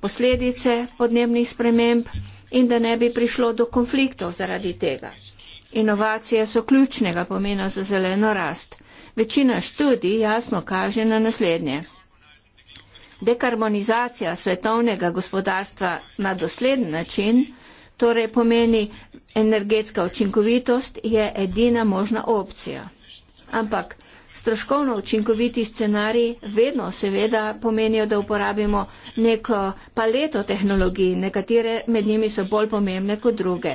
Speaker 1: posledice podnebnih sprememb in da ne bi prišlo do konfliktov zaradi tega. Inovacije so ključnega pomena za zeleno rast. Večina študij jasno kaže na naslednje. Dekarbonizacija svetovnega gospodarstva na dosleden način Torej pomeni, energetska učinkovitost je edina možna opcija. Ampak stroškovno učinkoviti scenariji vedno seveda pomenijo, da uporabimo neko paleto tehnologij, nekatere med njimi so bolj pomembne kot druge.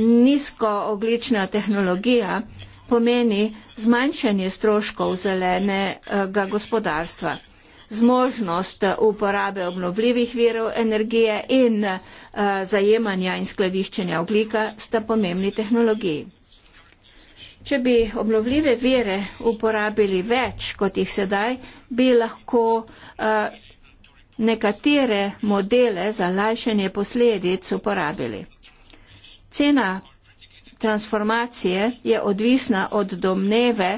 Speaker 1: Nizko oglična tehnologija pomeni zmanjšanje stroškov zelenega gospodarstva zmožnost uporabe obnovljivih virov energije in eh, zajemanja in skladiščenja oglika sta pomembni tehnologiji. Če bi obnovljive vire uporabili več kot jih sedaj, bi lahko eh, nekatere modele za lajšanje posledic uporabili. Cena transformacije je odvisna od domneve,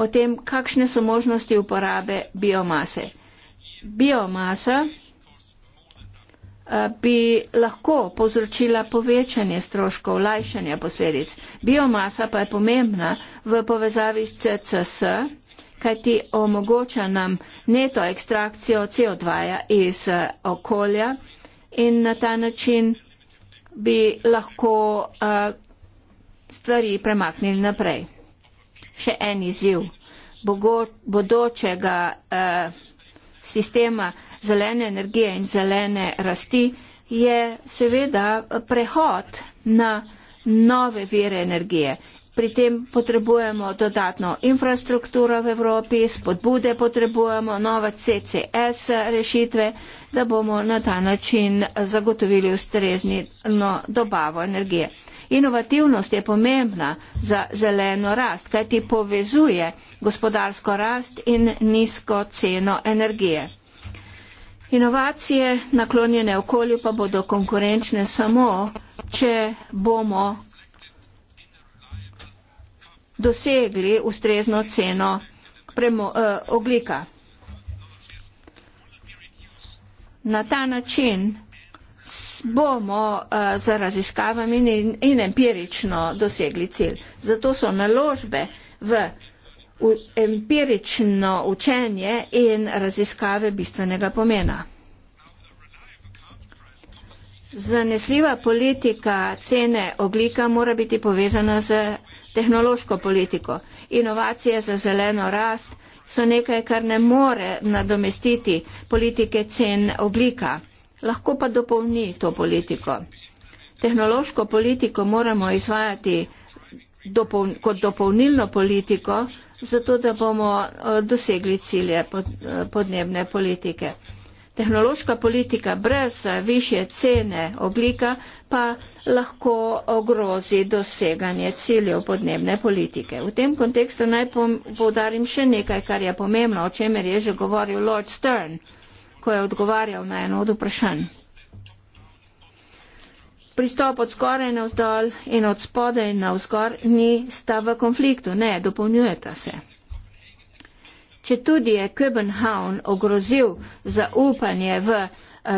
Speaker 1: o tem, kakšne so možnosti uporabe biomase. Biomasa eh, bi lahko povzročila povečanje stroškov, lajšanje posledic. Biomasa pa je pomembna v povezavi s CCS, kajti omogoča nam neto ekstrakcijo CO2 -ja iz eh, okolja in na ta način bi lahko eh, stvari premaknili naprej še en izziv bogo, bodočega eh, sistema zelene energije in zelene rasti je seveda prehod na nove vire energije. Pri tem potrebujemo dodatno infrastrukturo v Evropi, spodbude potrebujemo, nove CCS rešitve, da bomo na ta način zagotovili ustrezni no, dobavo energije. Inovativnost je pomembna za zeleno rast, kajti povezuje gospodarsko rast in nizko ceno energije. Inovacije naklonjene okolju pa bodo konkurenčne samo, če bomo dosegli ustrezno ceno premo, eh, oglika. Na ta način bomo uh, z raziskavami in, in empirično dosegli cilj. Zato so naložbe v u, empirično učenje in raziskave bistvenega pomena. Zanesljiva politika cene oglika mora biti povezana z tehnološko politiko. Inovacije za zeleno rast so nekaj, kar ne more nadomestiti politike cen oglika lahko pa dopolni to politiko. Tehnološko politiko moramo izvajati dopoln, kot dopolnilno politiko, zato da bomo eh, dosegli cilje eh, podnebne politike. Tehnološka politika brez eh, više cene oblika pa lahko ogrozi doseganje ciljev podnebne politike. V tem kontekstu naj povdarim še nekaj, kar je pomembno, o čemer je že govoril Lord Stern. Uh, ko je odgovarjal na eno od vprašanj. Pristop od skoraj na vzdolj in od spodaj na vzgor ni sta v konfliktu, ne, dopolnjujeta se. Če tudi je Köbenhavn ogrozil zaupanje v eh,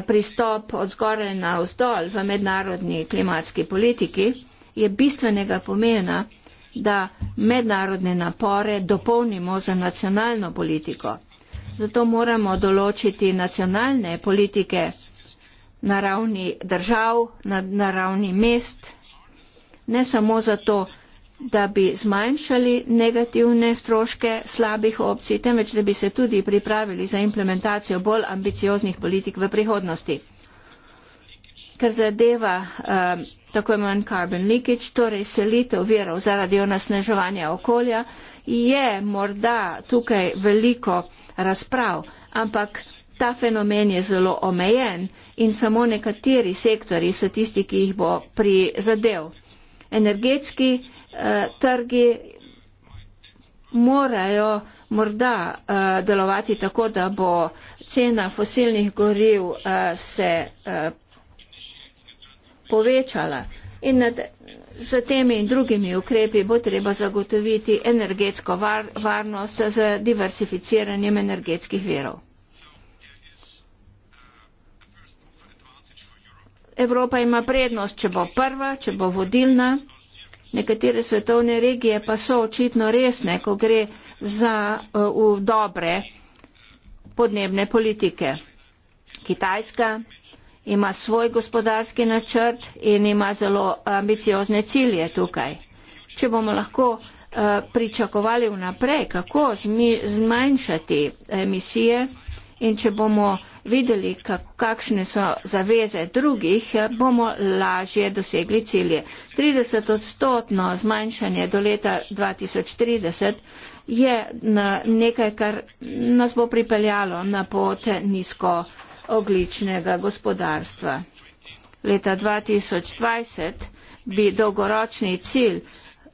Speaker 1: pristop od zgoraj na vzdolj v mednarodni klimatski politiki, je bistvenega pomena, da mednarodne napore dopolnimo za nacionalno politiko. Zato moramo določiti nacionalne politike na ravni držav, na, na ravni mest, ne samo zato, da bi zmanjšali negativne stroške slabih opcij, temveč da bi se tudi pripravili za implementacijo bolj ambicioznih politik v prihodnosti. Kar zadeva um, tako imen carbon leakage, torej selitev virov zaradi onasneževanja okolja, je morda tukaj veliko razprav, ampak ta fenomen je zelo omejen in samo nekateri sektori so tisti, ki jih bo prizadev. Energetski eh, trgi morajo morda eh, delovati tako, da bo cena fosilnih goriv eh, se eh, povečala. In na z temi in drugimi ukrepi bo treba zagotoviti energetsko var, varnost z diversificiranjem energetskih verov. Evropa ima prednost, če bo prva, če bo vodilna. Nekatere svetovne regije pa so očitno resne, ko gre za uh, dobre podnebne politike. Kitajska, ima svoj gospodarski načrt in ima zelo ambiciozne cilje tukaj. Če bomo lahko uh, pričakovali vnaprej, kako zmanjšati emisije in če bomo videli, kakšne so zaveze drugih, eh, bomo lažje dosegli cilje. 30 odstotno zmanjšanje do leta 2030 je nekaj, kar nas bo pripeljalo na pot nizko ogličnega gospodarstva. Leta 2020 bi dolgoročni cilj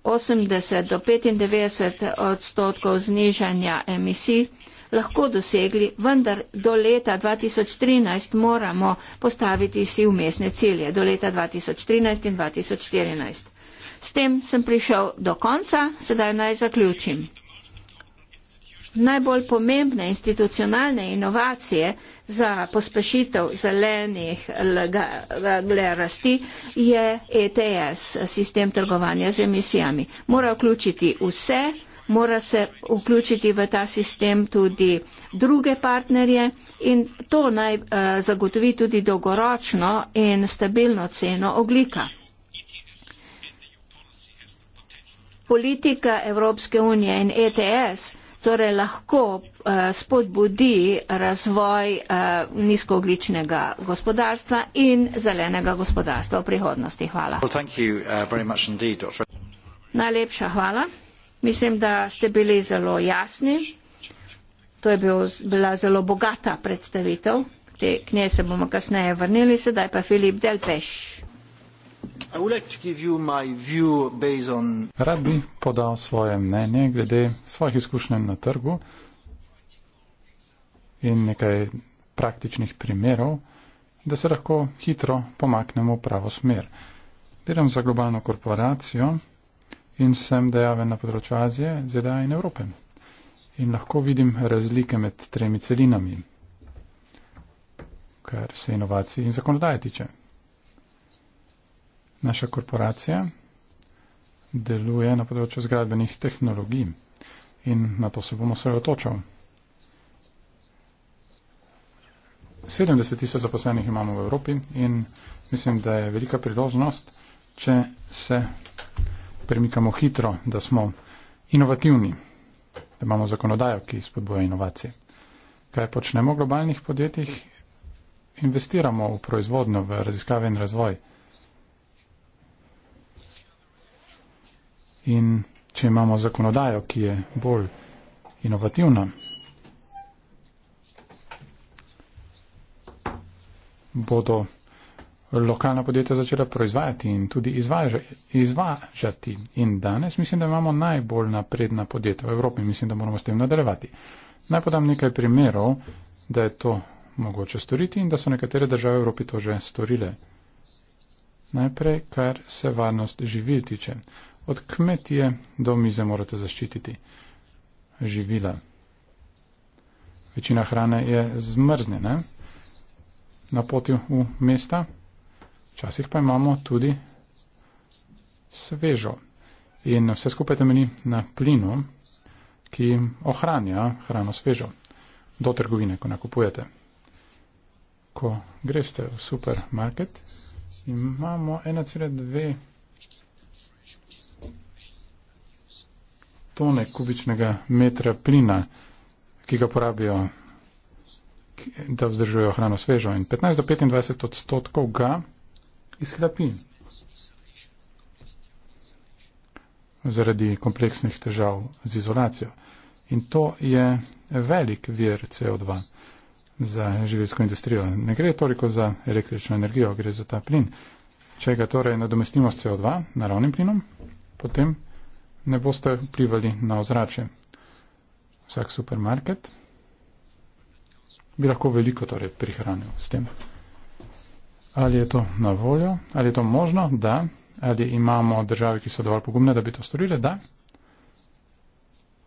Speaker 1: 80 do 95 odstotkov znižanja emisij lahko dosegli, vendar do leta 2013 moramo postaviti si umestne cilje, do leta 2013 in 2014. S tem sem prišel do konca, sedaj naj zaključim najbolj pomembne institucionalne inovacije za pospešitev zelenih rasti je ETS, sistem trgovanja z emisijami. Mora vključiti vse, mora se vključiti v ta sistem tudi druge partnerje in to naj eh, zagotovi tudi dolgoročno in stabilno ceno oglika. Politika Evropske unije in ETS torej lahko eh, spodbudi razvoj eh, nizkoogličnega gospodarstva in zelenega gospodarstva v prihodnosti. Hvala.
Speaker 2: Uh,
Speaker 1: Najlepša hvala. Mislim, da ste bili zelo jasni. To je bil, bila zelo bogata predstavitev. Te, k njej se bomo kasneje vrnili, sedaj pa Filip Delpeš.
Speaker 3: Rad bi
Speaker 2: podal svoje mnenje glede svojih izkušenj na trgu in nekaj praktičnih primerov, da se lahko hitro pomaknemo v pravo smer. Delam za globalno korporacijo in sem dejaven na področju Azije, ZDA in Evrope. In lahko vidim razlike med tremi celinami, kar se inovacij in zakonodaje tiče. Naša korporacija deluje na področju zgradbenih tehnologij in na to se bomo sredotočal. 70 tisoč zaposlenih imamo v Evropi in mislim, da je velika priložnost, če se premikamo hitro, da smo inovativni, da imamo zakonodajo, ki spodboja inovacije. Kaj počnemo v globalnih podjetjih? Investiramo v proizvodno, v raziskave in razvoj. In če imamo zakonodajo, ki je bolj inovativna, bodo lokalna podjetja začela proizvajati in tudi izvažati. In danes mislim, da imamo najbolj napredna podjetja v Evropi. Mislim, da moramo s tem nadaljevati. Naj podam nekaj primerov, da je to mogoče storiti in da so nekatere države v Evropi to že storile. Najprej, kar se varnost živil tiče. Od kmetije do mize morate zaščititi živila. Večina hrane je zmrznjena na poti v mesta, včasih pa imamo tudi svežo. In vse skupaj temeni na plinu, ki ohranja hrano svežo do trgovine, ko nakupujete. Ko greste v supermarket, imamo 1,2 tone kubičnega metra plina, ki ga porabijo, da vzdržujejo hrano svežo in 15 do 25 odstotkov ga izhlapi zaradi kompleksnih težav z izolacijo. In to je velik vir CO2 za živilsko industrijo. Ne gre toliko za električno energijo, gre za ta plin. Če ga torej nadomestimo s CO2, naravnim plinom, potem ne boste vplivali na ozračje. Vsak supermarket bi lahko veliko torej prihranil s tem. Ali je to na voljo, ali je to možno, da, ali imamo države, ki so dovolj pogumne, da bi to storile, da.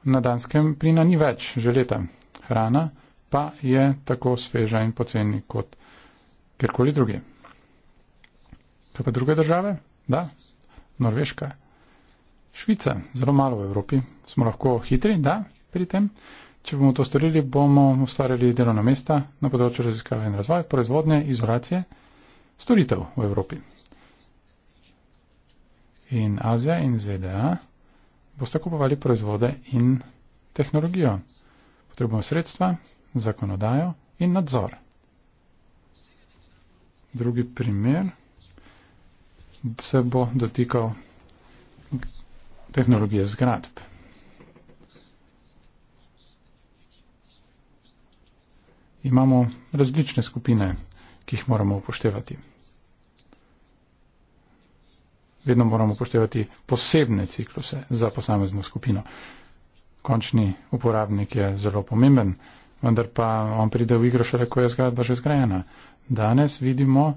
Speaker 2: Na danskem plina ni več že leta. Hrana pa je tako sveža in poceni kot kjerkoli druge. Kaj pa druge države? Da, Norveška. Švica, zelo malo v Evropi, smo lahko hitri, da, pri tem. Če bomo to storili, bomo ustvarjali delovna mesta na področju raziskave in razvoja, proizvodnje, izolacije, storitev v Evropi. In Azija in ZDA boste kupovali proizvode in tehnologijo. Potrebujemo sredstva, zakonodajo in nadzor. Drugi primer se bo dotikal tehnologije zgradb. Imamo različne skupine, ki jih moramo upoštevati. Vedno moramo upoštevati posebne cikluse za posamezno skupino. Končni uporabnik je zelo pomemben, vendar pa on pride v igro šele, ko je zgradba že zgrajena. Danes vidimo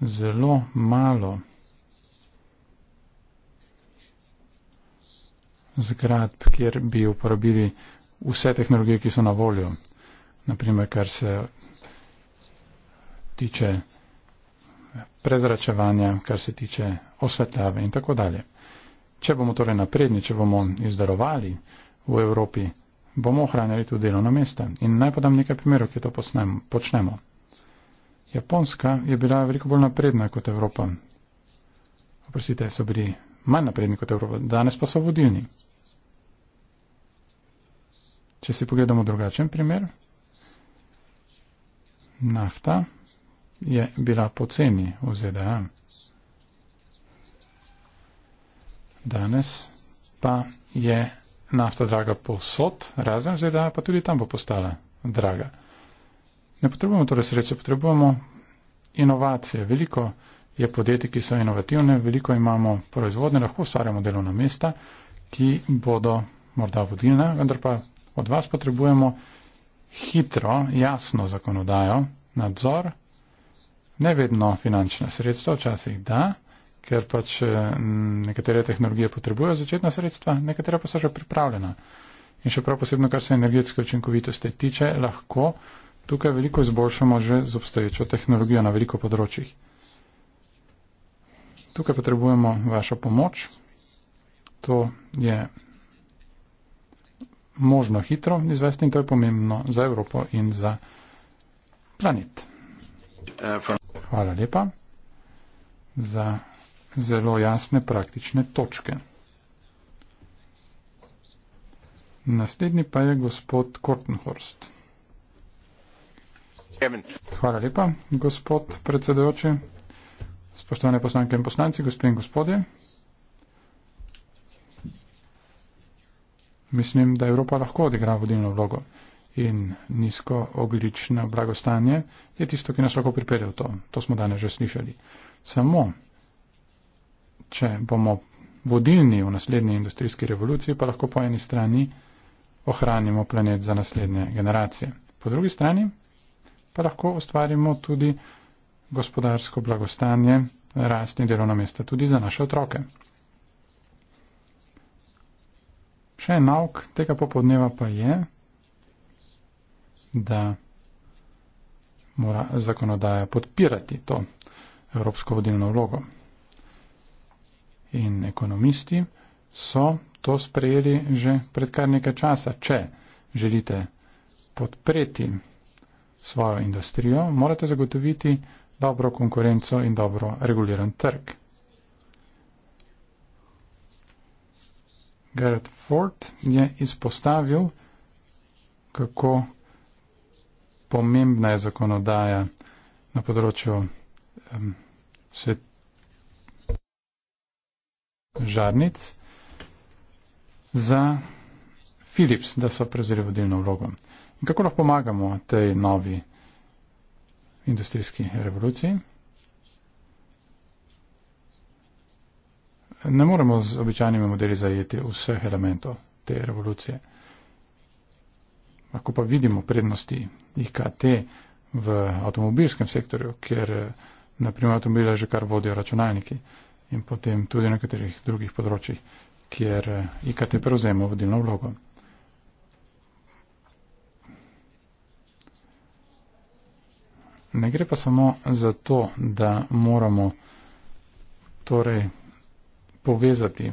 Speaker 2: zelo malo zgradb, kjer bi uporabili vse tehnologije, ki so na voljo. Naprimer, kar se tiče prezračevanja, kar se tiče osvetljave in tako dalje. Če bomo torej napredni, če bomo izdarovali v Evropi, bomo ohranjali tudi delovna mesta. In naj podam nekaj primerov, ki to počnemo. Japonska je bila veliko bolj napredna kot Evropa. Oprostite, so bili manj napredni kot Evropa, danes pa so vodilni. Če si pogledamo drugačen primer, nafta je bila poceni v ZDA. Danes pa je nafta draga posod, razen v ZDA, pa tudi tam bo postala draga. Ne potrebujemo torej sredstva, potrebujemo inovacije. Veliko je podjetij, ki so inovativne, veliko imamo proizvodne, lahko ustvarjamo delovna mesta, ki bodo morda vodilna, vendar pa Od vas potrebujemo hitro, jasno zakonodajo, nadzor, ne vedno finančna sredstva, včasih da, ker pač eh, nekatere tehnologije potrebujejo začetna sredstva, nekatera pa so že pripravljena. In še prav posebno, kar se energetske učinkovitosti tiče, lahko tukaj veliko izboljšamo že z obstoječo tehnologijo na veliko področjih. Tukaj potrebujemo vašo pomoč. To je možno hitro izvesti in to je pomembno za Evropo in za planet. Hvala lepa za zelo jasne praktične točke. Naslednji pa je gospod Kortenhorst. Hvala lepa, gospod predsedojoče, spoštovane poslanke in poslanci, gospod in gospodje. Mislim, da Evropa lahko odigra vodilno vlogo in nizko oglično blagostanje je tisto, ki nas lahko pripelje v to. To smo danes že slišali. Samo, če bomo vodilni v naslednji industrijski revoluciji, pa lahko po eni strani ohranimo planet za naslednje generacije. Po drugi strani pa lahko ustvarimo tudi gospodarsko blagostanje, rast in delovna mesta tudi za naše otroke. Še en nauk tega popodneva pa je, da mora zakonodaja podpirati to evropsko vodilno vlogo. In ekonomisti so to sprejeli že pred kar nekaj časa. Če želite podpreti svojo industrijo, morate zagotoviti dobro konkurenco in dobro reguliran trg. Gerard Ford je izpostavil, kako pomembna je zakonodaja na področju um, svet žarnic za Philips, da so prezeli vodilno vlogo. In kako lahko pomagamo tej novi industrijski revoluciji Ne moremo z običajnimi modeli zajeti vseh elementov te revolucije. Lahko pa vidimo prednosti IKT v avtomobilskem sektorju, kjer naprimer avtomobile že kar vodijo računalniki in potem tudi na nekaterih drugih področjih, kjer IKT prevzema vodilno vlogo. Ne gre pa samo za to, da moramo torej povezati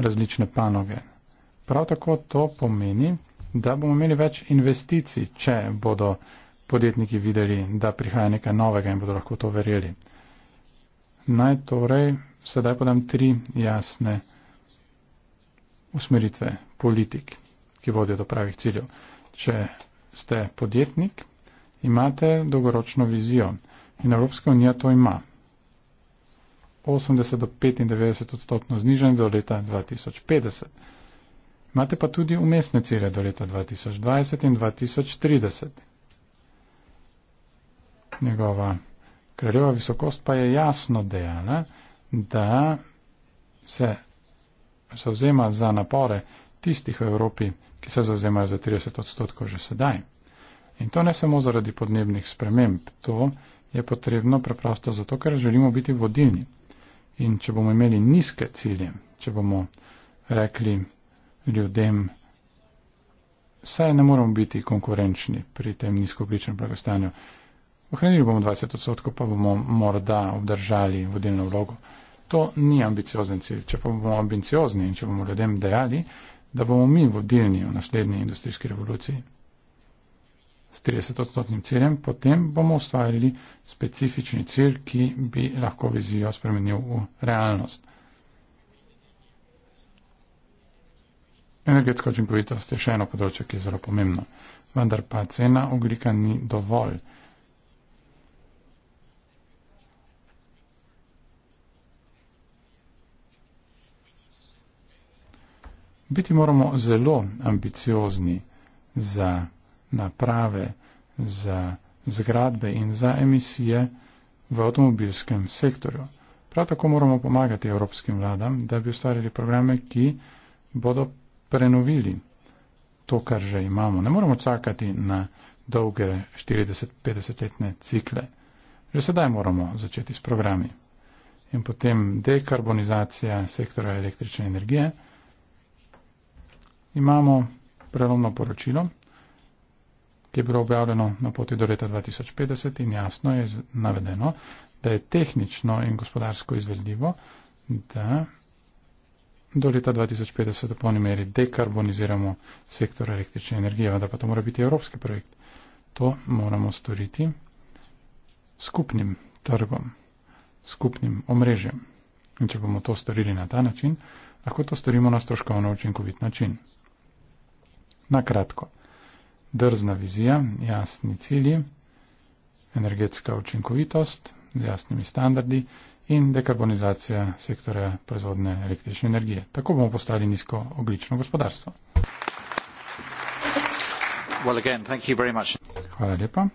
Speaker 2: različne panoge. Prav tako to pomeni, da bomo imeli več investicij, če bodo podjetniki videli, da prihaja nekaj novega in bodo lahko to verjeli. Naj torej sedaj podam tri jasne usmeritve politik, ki vodijo do pravih ciljev. Če ste podjetnik, imate dolgoročno vizijo in Evropska unija to ima. 80 do 95 odstotno znižanje do leta 2050. Imate pa tudi umestne cilje do leta 2020 in 2030. Njegova kraljeva visokost pa je jasno dejala, da se zauzema za napore tistih v Evropi, ki se zauzemajo za 30 odstotkov že sedaj. In to ne samo zaradi podnebnih sprememb, to je potrebno preprosto zato, ker želimo biti vodilni. In če bomo imeli nizke cilje, če bomo rekli ljudem, saj ne moramo biti konkurenčni pri tem nizkobličnem blagostanju, ohranili bomo 20 odstotkov, pa bomo morda obdržali vodilno vlogo. To ni ambiciozen cilj. Če pa bomo ambiciozni in če bomo ljudem dejali, da bomo mi vodilni v naslednji industrijski revoluciji, s 30-odstotnim ciljem, potem bomo ustvarili specifični cilj, ki bi lahko vizijo spremenil v realnost. Energetska učinkovitost je še eno področje, ki je zelo pomembno, vendar pa cena oglika ni dovolj. Biti moramo zelo ambiciozni za naprave za zgradbe in za emisije v avtomobilskem sektorju. Prav tako moramo pomagati evropskim vladam, da bi ustvarili programe, ki bodo prenovili to, kar že imamo. Ne moramo čakati na dolge 40-50-letne cikle. Že sedaj moramo začeti s programi. In potem dekarbonizacija sektora električne energije. Imamo prelomno poročilo ki je bilo objavljeno na poti do leta 2050 in jasno je navedeno, da je tehnično in gospodarsko izvedljivo, da do leta 2050 v polni meri dekarboniziramo sektor električne energije, da pa to mora biti evropski projekt. To moramo storiti skupnim trgom, skupnim omrežjem. In če bomo to storili na ta način, lahko to storimo na stroškovno učinkovit način. Na kratko drzna vizija, jasni cilji, energetska učinkovitost z jasnimi standardi in dekarbonizacija sektorja proizvodne električne energije. Tako bomo postali nizko oglično gospodarstvo. Well again, Hvala lepa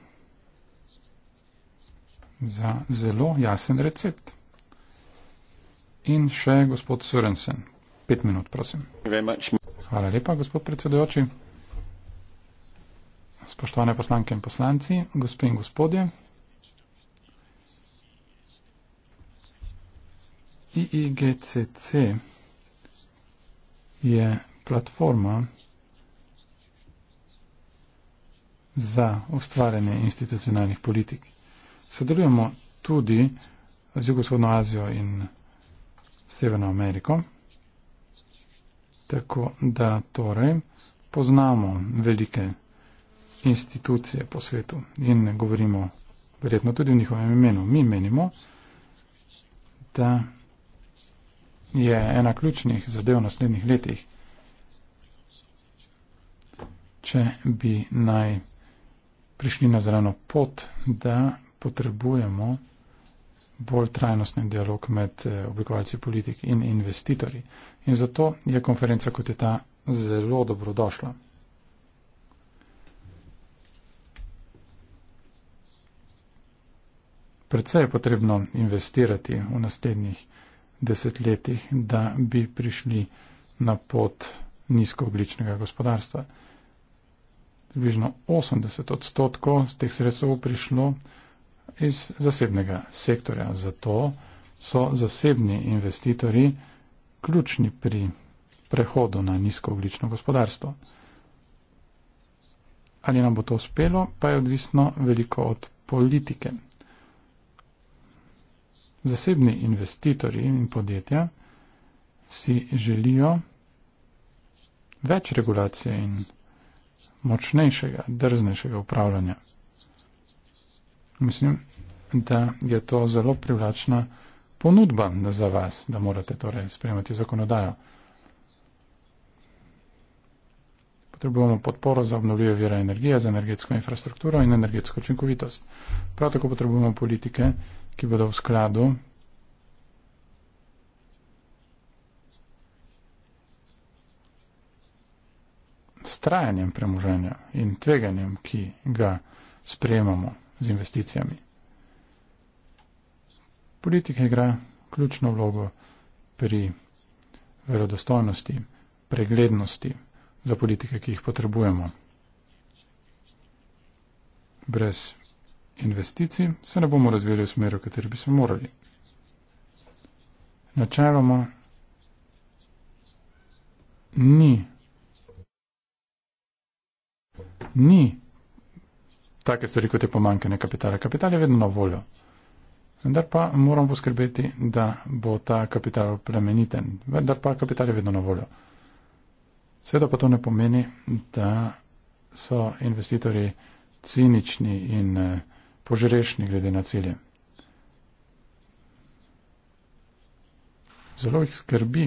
Speaker 2: za zelo jasen recept. In še gospod Sorensen. Pet minut, prosim. Hvala lepa, gospod predsedujoči spoštovane poslanke in poslanci, gospe in gospodje. IIGCC je platforma za ustvarjanje institucionalnih politik. Sodelujemo tudi z Jugoshodno Azijo in Severno Ameriko, tako da torej poznamo velike institucije po svetu in ne govorimo verjetno tudi v njihovem imenu. Mi menimo, da je ena ključnih zadev v naslednjih letih, če bi naj prišli na zeleno pot, da potrebujemo bolj trajnostni dialog med eh, oblikovalci politik in investitorji. In zato je konferenca kot je ta zelo dobrodošla. Predvsej je potrebno investirati v naslednjih desetletjih, da bi prišli na pot nizkoogličnega gospodarstva. Približno 80 odstotkov z teh sredstev prišlo iz zasebnega sektorja. Zato so zasebni investitorji ključni pri prehodu na nizkooglično gospodarstvo. Ali nam bo to uspelo, pa je odvisno veliko od politike. Zasebni investitorji in podjetja si želijo več regulacije in močnejšega, drznejšega upravljanja. Mislim, da je to zelo privlačna ponudba za vas, da morate torej spremati zakonodajo. Potrebujemo podporo za obnovljive vire energije, za energetsko infrastrukturo in energetsko učinkovitost. Prav tako potrebujemo politike, ki bodo v skladu. S trajanjem premoženja in tveganjem, ki ga sprejemamo z investicijami. Politika igra ključno vlogo pri verodostojnosti, preglednosti za politike, ki jih potrebujemo. Brez investicij, se ne bomo razvijali v smeru, v kateri bi se morali. Načeloma ni, ni take stvari, kot je pomankanje kapitala. Kapital je vedno na voljo. Vendar pa moramo poskrbeti, da bo ta kapital plemeniten. Vendar pa kapital je vedno na voljo. Seveda pa to ne pomeni, da so investitorji cinični in eh, požrešni glede na cilje. Zelo jih skrbi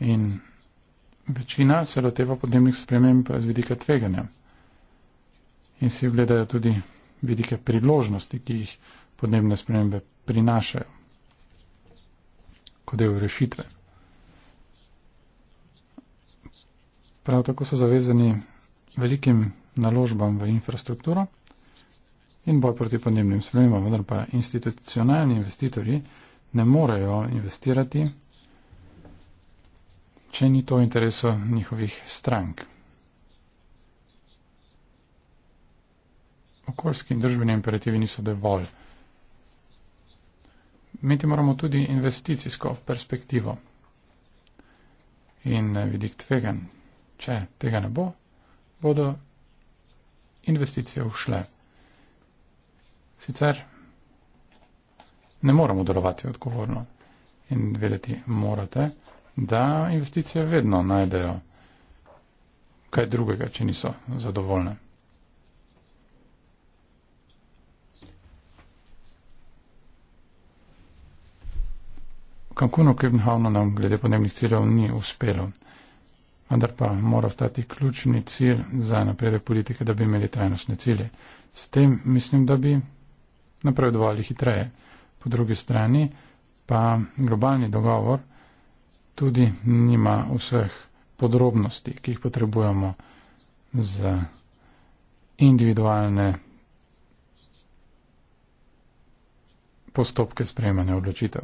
Speaker 2: in večina se loteva podnebnih sprememb z vidika tveganja in si ogledajo tudi vidike priložnosti, ki jih podnebne spremembe prinašajo kot del rešitve. Prav tako so zavezani velikim naložbam v infrastrukturo in boj proti podnebnim spremembam, vendar pa institucionalni investitorji ne morejo investirati, če ni to v interesu njihovih strank. Okoljski in družbeni imperativi niso dovolj. Imeti moramo tudi investicijsko perspektivo in eh, vidik tvegan. Če tega ne bo, bodo investicije ušle. Sicer ne moramo delovati odgovorno in vedeti morate, da investicije vedno najdejo kaj drugega, če niso zadovoljne. Cancuno Kibnhavno nam glede podnebnih ciljev ni uspelo, vendar pa mora ostati ključni cilj za napredek politike, da bi imeli trajnostne cilje. S tem mislim, da bi napredovali hitreje. Po drugi strani pa globalni dogovor tudi nima vseh podrobnosti, ki jih potrebujemo za individualne postopke sprejemanja odločitev.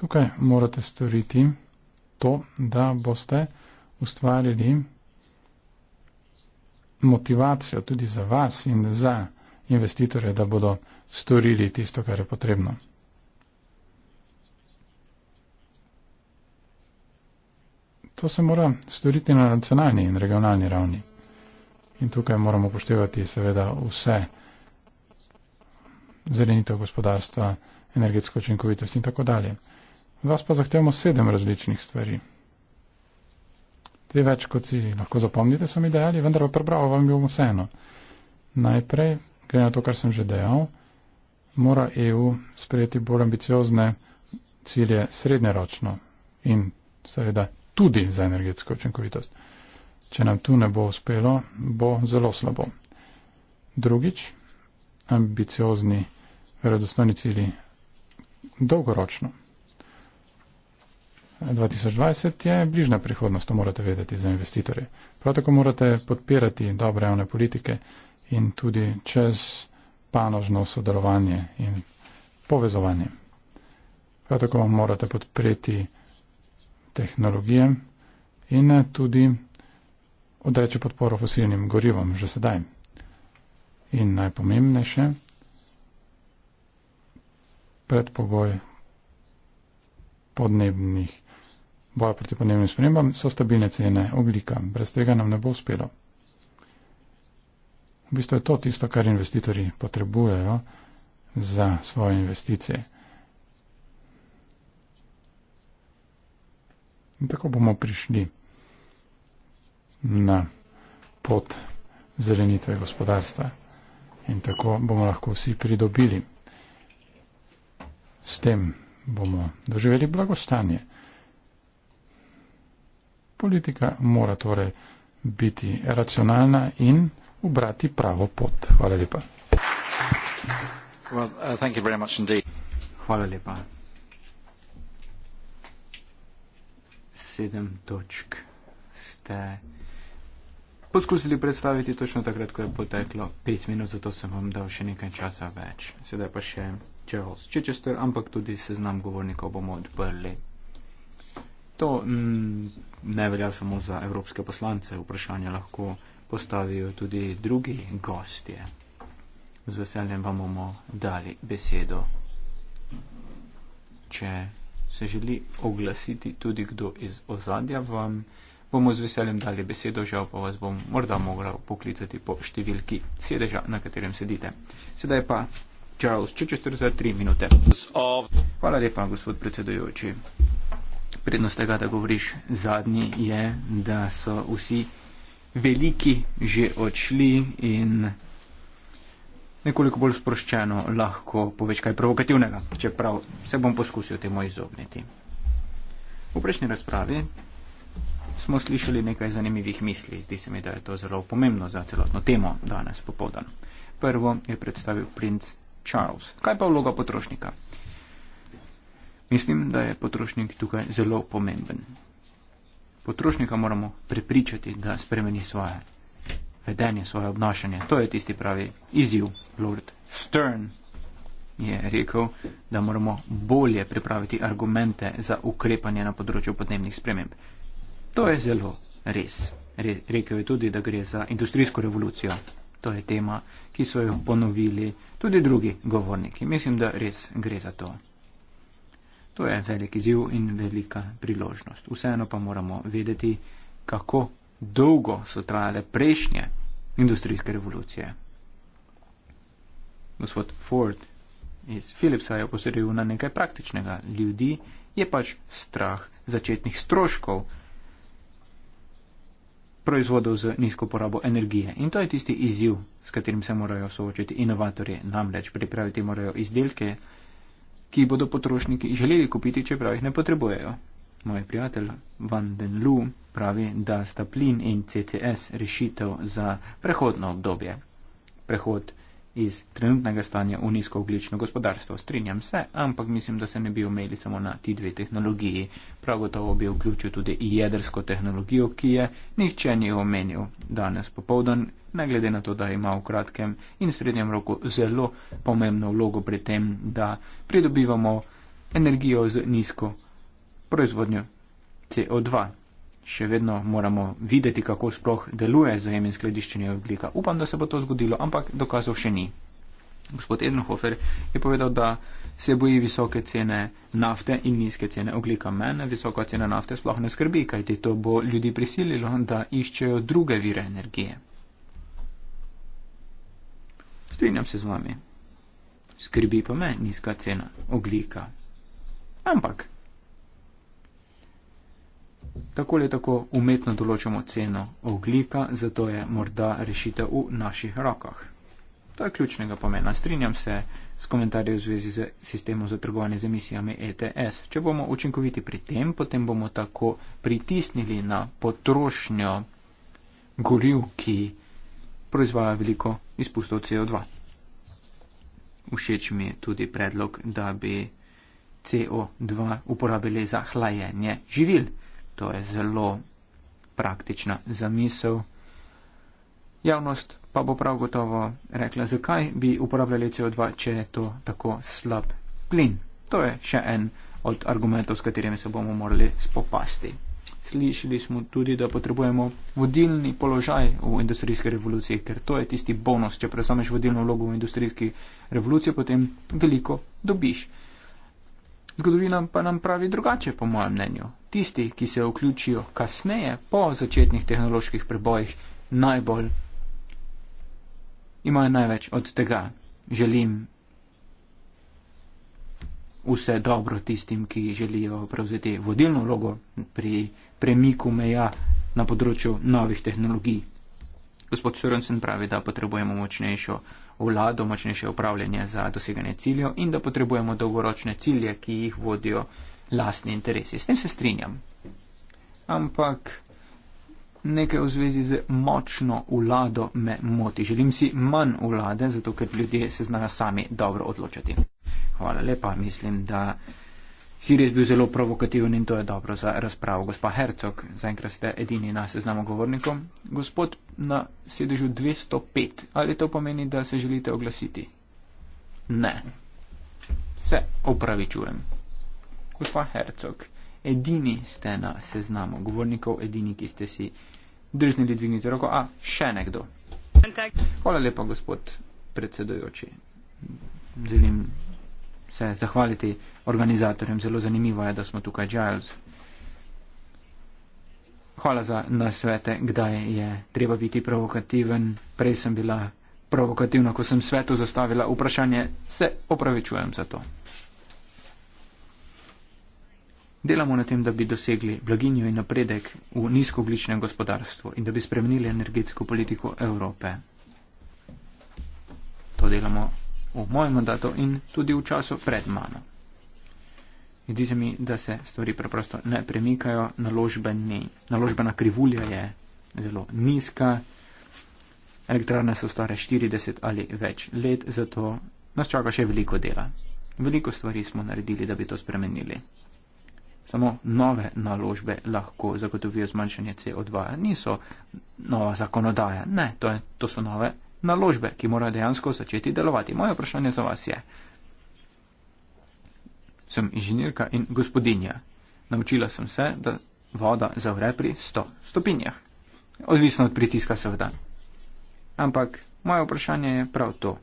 Speaker 2: Tukaj morate storiti to, da boste ustvarili motivacijo tudi za vas in za vas investitorje, da bodo storili tisto, kar je potrebno. To se mora storiti na nacionalni in regionalni ravni. In tukaj moramo upoštevati seveda vse zelenitev gospodarstva, energetsko učinkovitost in tako dalje. Vas pa zahtevamo sedem različnih stvari. Te več, kot si lahko zapomnite, so mi dejali, vendar pa prebral vam jo vseeno. Najprej glede na to, kar sem že dejal, mora EU sprejeti bolj ambiciozne cilje srednjeročno in seveda tudi za energetsko učinkovitost. Če nam tu ne bo uspelo, bo zelo slabo. Drugič, ambiciozni verodostojni cilji dolgoročno. 2020 je bližna prihodnost, to morate vedeti za investitorje. Prav tako morate podpirati dobre javne politike, in tudi čez panožno sodelovanje in povezovanje. Prav tako morate podpreti tehnologije in eh, tudi odreči podporo fosilnim gorivom že sedaj. In najpomembnejše, predpogoj podnebnih boja proti podnebnim spremembam so stabilne cene oglika. Brez tega nam ne bo uspelo. V bistvu je to tisto, kar investitorji potrebujejo za svoje investicije. In tako bomo prišli na pot zelenitve gospodarstva. In tako bomo lahko vsi pridobili. S tem bomo doživeli blagostanje. Politika mora torej biti racionalna in ubrati pravo pot. Hvala lepa.
Speaker 3: Well, uh, thank you very much Hvala lepa. Sedem točk ste poskusili predstaviti točno takrat, ko je poteklo pet minut, zato sem vam dal še nekaj časa več. Sedaj pa še Charles Chichester, ampak tudi seznam govornikov bomo odprli To mm, ne velja samo za evropske poslance, vprašanje lahko postavijo tudi drugi gostje. Z veseljem vam bomo dali besedo. Če se želi oglasiti tudi kdo iz ozadja, vam bomo z veseljem dali besedo, žal pa vas bom morda mogla poklicati po številki sedeža, na katerem sedite. Sedaj pa Charles, če čez 43 minute. Hvala lepa, gospod predsedujoči prednost tega, da govoriš zadnji, je, da so vsi veliki že odšli in nekoliko bolj sproščeno lahko poveš kaj provokativnega, čeprav se bom poskusil temu izogniti. V prejšnji razpravi smo slišali nekaj zanimivih misli, zdi se mi, da je to zelo pomembno za celotno temo danes popovdan. Prvo je predstavil princ Charles. Kaj pa vloga potrošnika? Mislim, da je potrošnik tukaj zelo pomemben. Potrošnika moramo prepričati, da spremeni svoje vedenje, svoje obnašanje. To je tisti pravi izziv. Lord Stern je rekel, da moramo bolje pripraviti argumente za ukrepanje na področju podnebnih sprememb. To je zelo res. Re, rekel je tudi, da gre za industrijsko revolucijo. To je tema, ki so jo ponovili tudi drugi govorniki. Mislim, da res gre za to. To je velik izziv in velika priložnost. Vseeno pa moramo vedeti, kako dolgo so trajale prejšnje industrijske revolucije. Gospod Ford iz Philipsa je posredil na nekaj praktičnega. Ljudi je pač strah začetnih stroškov proizvodov z nizko porabo energije. In to je tisti izziv, s katerim se morajo soočiti inovatorje. Namreč pripraviti morajo izdelke, ki jih bodo potrošniki želeli kupiti, čeprav jih ne potrebujejo. Moj prijatelj Van den Lu pravi, da sta plin in CCS rešitev za prehodno obdobje. Prehod iz trenutnega stanja v nizkooglično gospodarstvo. Strinjam se, ampak mislim, da se ne bi omejili samo na ti dve tehnologiji. Prav gotovo bi vključil tudi jedrsko tehnologijo, ki je nihče ni omenil danes popovdan, ne glede na to, da ima v kratkem in srednjem roku zelo pomembno vlogo pri tem, da pridobivamo energijo z nizko proizvodnjo CO2 še vedno moramo videti, kako sploh deluje zajemni skladiščenje oglika. Upam, da se bo to zgodilo, ampak dokazov še ni. Gospod Edenhofer je povedal, da se boji visoke cene nafte in nizke cene oglika. Mene visoka cena nafte sploh ne skrbi, kajti to bo ljudi prisililo, da iščejo druge vire energije. Strinjam se z vami. Skrbi pa me nizka cena oglika. Ampak Tako ali tako umetno določamo ceno oglika, zato je morda rešitev v naših rokah. To je ključnega pomena. Strinjam se s komentarji v zvezi z sistemom za trgovanje z emisijami ETS. Če bomo učinkoviti pri tem, potem bomo tako pritisnili na potrošnjo goriv, ki proizvaja veliko izpustov CO2. Všeč mi je tudi predlog, da bi CO2 uporabili za hlajenje živil to je zelo praktična zamisel. Javnost pa bo prav gotovo rekla, zakaj bi uporabljali CO2, če je to tako slab plin. To je še en od argumentov, s katerimi se bomo morali spopasti. Slišali smo tudi, da potrebujemo vodilni položaj v industrijski revoluciji, ker to je tisti bonus. Če prevzameš vodilno vlogo v industrijski revoluciji, potem veliko dobiš. Zgodovina pa nam pravi drugače, po mojem mnenju. Tisti, ki se vključijo kasneje, po začetnih tehnoloških prebojih, najbolj imajo največ od tega. Želim vse dobro tistim, ki želijo prevzeti vodilno vlogo pri premiku meja na področju novih tehnologij. Gospod Sorensen pravi, da potrebujemo močnejšo vlado močnejše upravljanje za doseganje ciljev in da potrebujemo dolgoročne cilje, ki jih vodijo lastni interesi. S tem se strinjam. Ampak nekaj v zvezi z močno vlado me moti. Želim si manj vlade, zato ker ljudje se znajo sami dobro odločati. Hvala lepa, mislim, da. Sirijs bil zelo provokativen in to je dobro za razpravo. Gospa Hercog, zaenkrat ste edini na seznamu govornikov. Gospod na sedežu 205, ali to pomeni, da se želite oglasiti? Ne. Se opravičujem. Gospa Hercog, edini ste na seznamu govornikov, edini, ki ste si drznili dvigniti roko. A, še nekdo. Hvala lepa, gospod predsedojoči. Želim se zahvaliti organizatorjem. Zelo zanimivo je, da smo tukaj Giles. Hvala za nasvete, kdaj je treba biti provokativen. Prej sem bila provokativna, ko sem svetu zastavila vprašanje. Se opravičujem za to. Delamo na tem, da bi dosegli blaginjo in napredek v nizkoogličnem gospodarstvu in da bi spremenili energetsko politiko Evrope. To delamo v mojem mandatu in tudi v času pred mano. Zdi se mi, da se stvari preprosto ne premikajo, naložbena krivulja je zelo nizka, elektrarne so stare 40 ali več let, zato nas čaka še veliko dela. Veliko stvari smo naredili, da bi to spremenili. Samo nove naložbe lahko zagotovijo zmanjšanje CO2. Niso nova zakonodaja, ne, to, je, to so nove naložbe, ki morajo dejansko začeti delovati. Moje vprašanje za vas je. Sem inženirka in gospodinja. Naučila sem se, da voda zavre pri 100 stopinjah. Odvisno od pritiska seveda. Ampak moje vprašanje je prav to.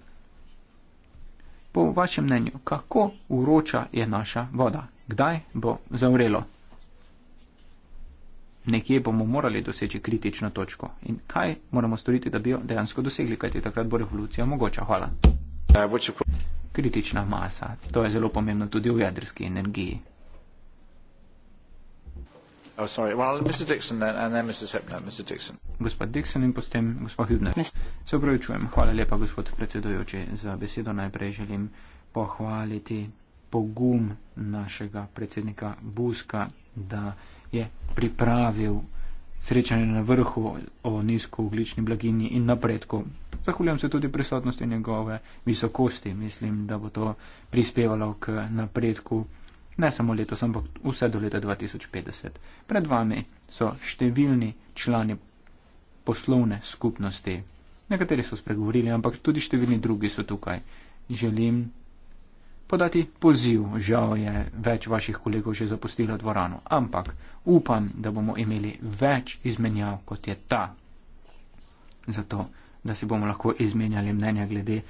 Speaker 3: Po vašem mnenju, kako uroča je naša voda? Kdaj bo zavrelo? nekje bomo morali doseči kritično točko in kaj moramo storiti, da bi jo dejansko dosegli, kajti takrat bo revolucija mogoča. Hvala. Kritična masa. To je zelo pomembno tudi v jedrski energiji. Oh, gospod Dixon in potem gospod Hübner. Se upravičujem. Hvala lepa, gospod predsedojoči, za besedo. Najprej želim pohvaliti pogum našega predsednika Buska, da je pripravil srečanje na vrhu o nizkooglični blagini in napredku. Zahvaljujem se tudi prisotnosti njegove visokosti. Mislim, da bo to prispevalo k napredku ne samo letos, ampak vse do leta 2050. Pred vami so številni člani poslovne skupnosti. Nekateri so spregovorili, ampak tudi številni drugi so tukaj. Želim podati poziv. Žal je več vaših kolegov že zapustilo dvorano, ampak upam, da bomo imeli več izmenjav kot je ta. Zato, da si bomo lahko izmenjali mnenja glede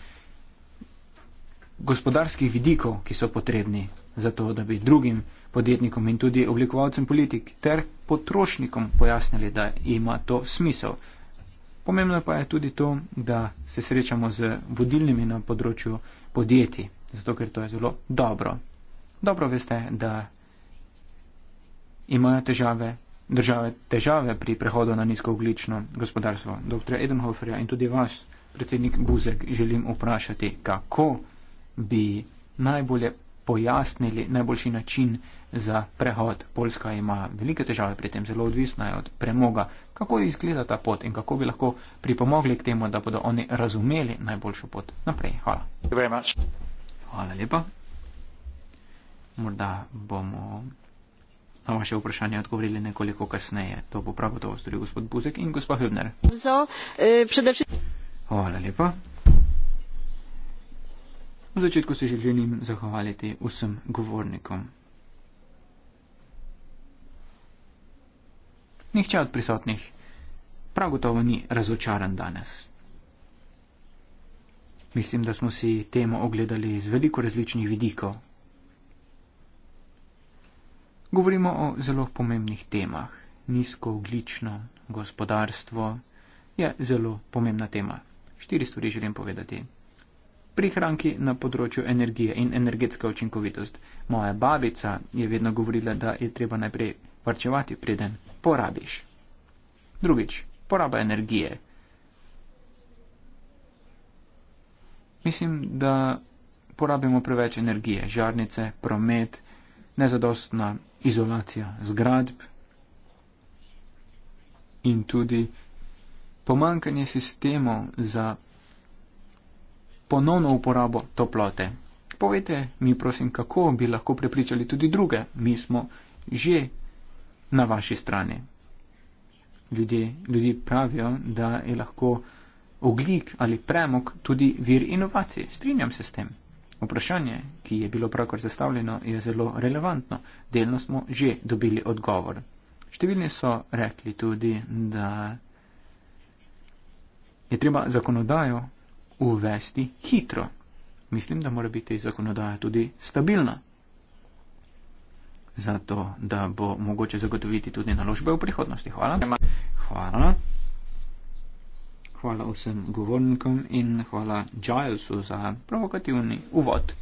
Speaker 3: gospodarskih vidikov, ki so potrebni za to, da bi drugim podjetnikom in tudi oblikovalcem politik ter potrošnikom pojasnili, da ima to smisel. Pomembno pa je tudi to, da se srečamo z vodilnimi na področju podjetij zato ker to je zelo dobro. Dobro veste, da imajo težave, države težave pri prehodu na nizkooglično gospodarstvo. Dr. Edenhoferja in tudi vas, predsednik Buzek, želim vprašati, kako bi najbolje pojasnili najboljši način za prehod. Poljska ima velike težave pri tem, zelo odvisna je od premoga. Kako izgleda ta pot in kako bi lahko pripomogli k temu, da bodo oni razumeli najboljšo pot naprej? Hvala. Thank you very much. Hvala lepa. Morda bomo na vaše vprašanje odgovorili nekoliko kasneje. To bo prav gotovo storil gospod Buzek in gospa Hübner.
Speaker 2: Eh,
Speaker 3: Hvala lepa. V začetku se želim zahvaliti vsem govornikom. Nihče od prisotnih prav gotovo ni razočaran danes. Mislim, da smo si temo ogledali iz veliko različnih vidikov. Govorimo o zelo pomembnih temah. Nizkooglično gospodarstvo je zelo pomembna tema. Štiri stvari želim povedati. Prihranki na področju energije in energetska učinkovitost. Moja babica je vedno govorila, da je treba najprej varčevati, preden porabiš. Drugič, poraba energije. Mislim, da porabimo preveč energije, žarnice, promet, nezadostna izolacija zgradb in tudi pomankanje sistemov za ponovno uporabo toplote. Povejte mi, prosim, kako bi lahko prepričali tudi druge. Mi smo že na vaši strani. Ljudje, ljudje pravijo, da je lahko ogljik ali premog tudi vir inovacij. Strinjam se s tem. Vprašanje, ki je bilo pravkar zastavljeno, je zelo relevantno. Delno smo že dobili odgovor. Številni so rekli tudi, da je treba zakonodajo uvesti hitro. Mislim, da mora biti zakonodaja tudi stabilna. Zato, da bo mogoče zagotoviti tudi naložbe v prihodnosti. Hvala. Hvala hvala vsem govornikom in hvala Gilesu za provokativni uvod.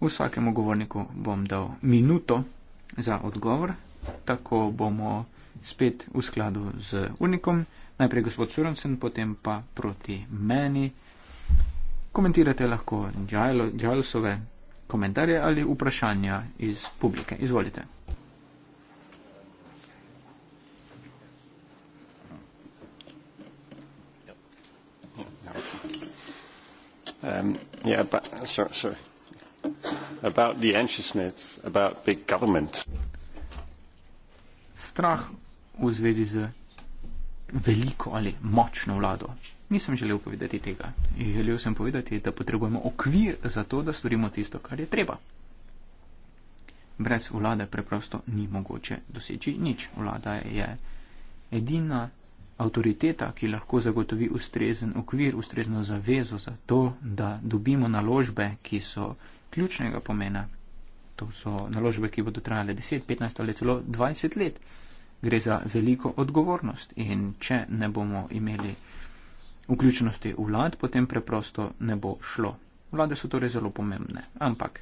Speaker 3: Vsakemu govorniku bom dal minuto za odgovor, tako bomo spet v skladu z unikom. Najprej gospod Surensen, potem pa proti meni. Komentirate lahko Gilesove komentarje ali vprašanja iz publike. Izvolite.
Speaker 2: Um, yeah, but, sorry, sorry. About the anxiousness about big government.
Speaker 3: Strah v zvezi z veliko ali močno vlado. Nisem želel povedati tega. Želel sem povedati, da potrebujemo okvir za to, da storimo tisto, kar je treba. Brez vlade preprosto ni mogoče doseči nič. Vlada je edina avtoriteta, ki lahko zagotovi ustrezen okvir, ustrezno zavezo za to, da dobimo naložbe, ki so ključnega pomena. To so naložbe, ki bodo trajale 10, 15 ali celo 20 let. Gre za veliko odgovornost in če ne bomo imeli vključenosti vlad, potem preprosto ne bo šlo. Vlade so torej zelo pomembne, ampak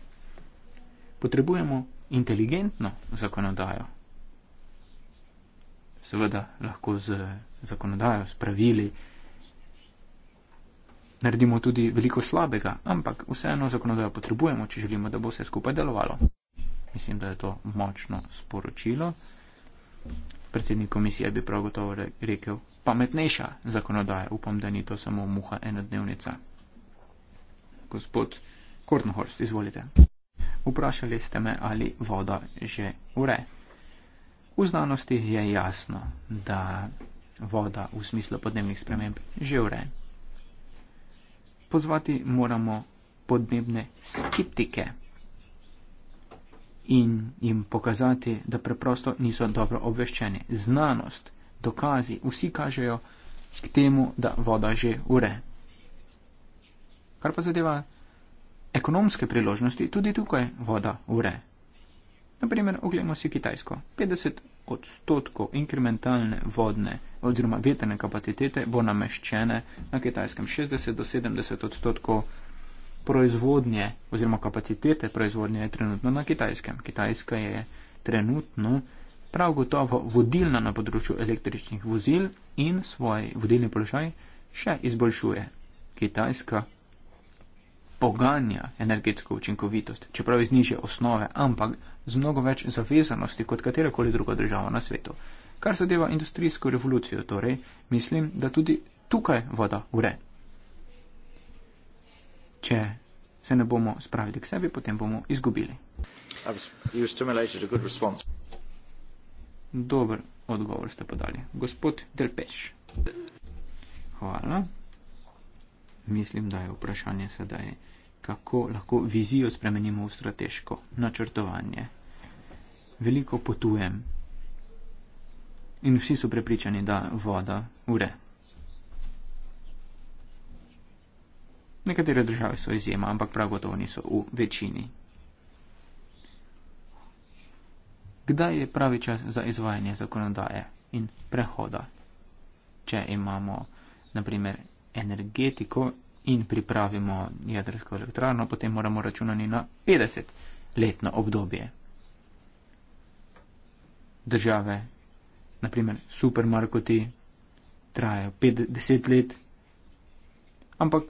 Speaker 3: potrebujemo inteligentno zakonodajo. Seveda lahko z zakonodajo, s pravili. Naredimo tudi veliko slabega, ampak vseeno zakonodajo potrebujemo, če želimo, da bo vse skupaj delovalo. Mislim, da je to močno sporočilo. Predsednik komisije bi prav gotovo rekel, pametnejša zakonodaja. Upam, da ni to samo muha enodnevnica. Gospod Kornhorst, izvolite. Vprašali ste me, ali voda že ure. V znanosti je jasno, da voda v smislu podnebnih sprememb že urejen. Pozvati moramo podnebne skeptike in jim pokazati, da preprosto niso dobro obveščeni. Znanost, dokazi, vsi kažejo k temu, da voda že ure. Kar pa zadeva ekonomske priložnosti, tudi tukaj voda ure. Naprimer, oglejmo si Kitajsko. 50 odstotkov inkrementalne vodne oziroma vetrne kapacitete bo nameščene na kitajskem 60 do 70 odstotkov proizvodnje oziroma kapacitete proizvodnje je trenutno na kitajskem. Kitajska je trenutno prav gotovo vodilna na področju električnih vozil in svoj vodilni položaj še izboljšuje. Kitajska poganja energetsko učinkovitost, čeprav iz nižje osnove, ampak z mnogo več zavezanosti kot katerokoli druga država na svetu. Kar zadeva industrijsko revolucijo, torej mislim, da tudi tukaj voda ure. Če se ne bomo spravili k sebi, potem bomo izgubili. Dober odgovor ste podali. Gospod Delpeš. Hvala. Mislim, da je vprašanje sedaj, kako lahko vizijo spremenimo v strateško načrtovanje. Veliko potujem in vsi so prepričani, da voda ure. Nekatere države so izjema, ampak prav gotovo niso v večini. Kdaj je pravi čas za izvajanje zakonodaje in prehoda? Če imamo, naprimer, energetiko in pripravimo jedrsko elektrarno, potem moramo računati na 50 letno obdobje. Države naprimer supermarketi, trajajo 5-10 let, ampak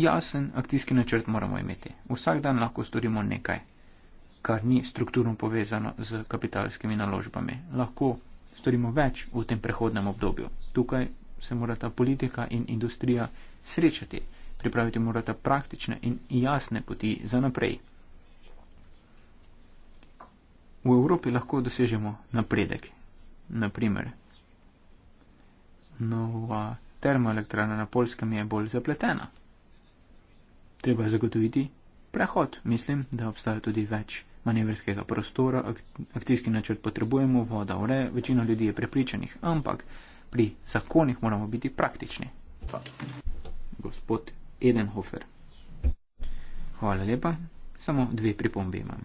Speaker 3: jasen akcijski načrt moramo imeti. Vsak dan lahko storimo nekaj, kar ni strukturno povezano z kapitalskimi naložbami. Lahko storimo več v tem prehodnem obdobju. Tukaj se morata politika in industrija srečati, pripraviti morata praktične in jasne poti za naprej. V Evropi lahko dosežemo napredek, naprimer. Nova termoelektrana na polskem je bolj zapletena. Treba zagotoviti prehod. Mislim, da obstaja tudi več manevrskega prostora, akcijski načrt potrebujemo, voda ure, večina ljudi je prepričanih, ampak pri zakonih moramo biti praktični. Gospod Edenhofer. Hvala lepa, samo dve pripombe imam.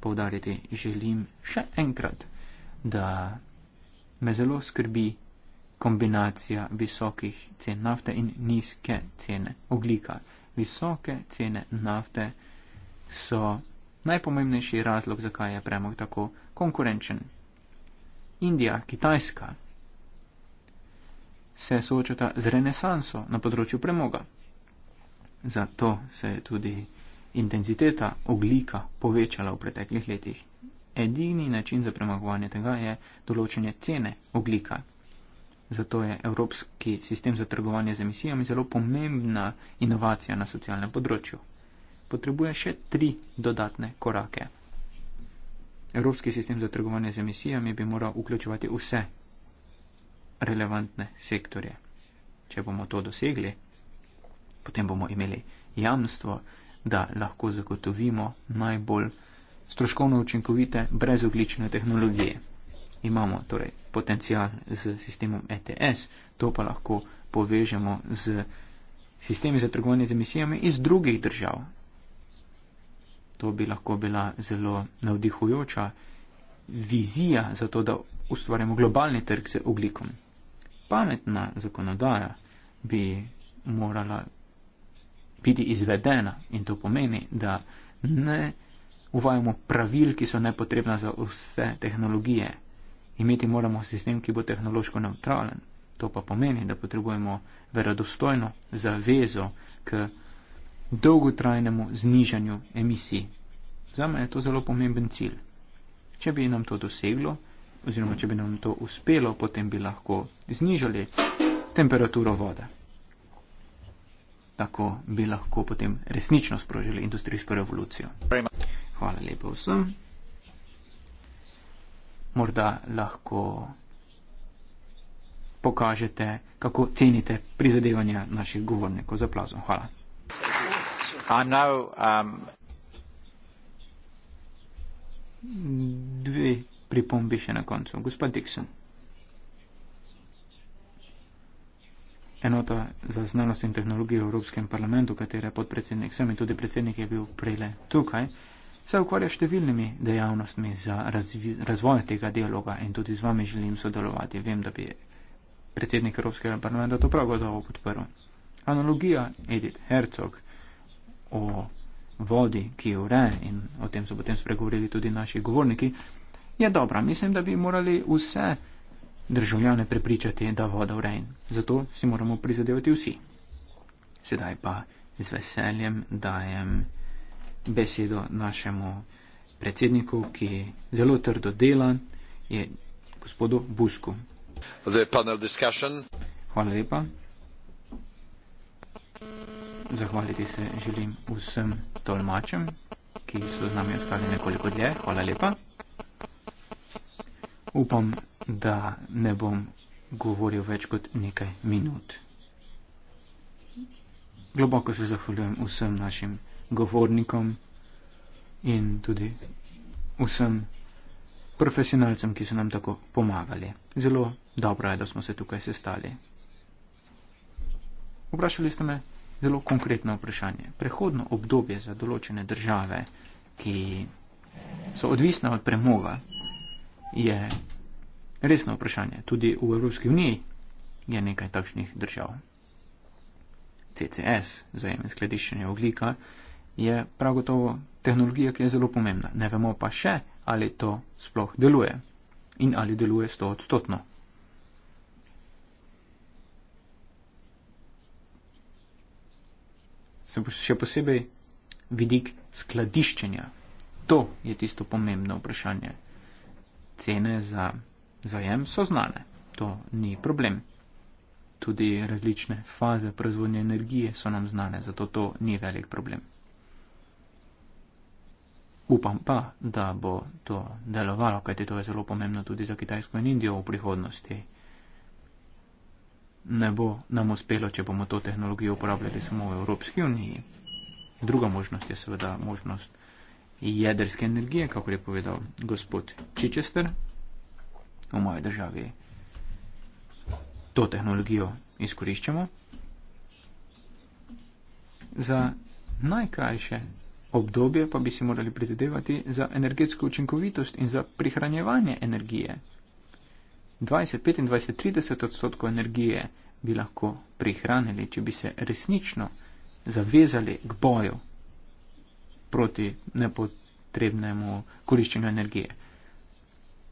Speaker 3: Poudariti želim še enkrat, da me zelo skrbi kombinacija visokih cen nafte in nizke cene oglika. Visoke cene nafte so najpomembnejši razlog, zakaj je premog tako konkurenčen. Indija, Kitajska se soočata z renesanso na področju premoga. Zato se je tudi intenziteta oglika povečala v preteklih letih edini način za premagovanje tega je določanje cene oglika. Zato je evropski sistem za trgovanje z emisijami zelo pomembna inovacija na socialnem področju. Potrebuje še tri dodatne korake. Evropski sistem za trgovanje z emisijami bi moral vključevati vse relevantne sektorje. Če bomo to dosegli, potem bomo imeli jamstvo, da lahko zagotovimo najbolj stroškovno učinkovite brezoglične tehnologije. Imamo torej potencial z sistemom ETS, to pa lahko povežemo z sistemi za trgovanje z emisijami iz drugih držav. To bi lahko bila zelo navdihujoča vizija za to, da ustvarjamo globalni trg z oglikom. Pametna zakonodaja bi morala biti izvedena in to pomeni, da ne uvajamo pravil, ki so nepotrebna za vse tehnologije. Imeti moramo sistem, ki bo tehnološko neutralen. To pa pomeni, da potrebujemo verodostojno zavezo k dolgotrajnemu znižanju emisij. Za me je to zelo pomemben cilj. Če bi nam to doseglo, oziroma če bi nam to uspelo, potem bi lahko znižali temperaturo vode. Tako bi lahko potem resnično sprožili industrijsko revolucijo. Prima hvala lepa vsem. Morda lahko pokažete, kako cenite prizadevanja naših govornikov za plazom. Hvala. Now, um... Dve pripombi še na koncu. Gospod Dixon. Enota za znanost in tehnologijo v Evropskem parlamentu, katere podpredsednik sem in tudi predsednik je bil prele tukaj se ukvarja številnimi dejavnostmi za razvi, razvoj tega dialoga in tudi z vami želim sodelovati. Vem, da bi predsednik Evropskega parlamenta to prav gotovo podprl. Analogija Edith Herzog o vodi, ki jo ure in o tem so potem spregovorili tudi naši govorniki, je dobra. Mislim, da bi morali vse državljane prepričati, da voda ure in zato si moramo prizadevati vsi. Sedaj pa z veseljem dajem besedo našemu predsedniku, ki zelo trdo dela, je gospodu Busku. Hvala lepa. Zahvaliti se želim vsem tolmačem, ki so z nami ostali nekoliko dlje. Hvala lepa. Upam, da ne bom govoril več kot nekaj minut. Globoko se zahvaljujem vsem našim govornikom in tudi vsem profesionalcem, ki so nam tako pomagali. Zelo dobro je, da smo se tukaj sestali. Vprašali ste me zelo konkretno vprašanje. Prehodno obdobje za določene države, ki so odvisne od premoga, je resno vprašanje. Tudi v Evropski uniji je nekaj takšnih držav. CCS, zajem skladiščenja oglika, je prav gotovo tehnologija, ki je zelo pomembna. Ne vemo pa še, ali to sploh deluje in ali deluje sto odstotno. Se bo še posebej vidik skladiščenja. To je tisto pomembno vprašanje. Cene za zajem so znane, to ni problem. Tudi različne faze proizvodnje energije so nam znane, zato to ni velik problem. Upam pa, da bo to delovalo, kajti to je zelo pomembno tudi za Kitajsko in Indijo v prihodnosti. Ne bo nam uspelo, če bomo to tehnologijo uporabljali samo v Evropski uniji. Druga možnost je seveda možnost jedrske energije, kako je povedal gospod Čičester v moji državi. To tehnologijo izkoriščamo za najkrajše obdobje pa bi si morali prizadevati za energetsko učinkovitost in za prihranjevanje energije. 20, 25, 30 odstotkov energije bi lahko prihranili, če bi se resnično zavezali k boju proti nepotrebnemu koriščenju energije.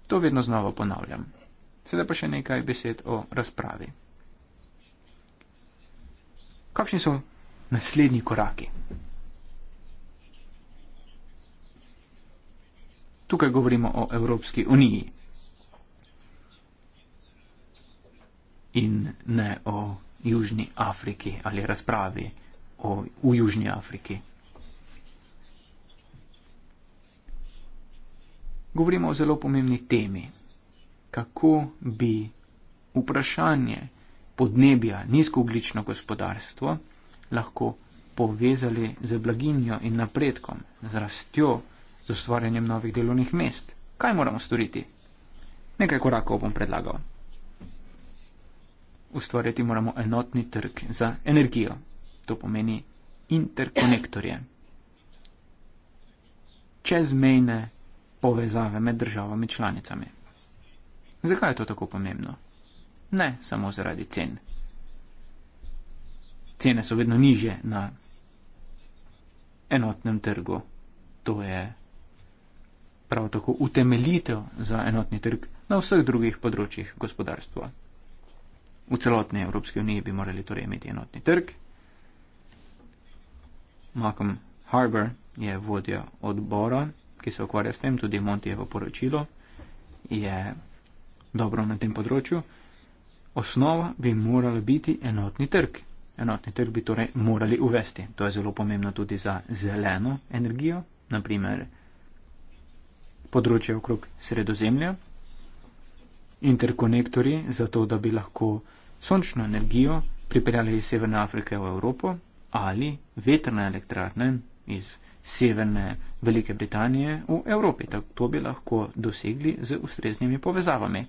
Speaker 3: To vedno znova ponavljam. Sedaj pa še nekaj besed o razpravi. Kakšni so naslednji koraki? Tukaj govorimo o Evropski uniji in ne o Južni Afriki ali razpravi o, v Južni Afriki. Govorimo o zelo pomembni temi, kako bi vprašanje podnebja nizkooglično gospodarstvo lahko povezali z blaginjo in napredkom, z rastjo z ustvarjanjem novih delovnih mest. Kaj moramo storiti? Nekaj korakov bom predlagal. Ustvarjati moramo enotni trg za energijo. To pomeni interkonektorje. Čezmejne povezave med državami članicami. Zakaj je to tako pomembno? Ne samo zaradi cen. Cene so vedno niže na enotnem trgu. To je prav tako utemeljitev za enotni trg na vseh drugih področjih gospodarstva. V celotni Evropski uniji bi morali torej imeti enotni trg. Malcolm Harbour je vodja odbora, ki se ukvarja s tem, tudi Montijevo poročilo je dobro na tem področju. Osnova bi morala biti enotni trg. Enotni trg bi torej morali uvesti. To je zelo pomembno tudi za zeleno energijo, naprimer področje okrog sredozemlja, interkonektori za to, da bi lahko sončno energijo pripeljali iz Severne Afrike v Evropo ali vetrne elektrarne iz Severne Velike Britanije v Evropi. Tako to bi lahko dosegli z ustreznimi povezavami.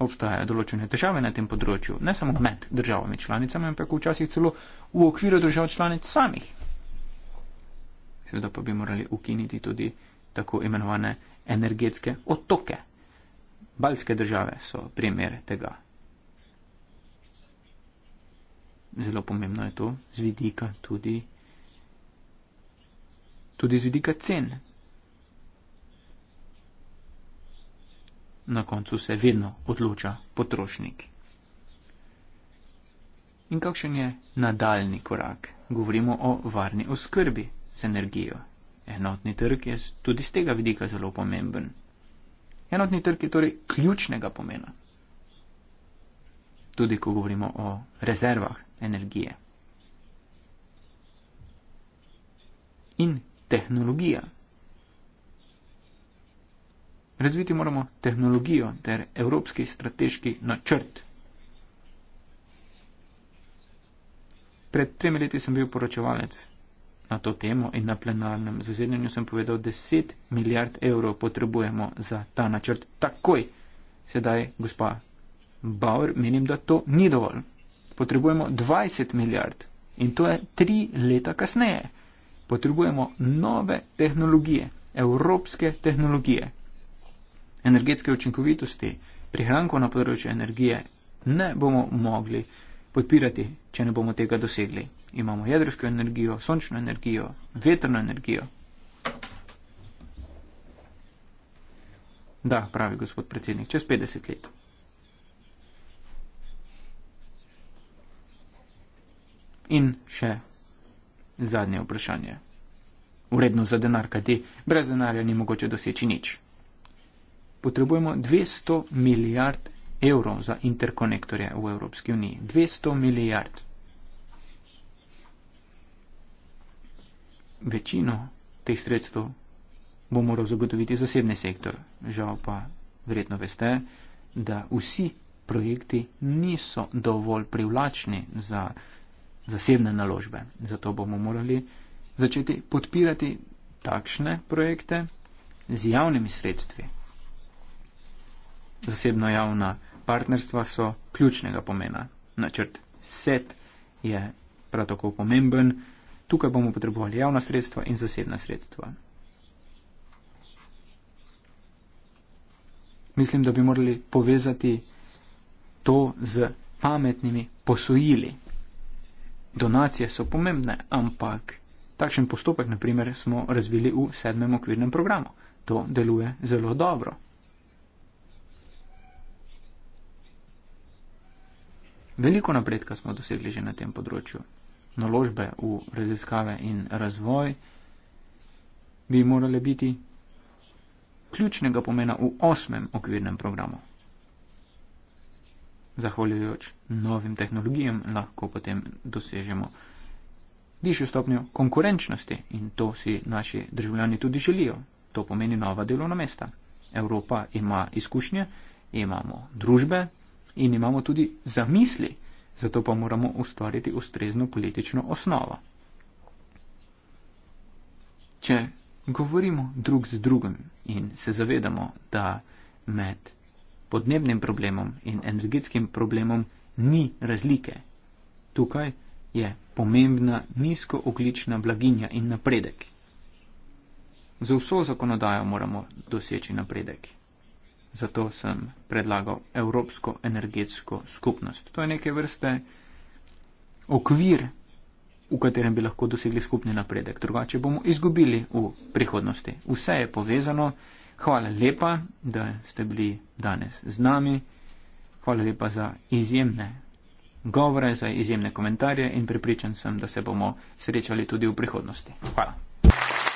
Speaker 3: Obstajajo določene težave na tem področju, ne samo med državami članicami, ampak včasih celo v okviru držav članic samih. Seveda pa bi morali ukiniti tudi tako imenovane energetske otoke. Balske države so primere tega. Zelo pomembno je to z vidika tudi, tudi z vidika cen. Na koncu se vedno odloča potrošnik. In kakšen je nadaljni korak? Govorimo o varni oskrbi z energijo. Enotni trg je tudi z tega vidika zelo pomemben. Enotni trg je torej ključnega pomena. Tudi ko govorimo o rezervah energije. In tehnologija. Razviti moramo tehnologijo ter evropski strateški načrt. Pred tremi leti sem bil poročevalec na to temo in na plenarnem zasedanju sem povedal, 10 milijard evrov potrebujemo za ta načrt takoj. Sedaj, gospa Bauer, menim, da to ni dovolj. Potrebujemo 20 milijard in to je tri leta kasneje. Potrebujemo nove tehnologije, evropske tehnologije, energetske učinkovitosti, prihrankov na področju energije. Ne bomo mogli podpirati, če ne bomo tega dosegli imamo jedrsko energijo, sončno energijo, vetrno energijo. Da, pravi gospod predsednik, čez 50 let. In še zadnje vprašanje. Uredno za denar, kajti brez denarja ni mogoče doseči nič. Potrebujemo 200 milijard evrov za interkonektorje v Evropski uniji. 200 milijard. večino teh sredstev bo moral zagotoviti zasebni sektor. Žal pa verjetno veste, da vsi projekti niso dovolj privlačni za zasebne naložbe. Zato bomo morali začeti podpirati takšne projekte z javnimi sredstvi. Zasebno-javna partnerstva so ključnega pomena. Načrt SET je prav tako pomemben. Tukaj bomo potrebovali javna sredstva in zasebna sredstva. Mislim, da bi morali povezati to z pametnimi posojili. Donacije so pomembne, ampak takšen postopek, naprimer, smo razvili v sedmem okvirnem programu. To deluje zelo dobro. Veliko napredka smo dosegli že na tem področju naložbe v raziskave in razvoj bi morale biti ključnega pomena v osmem okvirnem programu. Zahvaljujoč novim tehnologijam lahko potem dosežemo višjo stopnjo konkurenčnosti in to si naši državljani tudi želijo. To pomeni nova delovna mesta. Evropa ima izkušnje, imamo družbe in imamo tudi zamisli, zato pa moramo ustvariti ustrezno politično osnovo. Če govorimo drug z drugim in se zavedamo, da med podnebnim problemom in energetskim problemom ni razlike, tukaj je pomembna nizkooglična blaginja in napredek. Za vso zakonodajo moramo doseči napredek zato sem predlagal Evropsko energetsko skupnost. To je neke vrste okvir, v katerem bi lahko dosegli skupni napredek. Drugače bomo izgubili v prihodnosti. Vse je povezano. Hvala lepa, da ste bili danes z nami. Hvala lepa za izjemne govore, za izjemne komentarje in pripričan sem, da se bomo srečali tudi v prihodnosti. Hvala.